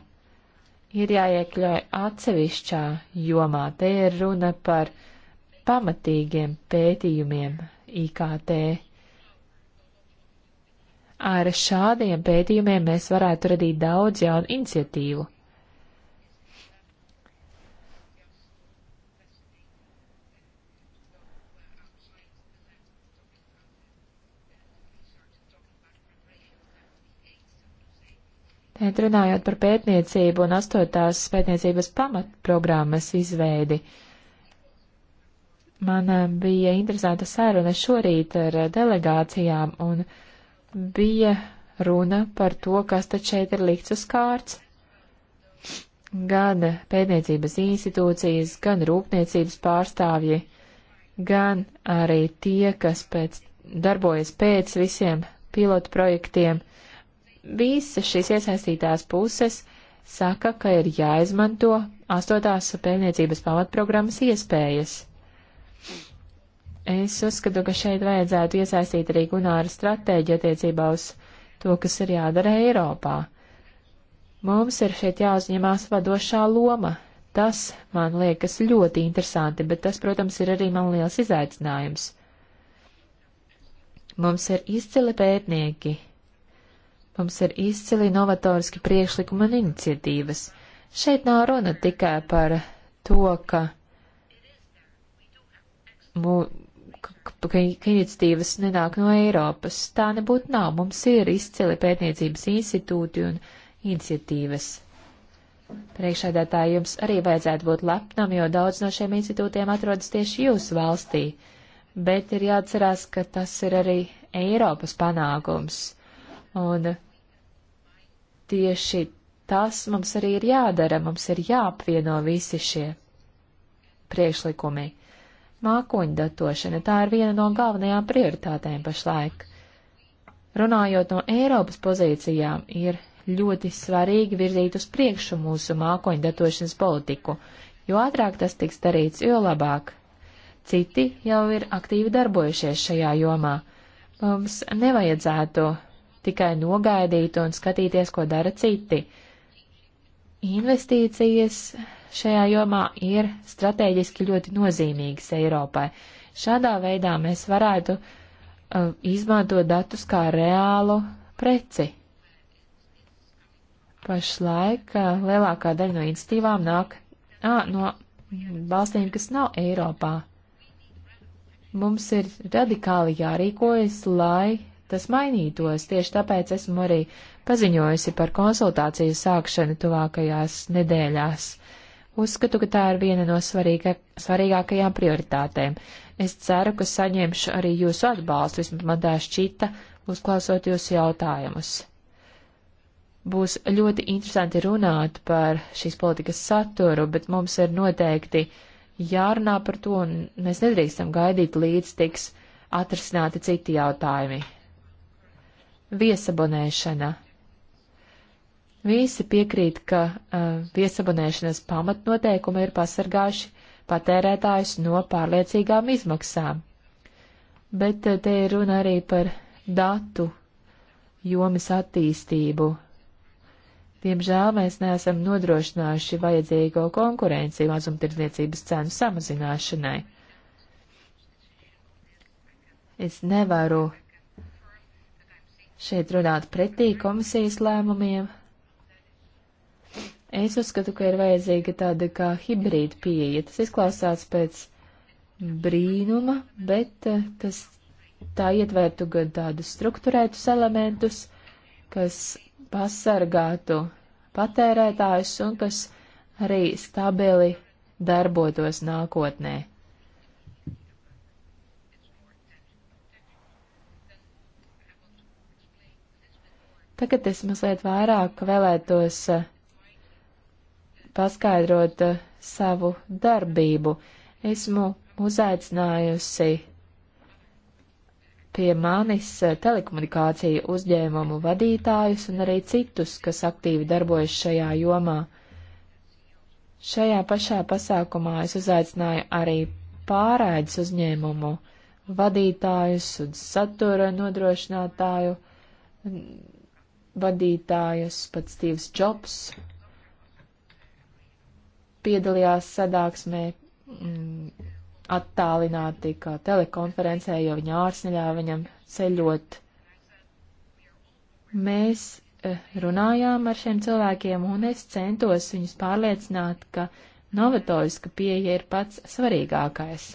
C: ir jāiekļauj atsevišķā jomā. Te ir runa par pamatīgiem pētījumiem IKT. Ar šādiem pētījumiem mēs varētu radīt daudz jaunu iniciatīvu. Tātad runājot par pētniecību un astotās pētniecības pamatprogrammas izveidi, man eh, bija interesanta saruna šorīt ar eh, delegācijām un bija runa par to, kas tad šeit ir likts uz kārts. Gan pētniecības institūcijas, gan rūpniecības pārstāvji, gan arī tie, kas pēc, darbojas pēc visiem pilotu projektiem, visas šīs iesaistītās puses saka, ka ir jāizmanto astotās pēļniecības pamatprogrammas iespējas. Es uzskatu, ka šeit vajadzētu iesaistīt arī Gunāra stratēģi attiecībā uz to, kas ir jādara Eiropā. Mums ir šeit jāuzņemās vadošā loma. Tas man liekas ļoti interesanti, bet tas, protams, ir arī man liels izaicinājums. Mums ir izcili pētnieki, Mums ir izcili novatoriski priekšlikumi un iniciatīvas. Šeit nav runa tikai par to, ka, mu, ka, ka iniciatīvas nenāk no Eiropas. Tā nebūtu nav. Mums ir izcili pētniecības institūti un iniciatīvas. Priekšādātāji jums arī vajadzētu būt lepnam, jo daudz no šiem institūtiem atrodas tieši jūsu valstī, bet ir jāatcerās, ka tas ir arī Eiropas panākums. Un tieši tas mums arī ir jādara, mums ir jāapvieno visi šie priekšlikumi. Mākoņdatošana tā ir viena no galvenajām prioritātēm pašlaik. Runājot no Eiropas pozīcijām, ir ļoti svarīgi virzīt uz priekšu mūsu mākoņdatošanas politiku, jo ātrāk tas tiks darīts, jo labāk. Citi jau ir aktīvi darbojušies šajā jomā. Mums nevajadzētu tikai nogaidīt un skatīties, ko dara citi. Investīcijas šajā jomā ir strateģiski ļoti nozīmīgas Eiropai. Šādā veidā mēs varētu uh, izmantot datus kā reālu preci. Pašlaik uh, lielākā daļa no institīvām nāk ā, no valstīm, kas nav Eiropā. Mums ir radikāli jārīkojas, lai tas mainītos. Tieši tāpēc esmu arī paziņojusi par konsultāciju sākšanu tuvākajās nedēļās. Uzskatu, ka tā ir viena no svarīga, svarīgākajām prioritātēm. Es ceru, ka saņemšu arī jūsu atbalstu, vismaz man tā šķita, uzklausot jūsu jautājumus. Būs ļoti interesanti runāt par šīs politikas saturu, bet mums ir noteikti jārunā par to, un mēs nedrīkstam gaidīt līdz tiks atrisināti citi jautājumi viesabonēšana. Visi piekrīt, ka uh, viesabonēšanas pamatnoteikumi ir pasargājuši patērētājus no pārliecīgām izmaksām. Bet uh, te ir runa arī par datu jomas attīstību. Diemžēl mēs neesam nodrošinājuši vajadzīgo konkurenci mazumtirdzniecības cenu samazināšanai. Es nevaru šeit runāt pretī komisijas lēmumiem. Es uzskatu, ka ir vajadzīga tāda kā hibrīda pieeja. Tas izklausās pēc brīnuma, bet eh, tas tā ietvertu gan tādus struktūrētus elementus, kas pasargātu patērētājus un kas arī stabili darbotos nākotnē. Tagad es mazliet vairāk vēlētos eh, paskaidrot eh, savu darbību. Esmu uzaicinājusi pie manis eh, telekomunikāciju uzņēmumu vadītājus un arī citus, kas aktīvi darbojas šajā jomā. Šajā pašā pasākumā es uzaicināju arī pārēdz uzņēmumu vadītājus un satura nodrošinātāju vadītājas, pat Stīvs Džobs piedalījās sadāksmē mm, attālināti kā telekonferencē, jo viņa ārsneļā viņam ceļot. Mēs eh, runājām ar šiem cilvēkiem, un es centos viņus pārliecināt, ka novatoriska pieeja ir pats svarīgākais,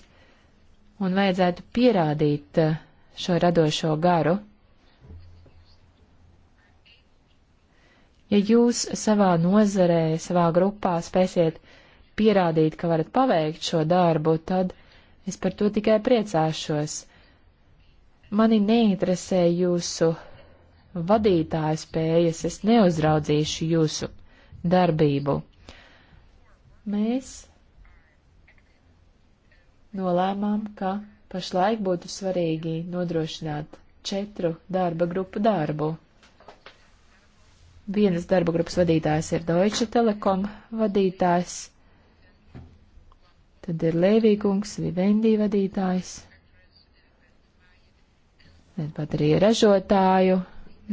C: un vajadzētu pierādīt eh, šo radošo garu. Ja jūs savā nozarē, savā grupā spēsiet pierādīt, ka varat paveikt šo darbu, tad es par to tikai priecāšos. Mani neinteresē jūsu vadītāja spējas, es neuzraudzīšu jūsu darbību. Mēs nolēmām, ka pašlaik būtu svarīgi nodrošināt četru darba grupu darbu. Vienas darba grupas vadītājs ir Deutsche Telekom vadītājs, tad ir Lēvīgungs, Vivendi vadītājs, pat arī ražotāju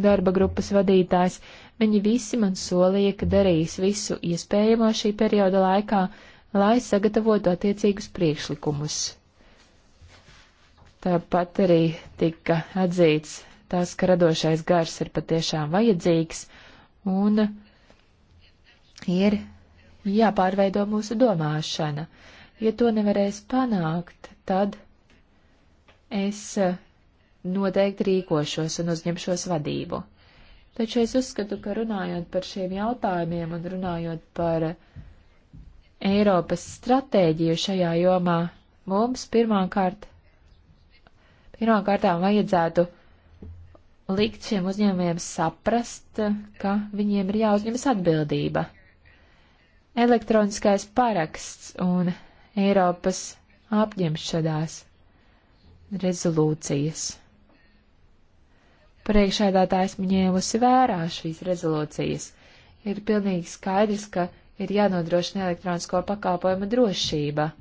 C: darba grupas vadītājs. Viņi visi man solīja, ka darīs visu iespējamo šī perioda laikā, lai sagatavotu attiecīgus priekšlikumus. Tāpat arī tika atzīts tas, ka radošais gars ir patiešām vajadzīgs un ir jāpārveido mūsu domāšana. Ja to nevarēs panākt, tad es eh, noteikti rīkošos un uzņemšos vadību. Taču es uzskatu, ka runājot par šiem jautājumiem un runājot par Eiropas stratēģiju šajā jomā, mums pirmkārt, pirmkārtām vajadzētu likt šiem uzņēmējiem saprast, ka viņiem ir jāuzņemas atbildība. Elektroniskais paraksts un Eiropas apņemšanās rezolūcijas. Priekšēdātājs ņēmusi vērā šīs rezolūcijas. Ir pilnīgi skaidrs, ka ir jānodrošina elektronisko pakalpojumu drošība.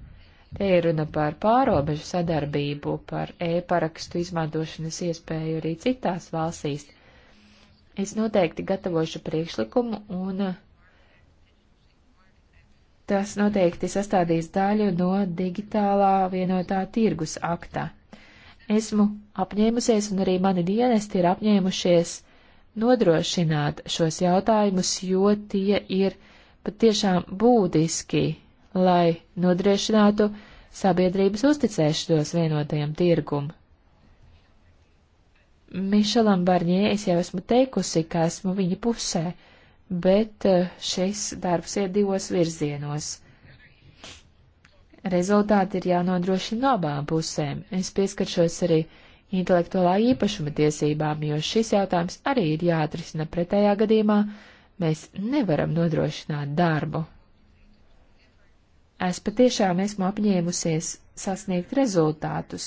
C: Te ir runa par pārobežu sadarbību, par e-parakstu izmantošanas iespēju arī citās valstīs. Es noteikti gatavošu priekšlikumu un uh, tas noteikti sastādīs daļu no digitālā vienotā tirgus aktā. Esmu apņēmusies un arī mani dienesti ir apņēmušies nodrošināt šos jautājumus, jo tie ir patiešām būtiski lai nodriešinātu sabiedrības uzticēšanos vienotajam tirgum. Mišelam Barņē es jau esmu teikusi, ka esmu viņa pusē, bet eh, šis darbs iet divos virzienos. Rezultāti ir jānodrošina abām pusēm. Es pieskaršos arī intelektuālā īpašuma tiesībām, jo šis jautājums arī ir jāatrisina pretējā gadījumā, mēs nevaram nodrošināt darbu Es patiešām esmu apņēmusies sasniegt rezultātus.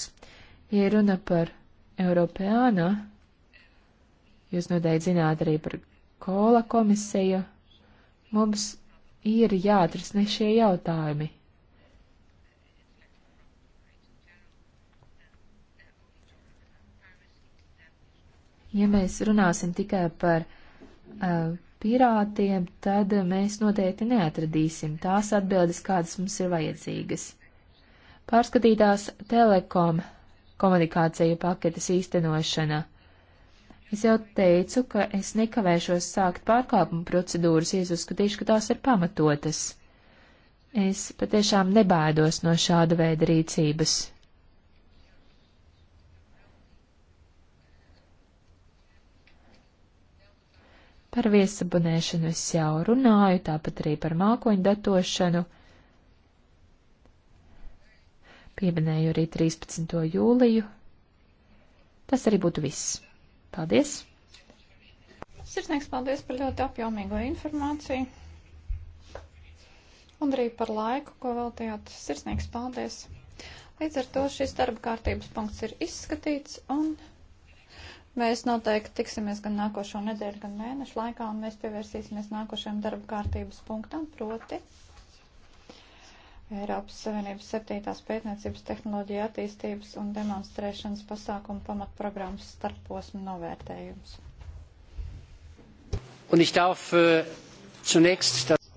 C: Ja runa par Eiropēnu, jūs noteikti zināt arī par kola komisiju, mums ir jāatrisne šie jautājumi. Ja mēs runāsim tikai par uh, pirātiem, tad mēs noteikti neatradīsim tās atbildes, kādas mums ir vajadzīgas. Pārskatītās telekom komunikāciju paketes īstenošana. Es jau teicu, ka es nekavēšos sākt pārkāpumu procedūras, ja uzskatīšu, ka tās ir pamatotas. Es patiešām nebaidos no šāda veida rīcības. Par viesabunēšanu es jau runāju, tāpat arī par mākoņu datošanu. Pieminēju arī 13. jūliju. Tas arī būtu viss. Paldies!
B: Sirsnīgs paldies par ļoti apjomīgo informāciju un arī par laiku, ko veltījāt. Sirsnīgs paldies! Līdz ar to šis darba kārtības punkts ir izskatīts un Mēs noteikti tiksimies gan nākošo nedēļu, gan mēnešu laikā, un mēs pievērsīsimies nākošajam darba kārtības punktam, proti Eiropas Savienības 7. pētniecības tehnoloģija attīstības un demonstrēšanas pasākumu pamatprogrammas starposmu novērtējums. Un, darf, uh, zunächst, das...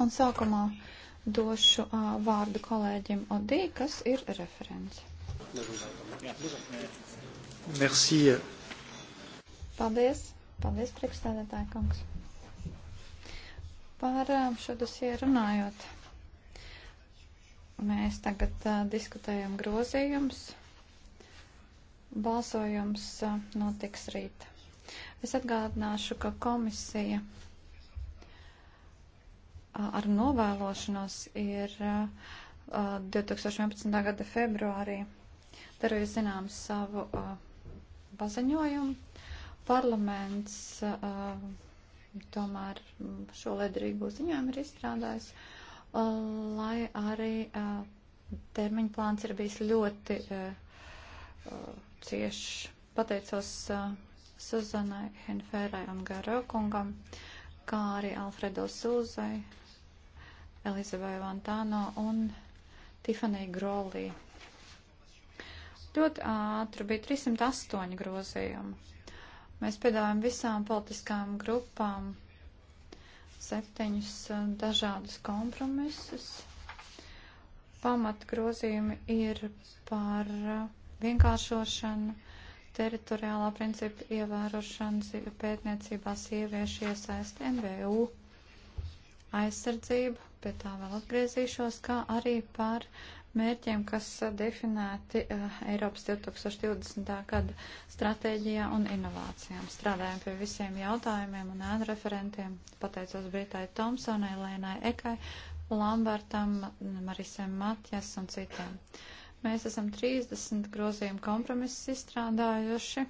B: un sākumā došu uh, vārdu kolēģim Odī, kas ir referents. Merci. Paldies! Paldies, priekšstādātāja kungs! Par um, šo dosie runājot, mēs tagad uh, diskutējam grozījums. Balsojums uh, notiks rīt. Es atgādināšu, ka komisija uh, ar novēlošanos ir 2011. Uh, uh, gada februārī darījusi zinām savu paziņojumu Parlaments uh, tomēr šo liederīgo ziņojumu ir izstrādājis, uh, lai arī uh, termiņu plāns ir bijis ļoti uh, uh cieši. Pateicos uh, Suzanai Henfērai un Garo kungam, kā arī Alfredo Sūzai, Elizabei Vantāno un Tifanī Grolī. Ļoti ātri bija 308 grozījumi. Mēs piedāvājam visām politiskām grupām septiņus eh, dažādus kompromisus. Pamatgrozījumi ir par eh, vienkāršošanu, teritoriālā principa ievērošanu, pētniecībā sieviešu iesaist MVU aizsardzību, pie tā vēl atgriezīšos, kā arī par uh, mērķiem, kas eh, definēti eh, Eiropas 2020. gada stratēģijā un inovācijām. Strādājam pie visiem jautājumiem un ēnu referentiem. Pateicos Britai Tomsonai, Lēnai Ekai, Lambertam, Marisem Matjas un citiem. Mēs esam 30 grozījumu kompromisus izstrādājuši.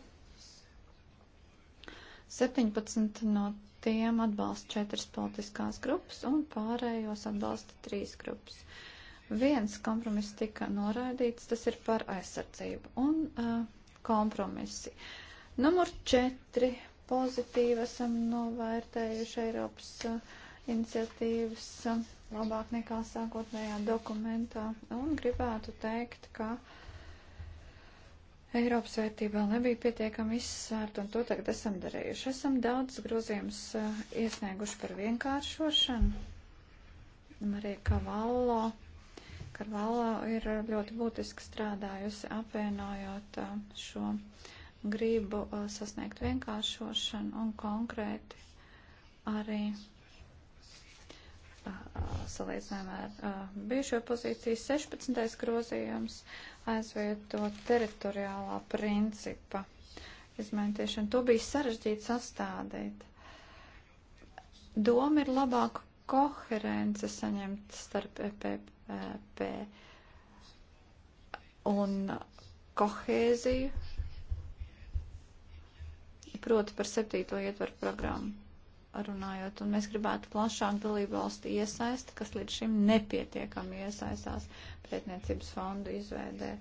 B: 17 no tiem atbalsta četras politiskās grupas un pārējos atbalsta trīs grupas. Uh, Viens kompromiss tika noraidīts, tas ir par aizsardzību un uh, kompromisi. Numur četri pozitīvi esam novērtējuši Eiropas uh, iniciatīvas uh, labāk nekā sākotnējā dokumentā un gribētu teikt, ka Eiropas vērtība vēl nebija pietiekami izsvērta, un to tagad esam darījuši. Esam daudz grozījums uh, iesnieguši par vienkāršošanu. Marija Kavallo Karvalā ir ļoti būtiski strādājusi apvienojot uh, šo gribu uh, sasniegt vienkāršošanu un konkrēti arī uh, salīdzinājumā ar bijušo pozīciju 16. grozījums aizvieto teritoriālā principa izmantošanu. To bija sarežģīti sastādīt. Doma ir labāku koherence saņemt starp EPP KLP un kohēziju, proti par septīto ietvaru programmu runājot, un mēs gribētu plašāk dalību valstu iesaisti, kas līdz šim nepietiekami iesaistās pretniecības fondu izveidē.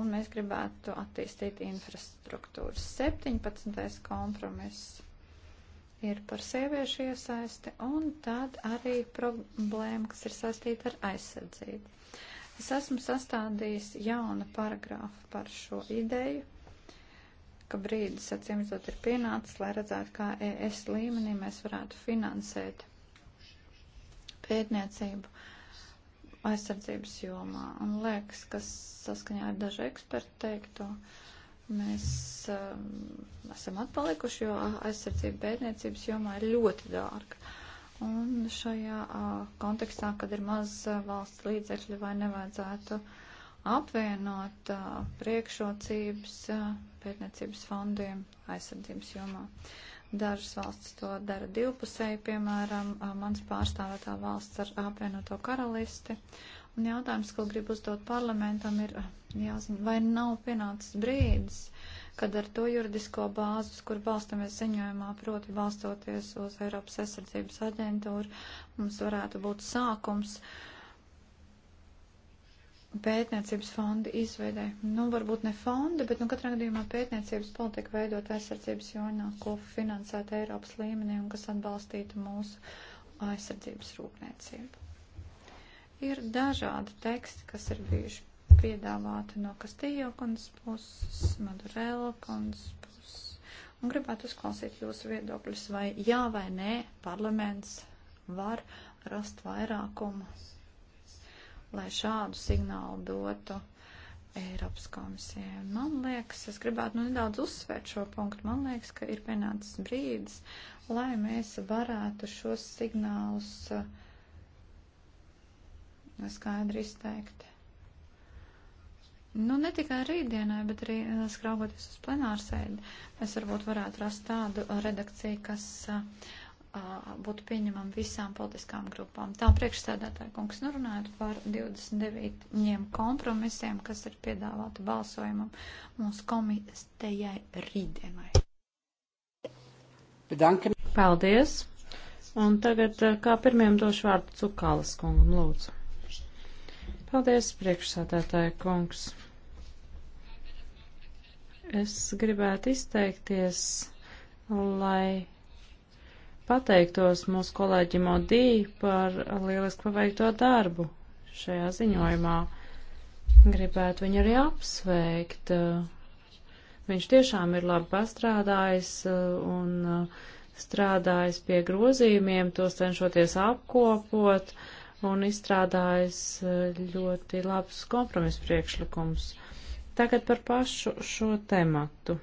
B: Un mēs gribētu attīstīt infrastruktūras. 17. kompromiss ir par sieviešu iesaisti un tad arī problēma, kas ir saistīta ar aizsardzību. Es esmu sastādījis jauna paragrāfu par šo ideju, ka brīdis, acīm redzot, ir pienācis, lai redzētu, kā ES līmenī mēs varētu finansēt pētniecību aizsardzības jomā. Un liekas, kas saskaņā ar dažu ekspertu teikto, uh, Mēs um, esam atpalikuši, jo aizsardzība pētniecības jomā ir ļoti dārga. Un šajā uh, kontekstā, kad ir maz uh, valsts līdzekļi, vai nevajadzētu apvienot uh, priekšrocības uh, pētniecības fondiem aizsardzības jomā. Dažas valstis to dara divpusēji, piemēram, uh, mans pārstāvētā valsts ar apvienoto karalisti. Un jautājums, ko gribu uzdot parlamentam, ir. Uh, jāzina, vai nav pienācis brīdis, kad ar to juridisko bāzi, uz kur balstamies ziņojumā, proti balstoties uz Eiropas aizsardzības aģentūru, mums varētu būt sākums pētniecības fonda izveidē. Nu, varbūt ne fonda, bet, nu, katrā gadījumā pētniecības politika veidot aizsardzības joņā, ko finansēt Eiropas līmenī un kas atbalstītu mūsu aizsardzības rūpniecību. Ir dažādi teksti, kas ir bijuši piedāvāti no Kastījo kundas puses, Madurela kundas puses. Un gribētu uzklausīt jūsu viedokļus, vai jā vai nē parlaments var rast vairākumu, lai šādu signālu dotu Eiropas komisijai. Man liekas, es gribētu nu nedaudz uzsvērt šo punktu. Man liekas, ka ir pienācis brīdis, lai mēs varētu šos signālus uh, skaidri izteikt. Nu, ne tikai rītdienai, bet arī eh, skraugoties uz plenārsēdi, mēs varbūt varētu rast tādu eh, redakciju, kas uh, būtu pieņemama visām politiskām grupām. Tā priekšstādātāja kungs norunājot nu, par 29 kompromisiem, kas ir piedāvāti balsojumam mūsu komitejai rītdienai. Paldies! Un tagad kā pirmiem došu vārdu
A: Cukālas kungam, lūdzu. Paldies, priekšsādātāja kungs. Es gribētu izteikties, lai pateiktos mūsu kolēģim Odī par lieliski paveikto darbu šajā ziņojumā. Gribētu viņu arī apsveikt. Viņš tiešām ir labi pastrādājis un strādājis pie grozījumiem, tos cenšoties apkopot un izstrādājis ļoti labs kompromiss priekšlikums. Tagad par pašu šo tematu.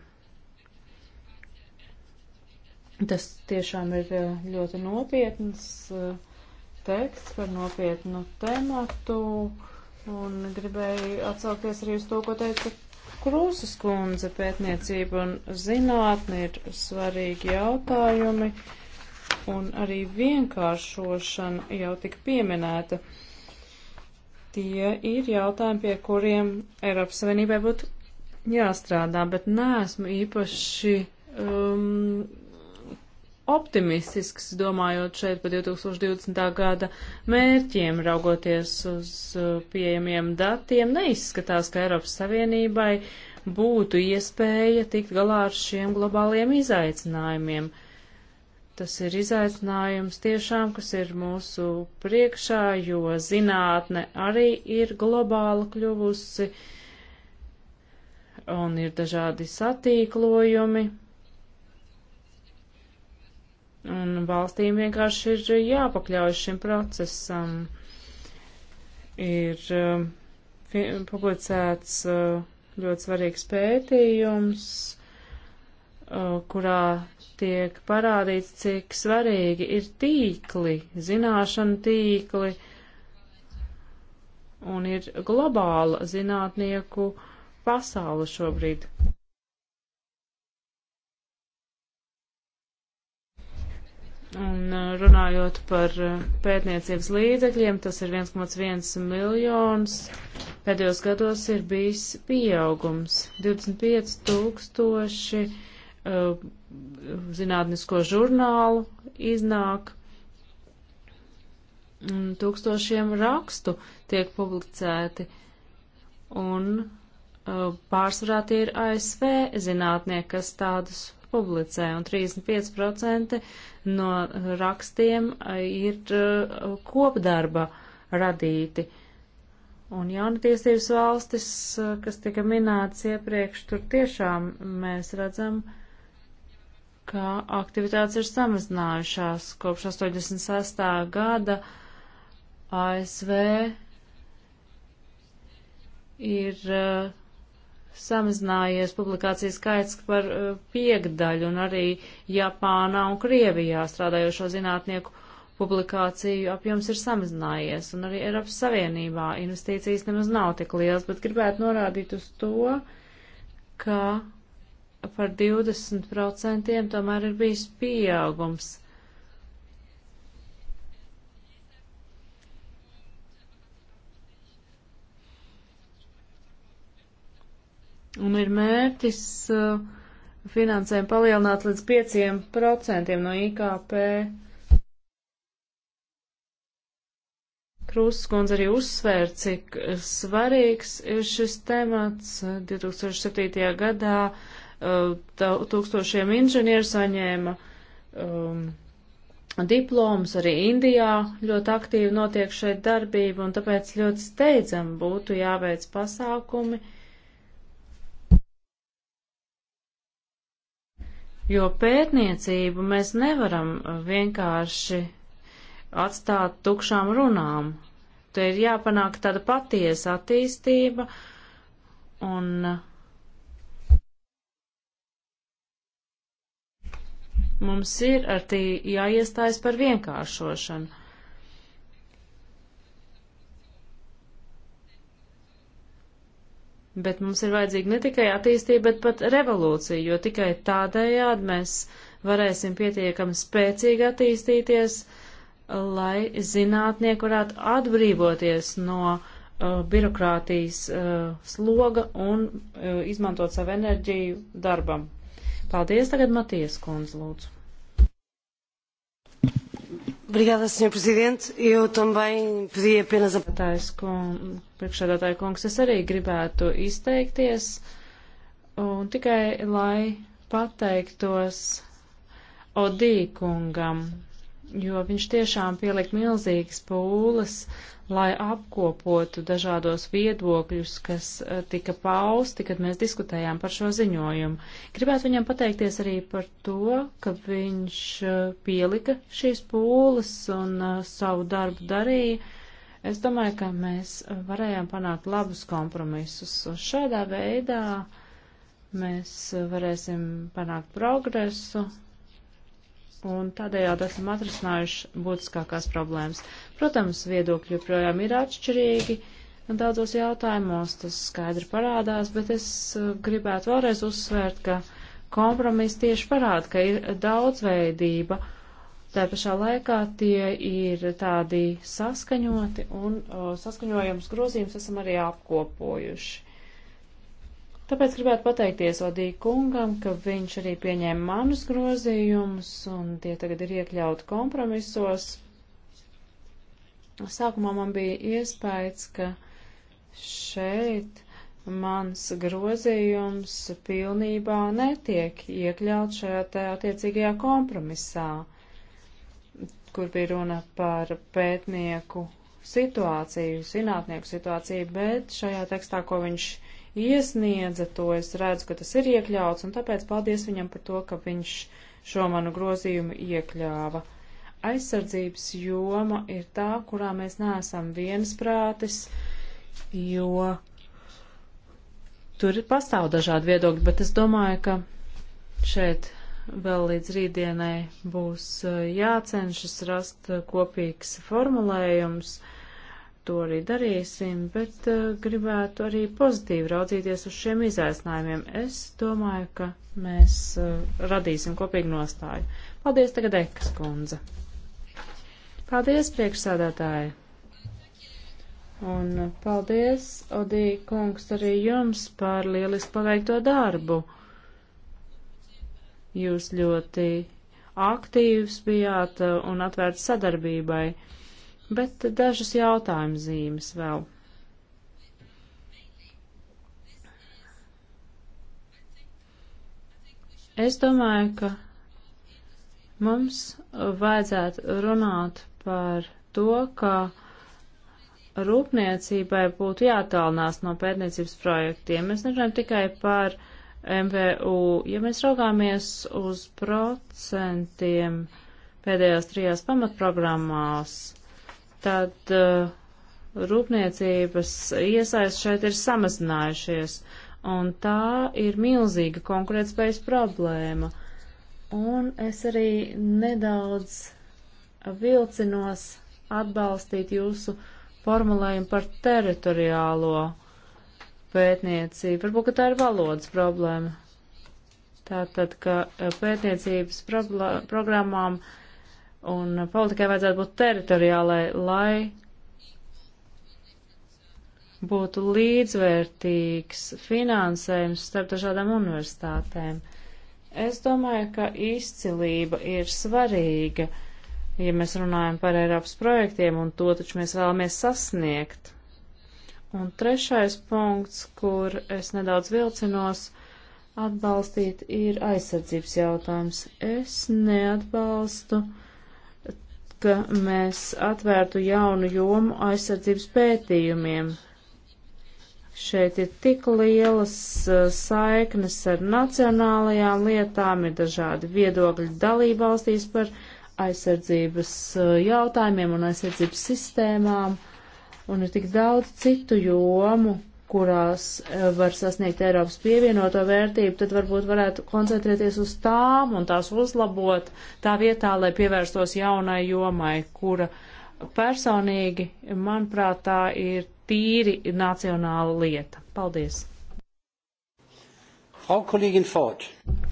A: Tas tiešām ir eh, ļoti nopietns eh, teksts par nopietnu tematu, un gribēju atsaukties arī uz to, ko teica Krūzes kundze. Pētniecība un zinātne ir svarīgi jautājumi, un arī vienkāršošana jau tik pieminēta. Uh, Tie ir jautājumi, pie kuriem Eiropas Savienībai būtu jāstrādā, bet neesmu īpaši um, optimistisks, domājot šeit par 2020. gada mērķiem, raugoties uz uh, pieejamiem datiem. Neizskatās, ka Eiropas Savienībai būtu iespēja tikt galā ar šiem globāliem izaicinājumiem. Tas ir izaicinājums tiešām, kas ir mūsu priekšā, jo zinātne arī ir globāla kļuvusi un ir dažādi satīklojumi. Un valstīm vienkārši ir jāpakļaujas šim procesam. Ir um, publicēts uh, ļoti svarīgs pētījums, uh, kurā tiek parādīts, cik svarīgi ir tīkli, zināšanu tīkli, un ir globāla zinātnieku pasaule šobrīd. Un uh, runājot par uh, pētniecības līdzekļiem, tas ir 1,1 miljons. Pēdējos gados ir bijis pieaugums - 25 tūkstoši 000 Uh, zinātnisko žurnālu iznāk tūkstošiem rakstu tiek publicēti, un uh, pārsvarā tie ir ASV zinātnieki, kas tādus publicē, un 35% no rakstiem uh, ir kopdarba radīti. Un jaunatiesības valstis, kas tika minētas iepriekš, tur tiešām mēs redzam, uh, ka aktivitātes ir samazinājušās kopš 86. gada ASV ir uh, samazinājies publikācijas skaits par uh, piekdaļu un arī Japānā un Krievijā strādājošo zinātnieku publikāciju apjoms ir samazinājies un arī Eiropas Savienībā investīcijas nemaz nav tik liels, bet gribētu norādīt uz to, ka par 20% tomēr ir bijis pieaugums. Un ir mērķis uh, finansējumu palielināt līdz 5% no IKP. Krūskundze arī uzsvēra, cik svarīgs ir šis temats. 2007. gadā Eh, tūkstošiem inženieru saņēma um, diplomas arī Indijā. Ļoti aktīvi notiek šeit darbība, un tāpēc ļoti steidzam būtu jāveic pasākumi, jo pētniecību mēs nevaram eh, vienkārši atstāt tukšām runām. Te ir jāpanāk tāda patiesa attīstība, un uh, Mums ir ar tī jāiestājas par vienkāršošanu. Bet mums ir vajadzīga ne tikai attīstība, bet pat revolūcija, jo tikai tādējādi mēs varēsim pietiekami spēcīgi attīstīties, lai zinātnieki varētu atbrīvoties no uh, birokrātijas uh, sloga un uh, izmantot savu enerģiju darbam. Paldies, tagad Matijas kundze, lūdzu. Obrigada, Sr. Presidente. Eu também pedi apenas a. Priekšsēdētāja kungs, es arī gribētu izteikties un tikai lai pateiktos Odī kungam jo viņš tiešām pielika milzīgas pūles, lai apkopotu dažādos viedokļus, kas eh, tika pausti, kad mēs diskutējām par šo ziņojumu. Gribētu viņam pateikties arī par to, ka viņš eh, pielika šīs pūles un eh, savu darbu darīja. Es domāju, ka mēs varējām panākt labus kompromisus. Šādā veidā mēs varēsim panākt progresu un tādējādi esam atrisinājuši būtiskākās problēmas. Protams, viedokļi joprojām ir atšķirīgi daudzos jautājumos, tas skaidri parādās, bet es uh, gribētu vēlreiz uzsvērt, ka kompromiss tieši parāda, ka ir daudzveidība. Tā pašā laikā tie ir tādi saskaņoti un o, uh, saskaņojums grozījums esam arī apkopojuši. Tāpēc gribētu pateikties Odī kungam, ka viņš arī pieņēma manus grozījumus, un tie tagad ir iekļauti kompromisos. Sākumā man bija iespējas, ka šeit mans grozījums pilnībā netiek iekļauts šajā tā attiecīgajā kompromisā kur bija runa par pētnieku situāciju, zinātnieku situāciju, bet šajā tekstā, ko viņš iesniedza to. Es redzu, ka tas ir iekļauts, un tāpēc paldies viņam par to, ka viņš šo manu grozījumu iekļāva. Aizsardzības joma ir tā, kurā mēs neesam viensprātis, jo tur ir pastāv dažādi viedokļi, bet es domāju, ka šeit vēl līdz rītdienai būs eh, jācenšas rast eh, kopīgs formulējums. Uh, to arī darīsim, bet uh, gribētu arī pozitīvi raudzīties uz šiem izaicinājumiem. Es domāju, ka mēs uh, radīsim kopīgu nostāju. Paldies tagad Ekas kundze. Paldies priekšsādātāji. Un paldies, Odī kungs, arī jums par lielisku paveikto darbu. Jūs ļoti aktīvs bijāt uh, un atvērts sadarbībai bet dažas jautājuma zīmes vēl. Es domāju, ka mums vajadzētu runāt par to, ka rūpniecībai būtu jātālinās no pētniecības projektiem. Mēs nerunājam tikai par MVU. Ja mēs raugāmies uz procentiem pēdējās trijās pamatprogrammās, tad uh, rūpniecības iesaist šeit ir samazinājušies, un tā ir milzīga konkurētspējas problēma. Un es arī nedaudz vilcinos atbalstīt jūsu formulējumu par teritoriālo pētniecību. Varbūt, ka tā ir valodas problēma. Tātad, ka uh, pētniecības programmām uh, Un politikai vajadzētu būt teritoriālai, lai būtu līdzvērtīgs finansējums starp dažādām universitātēm. Es domāju, ka izcilība ir svarīga, ja mēs runājam par Eiropas projektiem, un to taču mēs vēlamies sasniegt. Un trešais punkts, kur es nedaudz vilcinos atbalstīt, ir aizsardzības jautājums. Es neatbalstu ka mēs atvērtu jaunu jomu aizsardzības pētījumiem. Šeit ir tik lielas uh, saiknes ar nacionālajām lietām, ir dažādi viedokļi dalībvalstīs par aizsardzības uh, jautājumiem un aizsardzības sistēmām, un ir tik daudz citu jomu, kurās eh, var sasniegt Eiropas pievienoto vērtību, tad varbūt varētu koncentrēties uz tām un tās uzlabot tā vietā, lai pievērstos jaunai jomai, kura personīgi, manuprāt, tā ir tīri nacionāla lieta. Paldies! Frau Kollegin Ford.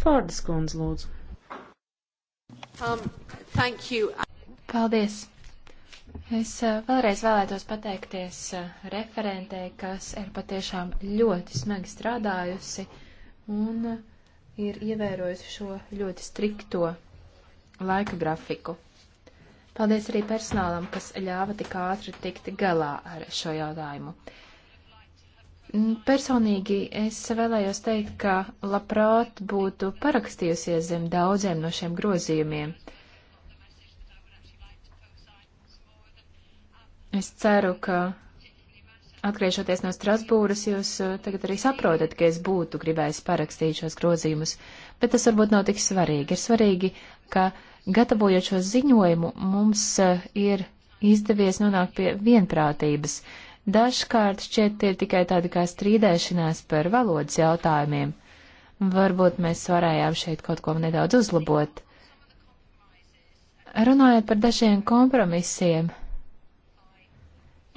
A: Fordas kundze, lūdzu.
B: Um, thank you.
C: Paldies. Es eh, vēlreiz vēlētos pateikties eh, referentei, kas ir patiešām ļoti smagi strādājusi un eh, ir ievērojusi šo ļoti strikto laika grafiku. Paldies arī personālam, kas ļāva tik ātri tikt galā ar šo jautājumu. Personīgi es vēlējos teikt, ka labprāt būtu parakstījusies zem daudziem no šiem grozījumiem. Uh, Es ceru, ka atgriežoties no Strasbūras, jūs uh, tagad arī saprotat, ka es būtu gribējis parakstīt šos grozījumus, bet tas varbūt nav tik svarīgi. Ir svarīgi, ka gatavojot šo ziņojumu, mums uh, ir izdevies nonākt pie vienprātības. Dažkārt šķiet tie ir tikai tādi kā strīdēšanās par valodas jautājumiem. Varbūt mēs varējām šeit kaut ko nedaudz uzlabot. Runājot par dažiem kompromisiem,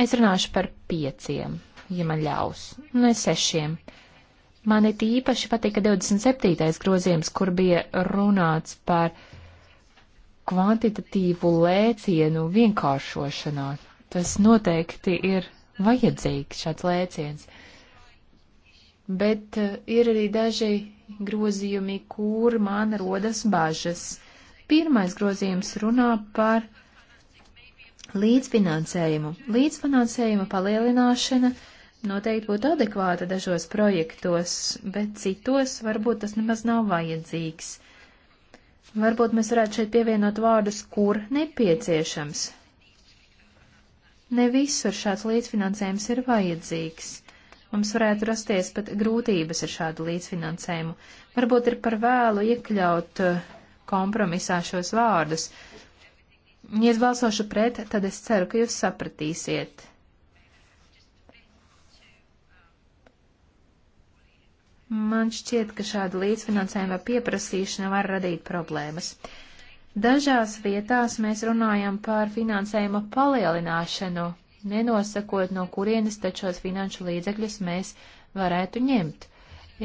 C: Es runāšu par pieciem, ja man ļaus, nu es sešiem. Man it īpaši patika 27. grozījums, kur bija runāts par kvantitatīvu lēcienu vienkāršošanā. Tas noteikti ir vajadzīgs šāds lēciens. Bet eh, ir arī daži grozījumi, kur man rodas bažas. Pirmais grozījums runā par līdzfinansējumu. Līdzfinansējuma palielināšana noteikti būtu adekvāta dažos projektos, bet citos varbūt tas nemaz nav vajadzīgs. Varbūt mēs varētu šeit pievienot vārdus, kur nepieciešams. Ne visur šāds līdzfinansējums ir vajadzīgs. Mums varētu rasties pat grūtības ar šādu līdzfinansējumu. Varbūt ir par vēlu iekļaut eh, kompromisā šos vārdus. Uh, Ja es balsošu pret, tad es ceru, ka jūs sapratīsiet. Man šķiet, ka šāda līdzfinansējuma pieprasīšana var radīt problēmas. Dažās vietās mēs runājam par finansējuma palielināšanu, nenosakot, no kurienes tačos finanšu līdzekļus mēs varētu ņemt.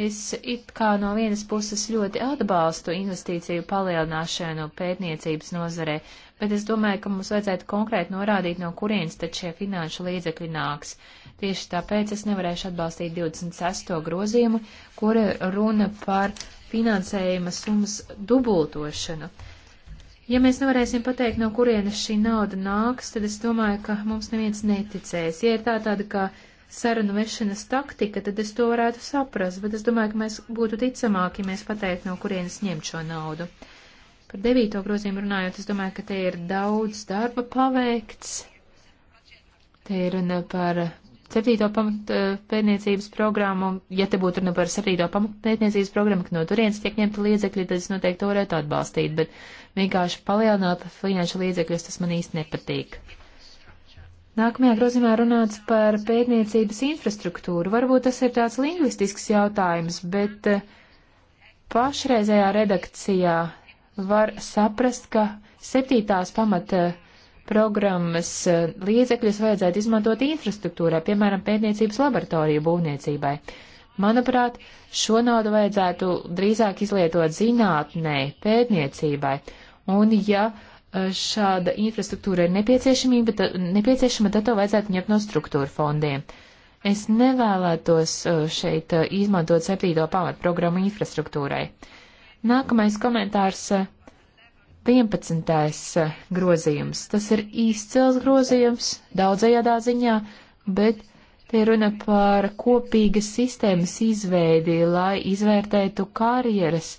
C: Es it kā no vienas puses ļoti atbalstu investīciju palielināšanu pētniecības nozarē, bet es domāju, ka mums vajadzētu konkrēti norādīt, no kurienes tad šie finanšu līdzekļi nāks. Tieši tāpēc es nevarēšu atbalstīt 26. grozījumu, kur runa par finansējuma summas dubultošanu. Ja mēs nevarēsim pateikt, no kurienes šī nauda nāks, tad es domāju, ka mums neviens neticēs. Ja ir tā tāda, ka sarunu vešanas taktika, tad es to varētu saprast, bet es domāju, ka mēs būtu ticamāki, ja mēs pateiktu, no kurienes ņemt šo naudu. Uh, Par devīto grozījumu runājot, es domāju, ka te ir daudz darba paveikts. Te ir runa par septīto pamatpētniecības eh, programmu. Ja te būtu runa par septīto pamatpētniecības programmu, ka no turienes tiek ņemta līdzekļi, tad es noteikti to varētu atbalstīt, bet vienkārši palielināt finanšu līdzekļus tas man īsti nepatīk. Nākamajā grozījumā runāts par pētniecības infrastruktūru. Varbūt tas ir tāds lingvistisks jautājums, bet eh, pašreizējā redakcijā var saprast, ka septītās pamata programmas eh, līdzekļus vajadzētu izmantot infrastruktūrai, piemēram, pētniecības laboratoriju būvniecībai. Manuprāt, šo naudu vajadzētu drīzāk izlietot zinātnē, pētniecībai. Un ja eh, šāda infrastruktūra ir nepieciešamība, tad, nepieciešama, tad to vajadzētu ņemt no struktūra fondiem. Es nevēlētos eh, šeit izmantot septīto pamatprogrammu infrastruktūrai. Uh, Nākamais komentārs 11. Eh, eh, grozījums. Tas ir izcils grozījums daudzajādā ziņā, bet te runa par kopīgas sistēmas izveidi, lai izvērtētu karjeras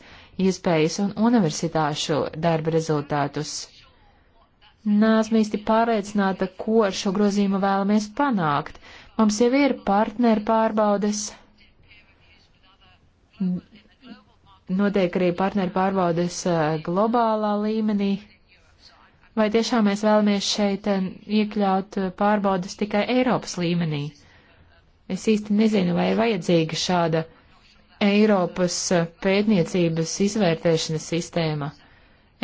C: iespējas un universitāšu darba rezultātus. Nāsmu īsti pārliecināta, ko ar šo grozījumu vēlamies panākt. Mums jau ir partneru pārbaudes, notiek arī partneru pārbaudes eh, globālā līmenī. Vai tiešām mēs vēlamies šeit eh, iekļaut eh, pārbaudes tikai Eiropas līmenī? Es īsti nezinu, vai ir vajadzīga šāda Eiropas pētniecības izvērtēšanas sistēma.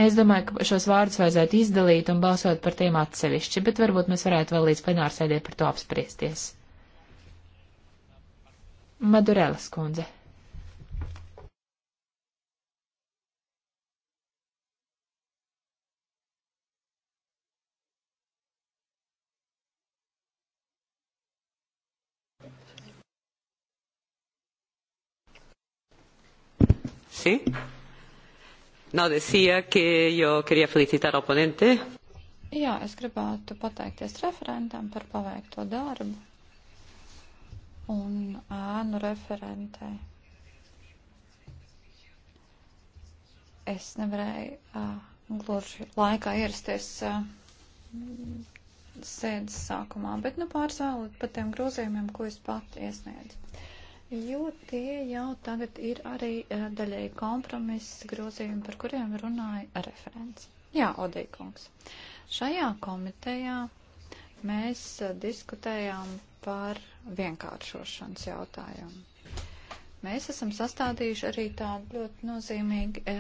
C: Es domāju, ka šos vārdus vajadzētu izdalīt un balsot par tiem atsevišķi, bet varbūt mēs varētu vēl līdz plenārsēdē par to apspriesties. Madurelas kundze.
A: Sí. Nav decía, ka
B: jo quería felicitar al ponente. Jā, es gribētu pateikties referentam par paveikto darbu un ēnu referentē. Es nevarēju uh, gluži laikā ierasties uh, sēdes sākumā, bet nu pārsvēlēt par tiem grozījumiem, ko es pati iesniedzu jo tie jau tagad ir arī eh, daļai kompromiss grozījumi, par kuriem runāja referents. Jā, Odeikungs. Šajā komitejā mēs eh, diskutējām par vienkāršošanas jautājumu. Mēs esam sastādījuši arī tādu ļoti nozīmīgu e,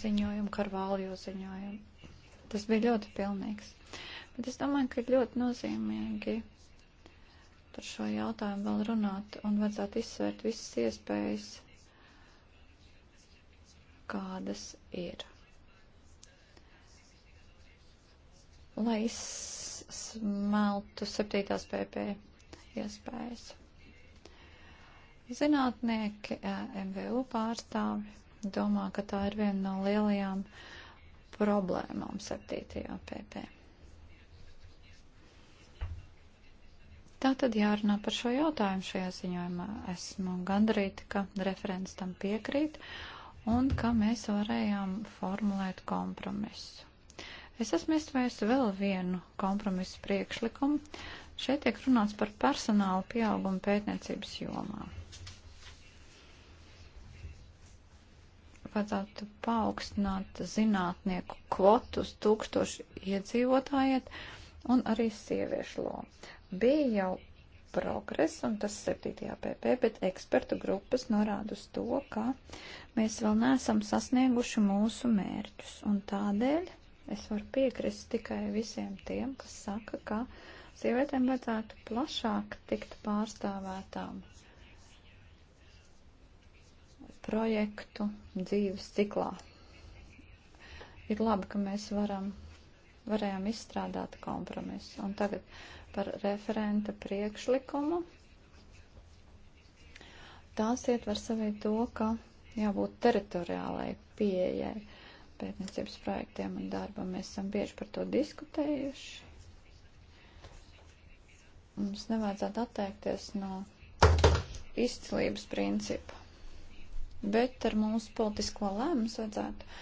B: ziņojumu, karvalju ziņojumu. Tas bija ļoti pilnīgs. Bet es domāju, ka ir ļoti nozīmīgi par šo jautājumu vēl runāt un vajadzētu izsvērt visas iespējas, kādas ir. Lai izsmeltu septītās PP iespējas. Zinātnieki, MVU pārstāvi domā, ka tā ir viena no lielajām problēmām septītajā PP. Tā tad jārunā par šo jautājumu šajā ziņojumā. Esmu gandrīti, ka referents tam piekrīt un ka mēs varējām formulēt kompromisu. Es esmu iestājies vēl vienu kompromisu priekšlikumu. Šeit tiek runāts par personāla pieaugumu pētniecības jomā. Vajadzētu paaugstināt zinātnieku kvotus tūkstoši iedzīvotājiet un arī sieviešu lomu. Bija jau progress, un tas 7. pp, bet ekspertu grupas norāda uz to, ka mēs vēl neesam sasnieguši mūsu mērķus, un tādēļ es varu piekrist tikai visiem tiem, kas saka, ka sievietēm vajadzētu plašāk tikt pārstāvētām projektu dzīves ciklā. Ir labi, ka mēs varam, varējām izstrādāt kompromisu. Un tagad par referenta priekšlikumu. Tās ietver savī to, ka jābūt teritoriālai pieejai pētniecības projektiem un darbam. Mēs esam bieži par to diskutējuši. Mums nevajadzētu atteikties no izcilības principa, bet ar mūsu politisko lēmumu vajadzētu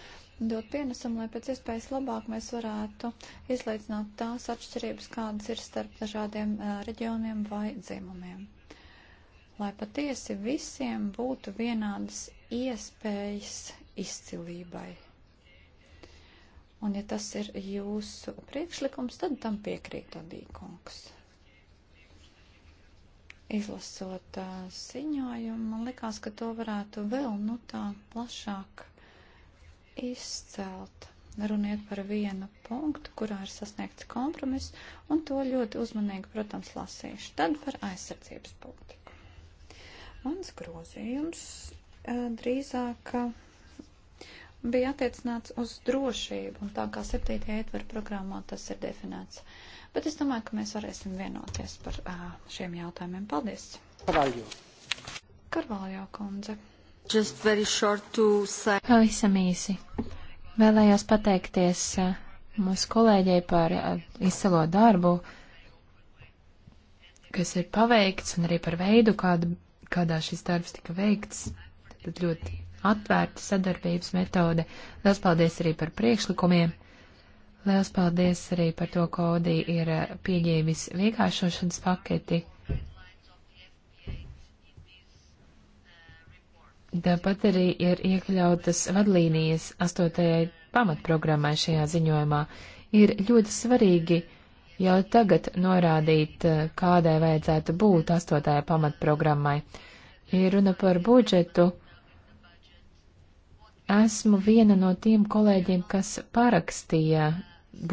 B: dot pienesumu, lai pēc iespējas labāk mēs varētu izlīdzināt tās atšķirības, kādas ir starp dažādiem uh, reģioniem vai dzimumiem. Lai patiesi visiem būtu vienādas iespējas izcilībai. Un ja tas ir jūsu priekšlikums, tad tam piekrīt Odīkungs. Izlasot uh, ziņojumu, man likās, ka to varētu vēl, nu tā, plašāk izcelt. Runiet par vienu punktu, kurā ir sasniegts kompromiss, un to ļoti uzmanīgi, protams, lasīšu. Tad par aizsardzības politiku. Mans grozījums eh, drīzāk eh, bija attiecināts uz drošību, un tā kā 7. ietver programmā tas ir definēts. Bet es domāju, ka mēs varēsim vienoties par eh, šiem jautājumiem. Paldies! Karvaljo. Karvaljo kundze. Pavisam īsi.
C: Vēlējos pateikties uh, mūsu kolēģei par uh, izcilo darbu, kas ir paveikts, un arī par veidu, kādu, kādā šis darbs tika veikts. Tad ļoti atvērta sadarbības metode. Lielas paldies arī par priekšlikumiem. Lielas paldies arī par to, ka Audi ir uh, pieģēvis vienkāršošanas paketi. Tāpat arī ir iekļautas vadlīnijas astotajai pamatprogrammai šajā ziņojumā. Ir ļoti svarīgi jau tagad norādīt, eh, kādai vajadzētu būt astotajai pamatprogrammai. Ir runa par budžetu. Esmu viena no tiem kolēģiem, kas parakstīja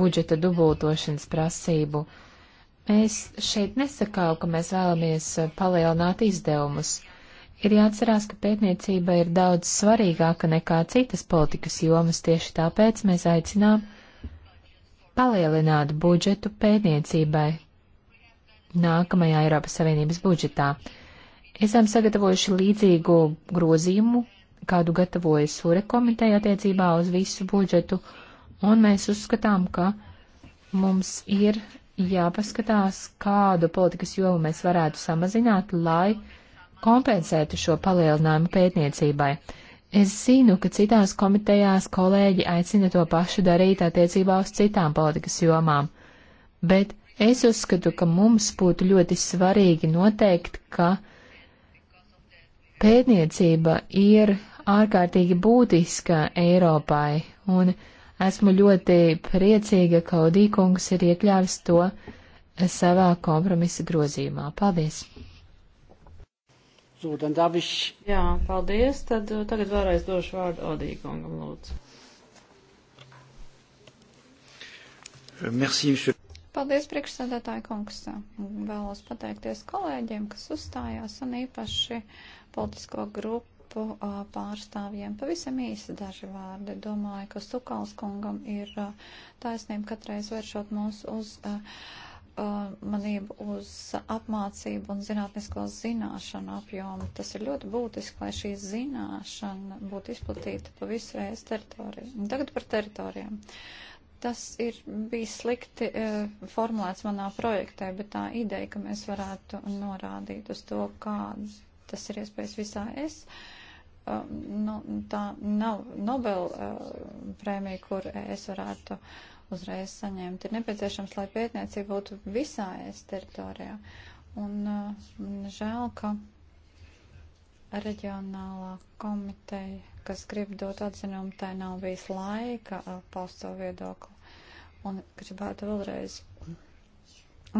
C: budžeta dubultošanas prasību. Mēs šeit nesakām, ka mēs vēlamies palielināt izdevumus. Ir jāatcerās, ka pētniecība ir daudz svarīgāka nekā citas politikas jomas, tieši tāpēc mēs aicinām palielināt budžetu pētniecībai nākamajā Eiropas Savienības budžetā. Esam sagatavojuši līdzīgu grozījumu, kādu gatavoja Sure komiteja attiecībā uz visu budžetu, un mēs uzskatām, ka mums ir jāpaskatās, kādu politikas jomu mēs varētu samazināt, lai kompensētu šo palielinājumu pētniecībai. Es zinu, ka citās komitejās kolēģi aicina to pašu darīt attiecībā uz citām politikas jomām, bet es uzskatu, ka mums būtu ļoti svarīgi noteikt, ka pētniecība ir ārkārtīgi būtiska Eiropai, un esmu ļoti priecīga, ka Odīkungs ir iekļāvis to savā kompromisa grozījumā. Paldies!
A: So, dann darf ich... Jā, paldies. Tad uh, tagad vēlreiz došu vārdu Odīkungam, lūdzu.
B: Euh, merci, monsieur. Paldies, priekšsēdētāji kungs. Vēlos pateikties kolēģiem, kas uzstājās, un īpaši politisko grupu uh, pārstāvjiem. Pavisam īsi daži vārdi. Domāju, ka Sukals kungam ir uh, taisnība katreiz vēršot mūsu uz. Uh, uzmanību uz apmācību un zinātnisko zināšanu apjomu. Tas ir ļoti būtiski, lai šī zināšana būtu izplatīta pa visu ES teritoriju. Tagad par teritorijām. Tas ir bijis slikti e, formulēts manā projektē, bet tā ideja, ka mēs varētu norādīt uz to, kā tas ir iespējas visā es, e, nu, tā nav Nobel e, prēmija, kur es varētu uzreiz saņemt. Ir nepieciešams, lai pētniecība būtu visā es teritorijā. Un uh, man žēl, ka reģionālā komiteja, kas grib dot atzinumu, tai nav bijis laika uh, paust savu viedokli. Un gribētu vēlreiz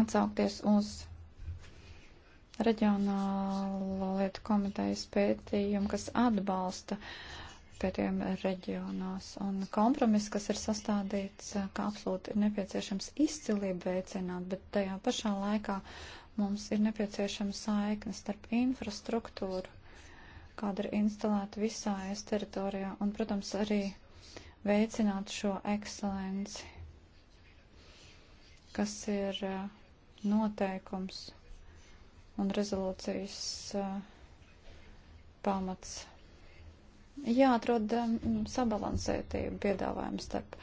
B: atsaukties uz reģionālo lietu komitejas pētījumu, kas atbalsta uh, partneriem reģionos. Un kompromiss, kas ir sastādīts, ka absolūti ir nepieciešams izcilību veicināt, bet tajā pašā laikā mums ir nepieciešama saikne starp infrastruktūru, kāda ir instalēta visā es teritorijā, un, protams, arī veicināt šo ekscelenci, kas ir eh, noteikums un rezolūcijas eh, pamats Jāatrod um, sabalansētību piedāvājumu starp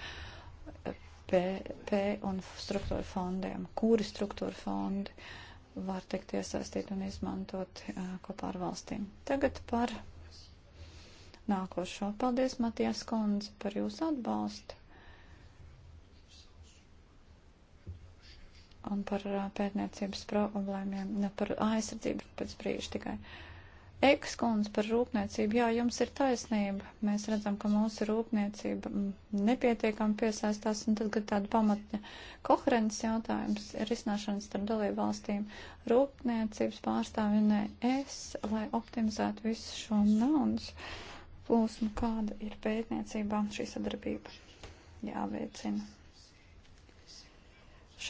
B: uh, P, P un struktūra fondiem, kuri struktūra fondi var tikt iesaistīt un izmantot uh, kopā ar valstīm. Tagad par nākošo. Paldies, Matijas Kundze, par jūsu atbalstu. un par uh, pētniecības problēmiem, ne par aizsardzību pēc brīža tikai. Uh, Ekskundze par rūpniecību. Jā, jums ir taisnība. Mēs redzam, ka mūsu rūpniecība mm, nepietiekami piesaistās, un tad, kad tāda pamatņa koherences jautājums ir izsnāšanas starp dalību valstīm, rūpniecības pārstāvja ne es, lai optimizētu visu šo naudas plūsmu, kāda ir pētniecībā šī sadarbība jāveicina.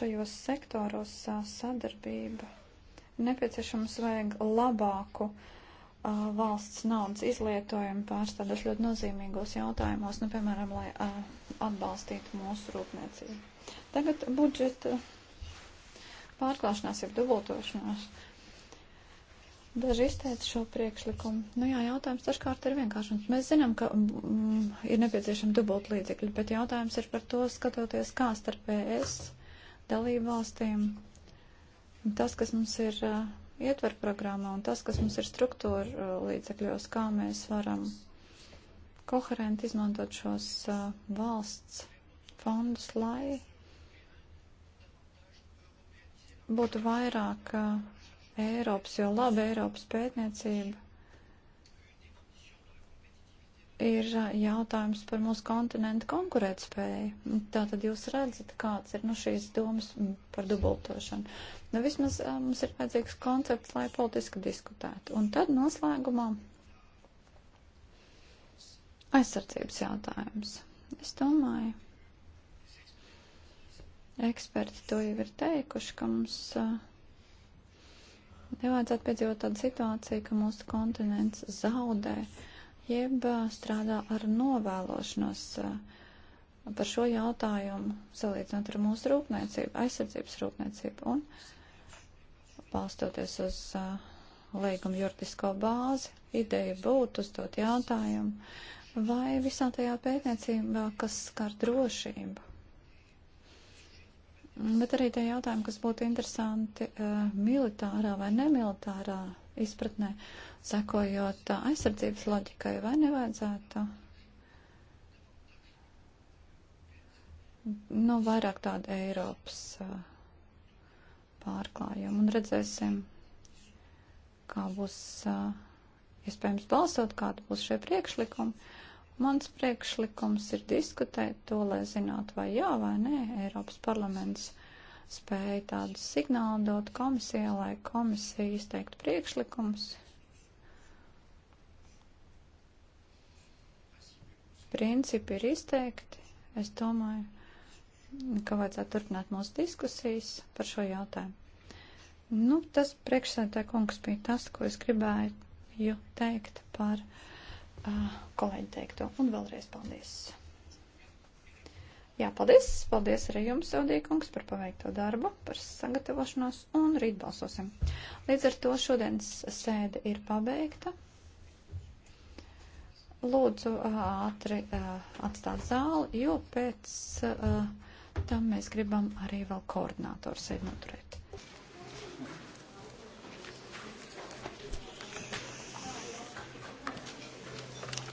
B: Šajos sektoros sadarbība nepieciešams vajag labāku uh, valsts naudas izlietojumu pārstādos ļoti nozīmīgos jautājumos, nu, piemēram, lai atbalstītu mūsu rūpniecību. Tagad budžeta pārklāšanās ir dubultošanās. Daži izteica šo priekšlikumu. Nu jā, jautājums dažkārt ir vienkārši. Mēs zinām, ka mm, ir nepieciešami dubult līdzekļi, bet jautājums ir par to skatoties, kā starp PS e dalībvalstīm tas, kas mums ir uh, ietver programmā un tas, kas mums ir struktūra uh, līdzekļos, kā mēs varam koherenti izmantot šos uh, valsts fondus, lai būtu vairāk uh, Eiropas, jo laba Eiropas pētniecība ir jautājums par mūsu kontinentu konkurētspēju. Tātad jūs redzat, kāds ir nu, šīs domas par dubultošanu. Nu, vismaz uh, mums ir vajadzīgs koncepts, lai politiski diskutētu. Un tad noslēgumā aizsardzības jautājums. Es domāju, eksperti to jau ir teikuši, ka mums uh, nevajadzētu piedzīvot tādu situāciju, ka mūsu kontinents zaudē, jeb uh, strādā ar novēlošanos. Uh, par šo jautājumu salīdzinot ar mūsu rūpniecību, aizsardzības rūpniecību. Un balstoties uz uh, līguma juridisko bāzi, ideja būtu uzdot jautājumu, vai visā tajā pētniecībā, kas skar drošību, bet arī tie jautājumi, kas būtu interesanti uh, militārā vai nemilitārā izpratnē, sekojot uh, aizsardzības loģikai, vai nevajadzētu. Nu, vairāk tāda Eiropas uh, pārklājumu un redzēsim, kā būs iespējams balsot, kāda būs šie priekšlikumi. Mans priekšlikums ir diskutēt to, lai zinātu, vai jā vai nē, Eiropas parlaments spēja tādu signālu dot komisijai, lai komisija izteiktu priekšlikumus. Principi ir izteikti, es domāju, ka vajadzētu turpināt mūsu diskusijas par šo jautājumu. Nu, tas priekšsēdē kungs bija tas, ko es gribēju teikt par uh, kolēģi teikto. Un vēlreiz paldies. Jā, paldies. Paldies arī jums, Saudija kungs, par paveikto darbu, par sagatavošanos un rīt balsosim. Līdz ar to šodienas sēde ir pabeigta. Lūdzu, uh, ātri uh, atstāt zāli, jo pēc. Uh, Tam mēs gribam arī vēl koordinātoru sevi noturēt.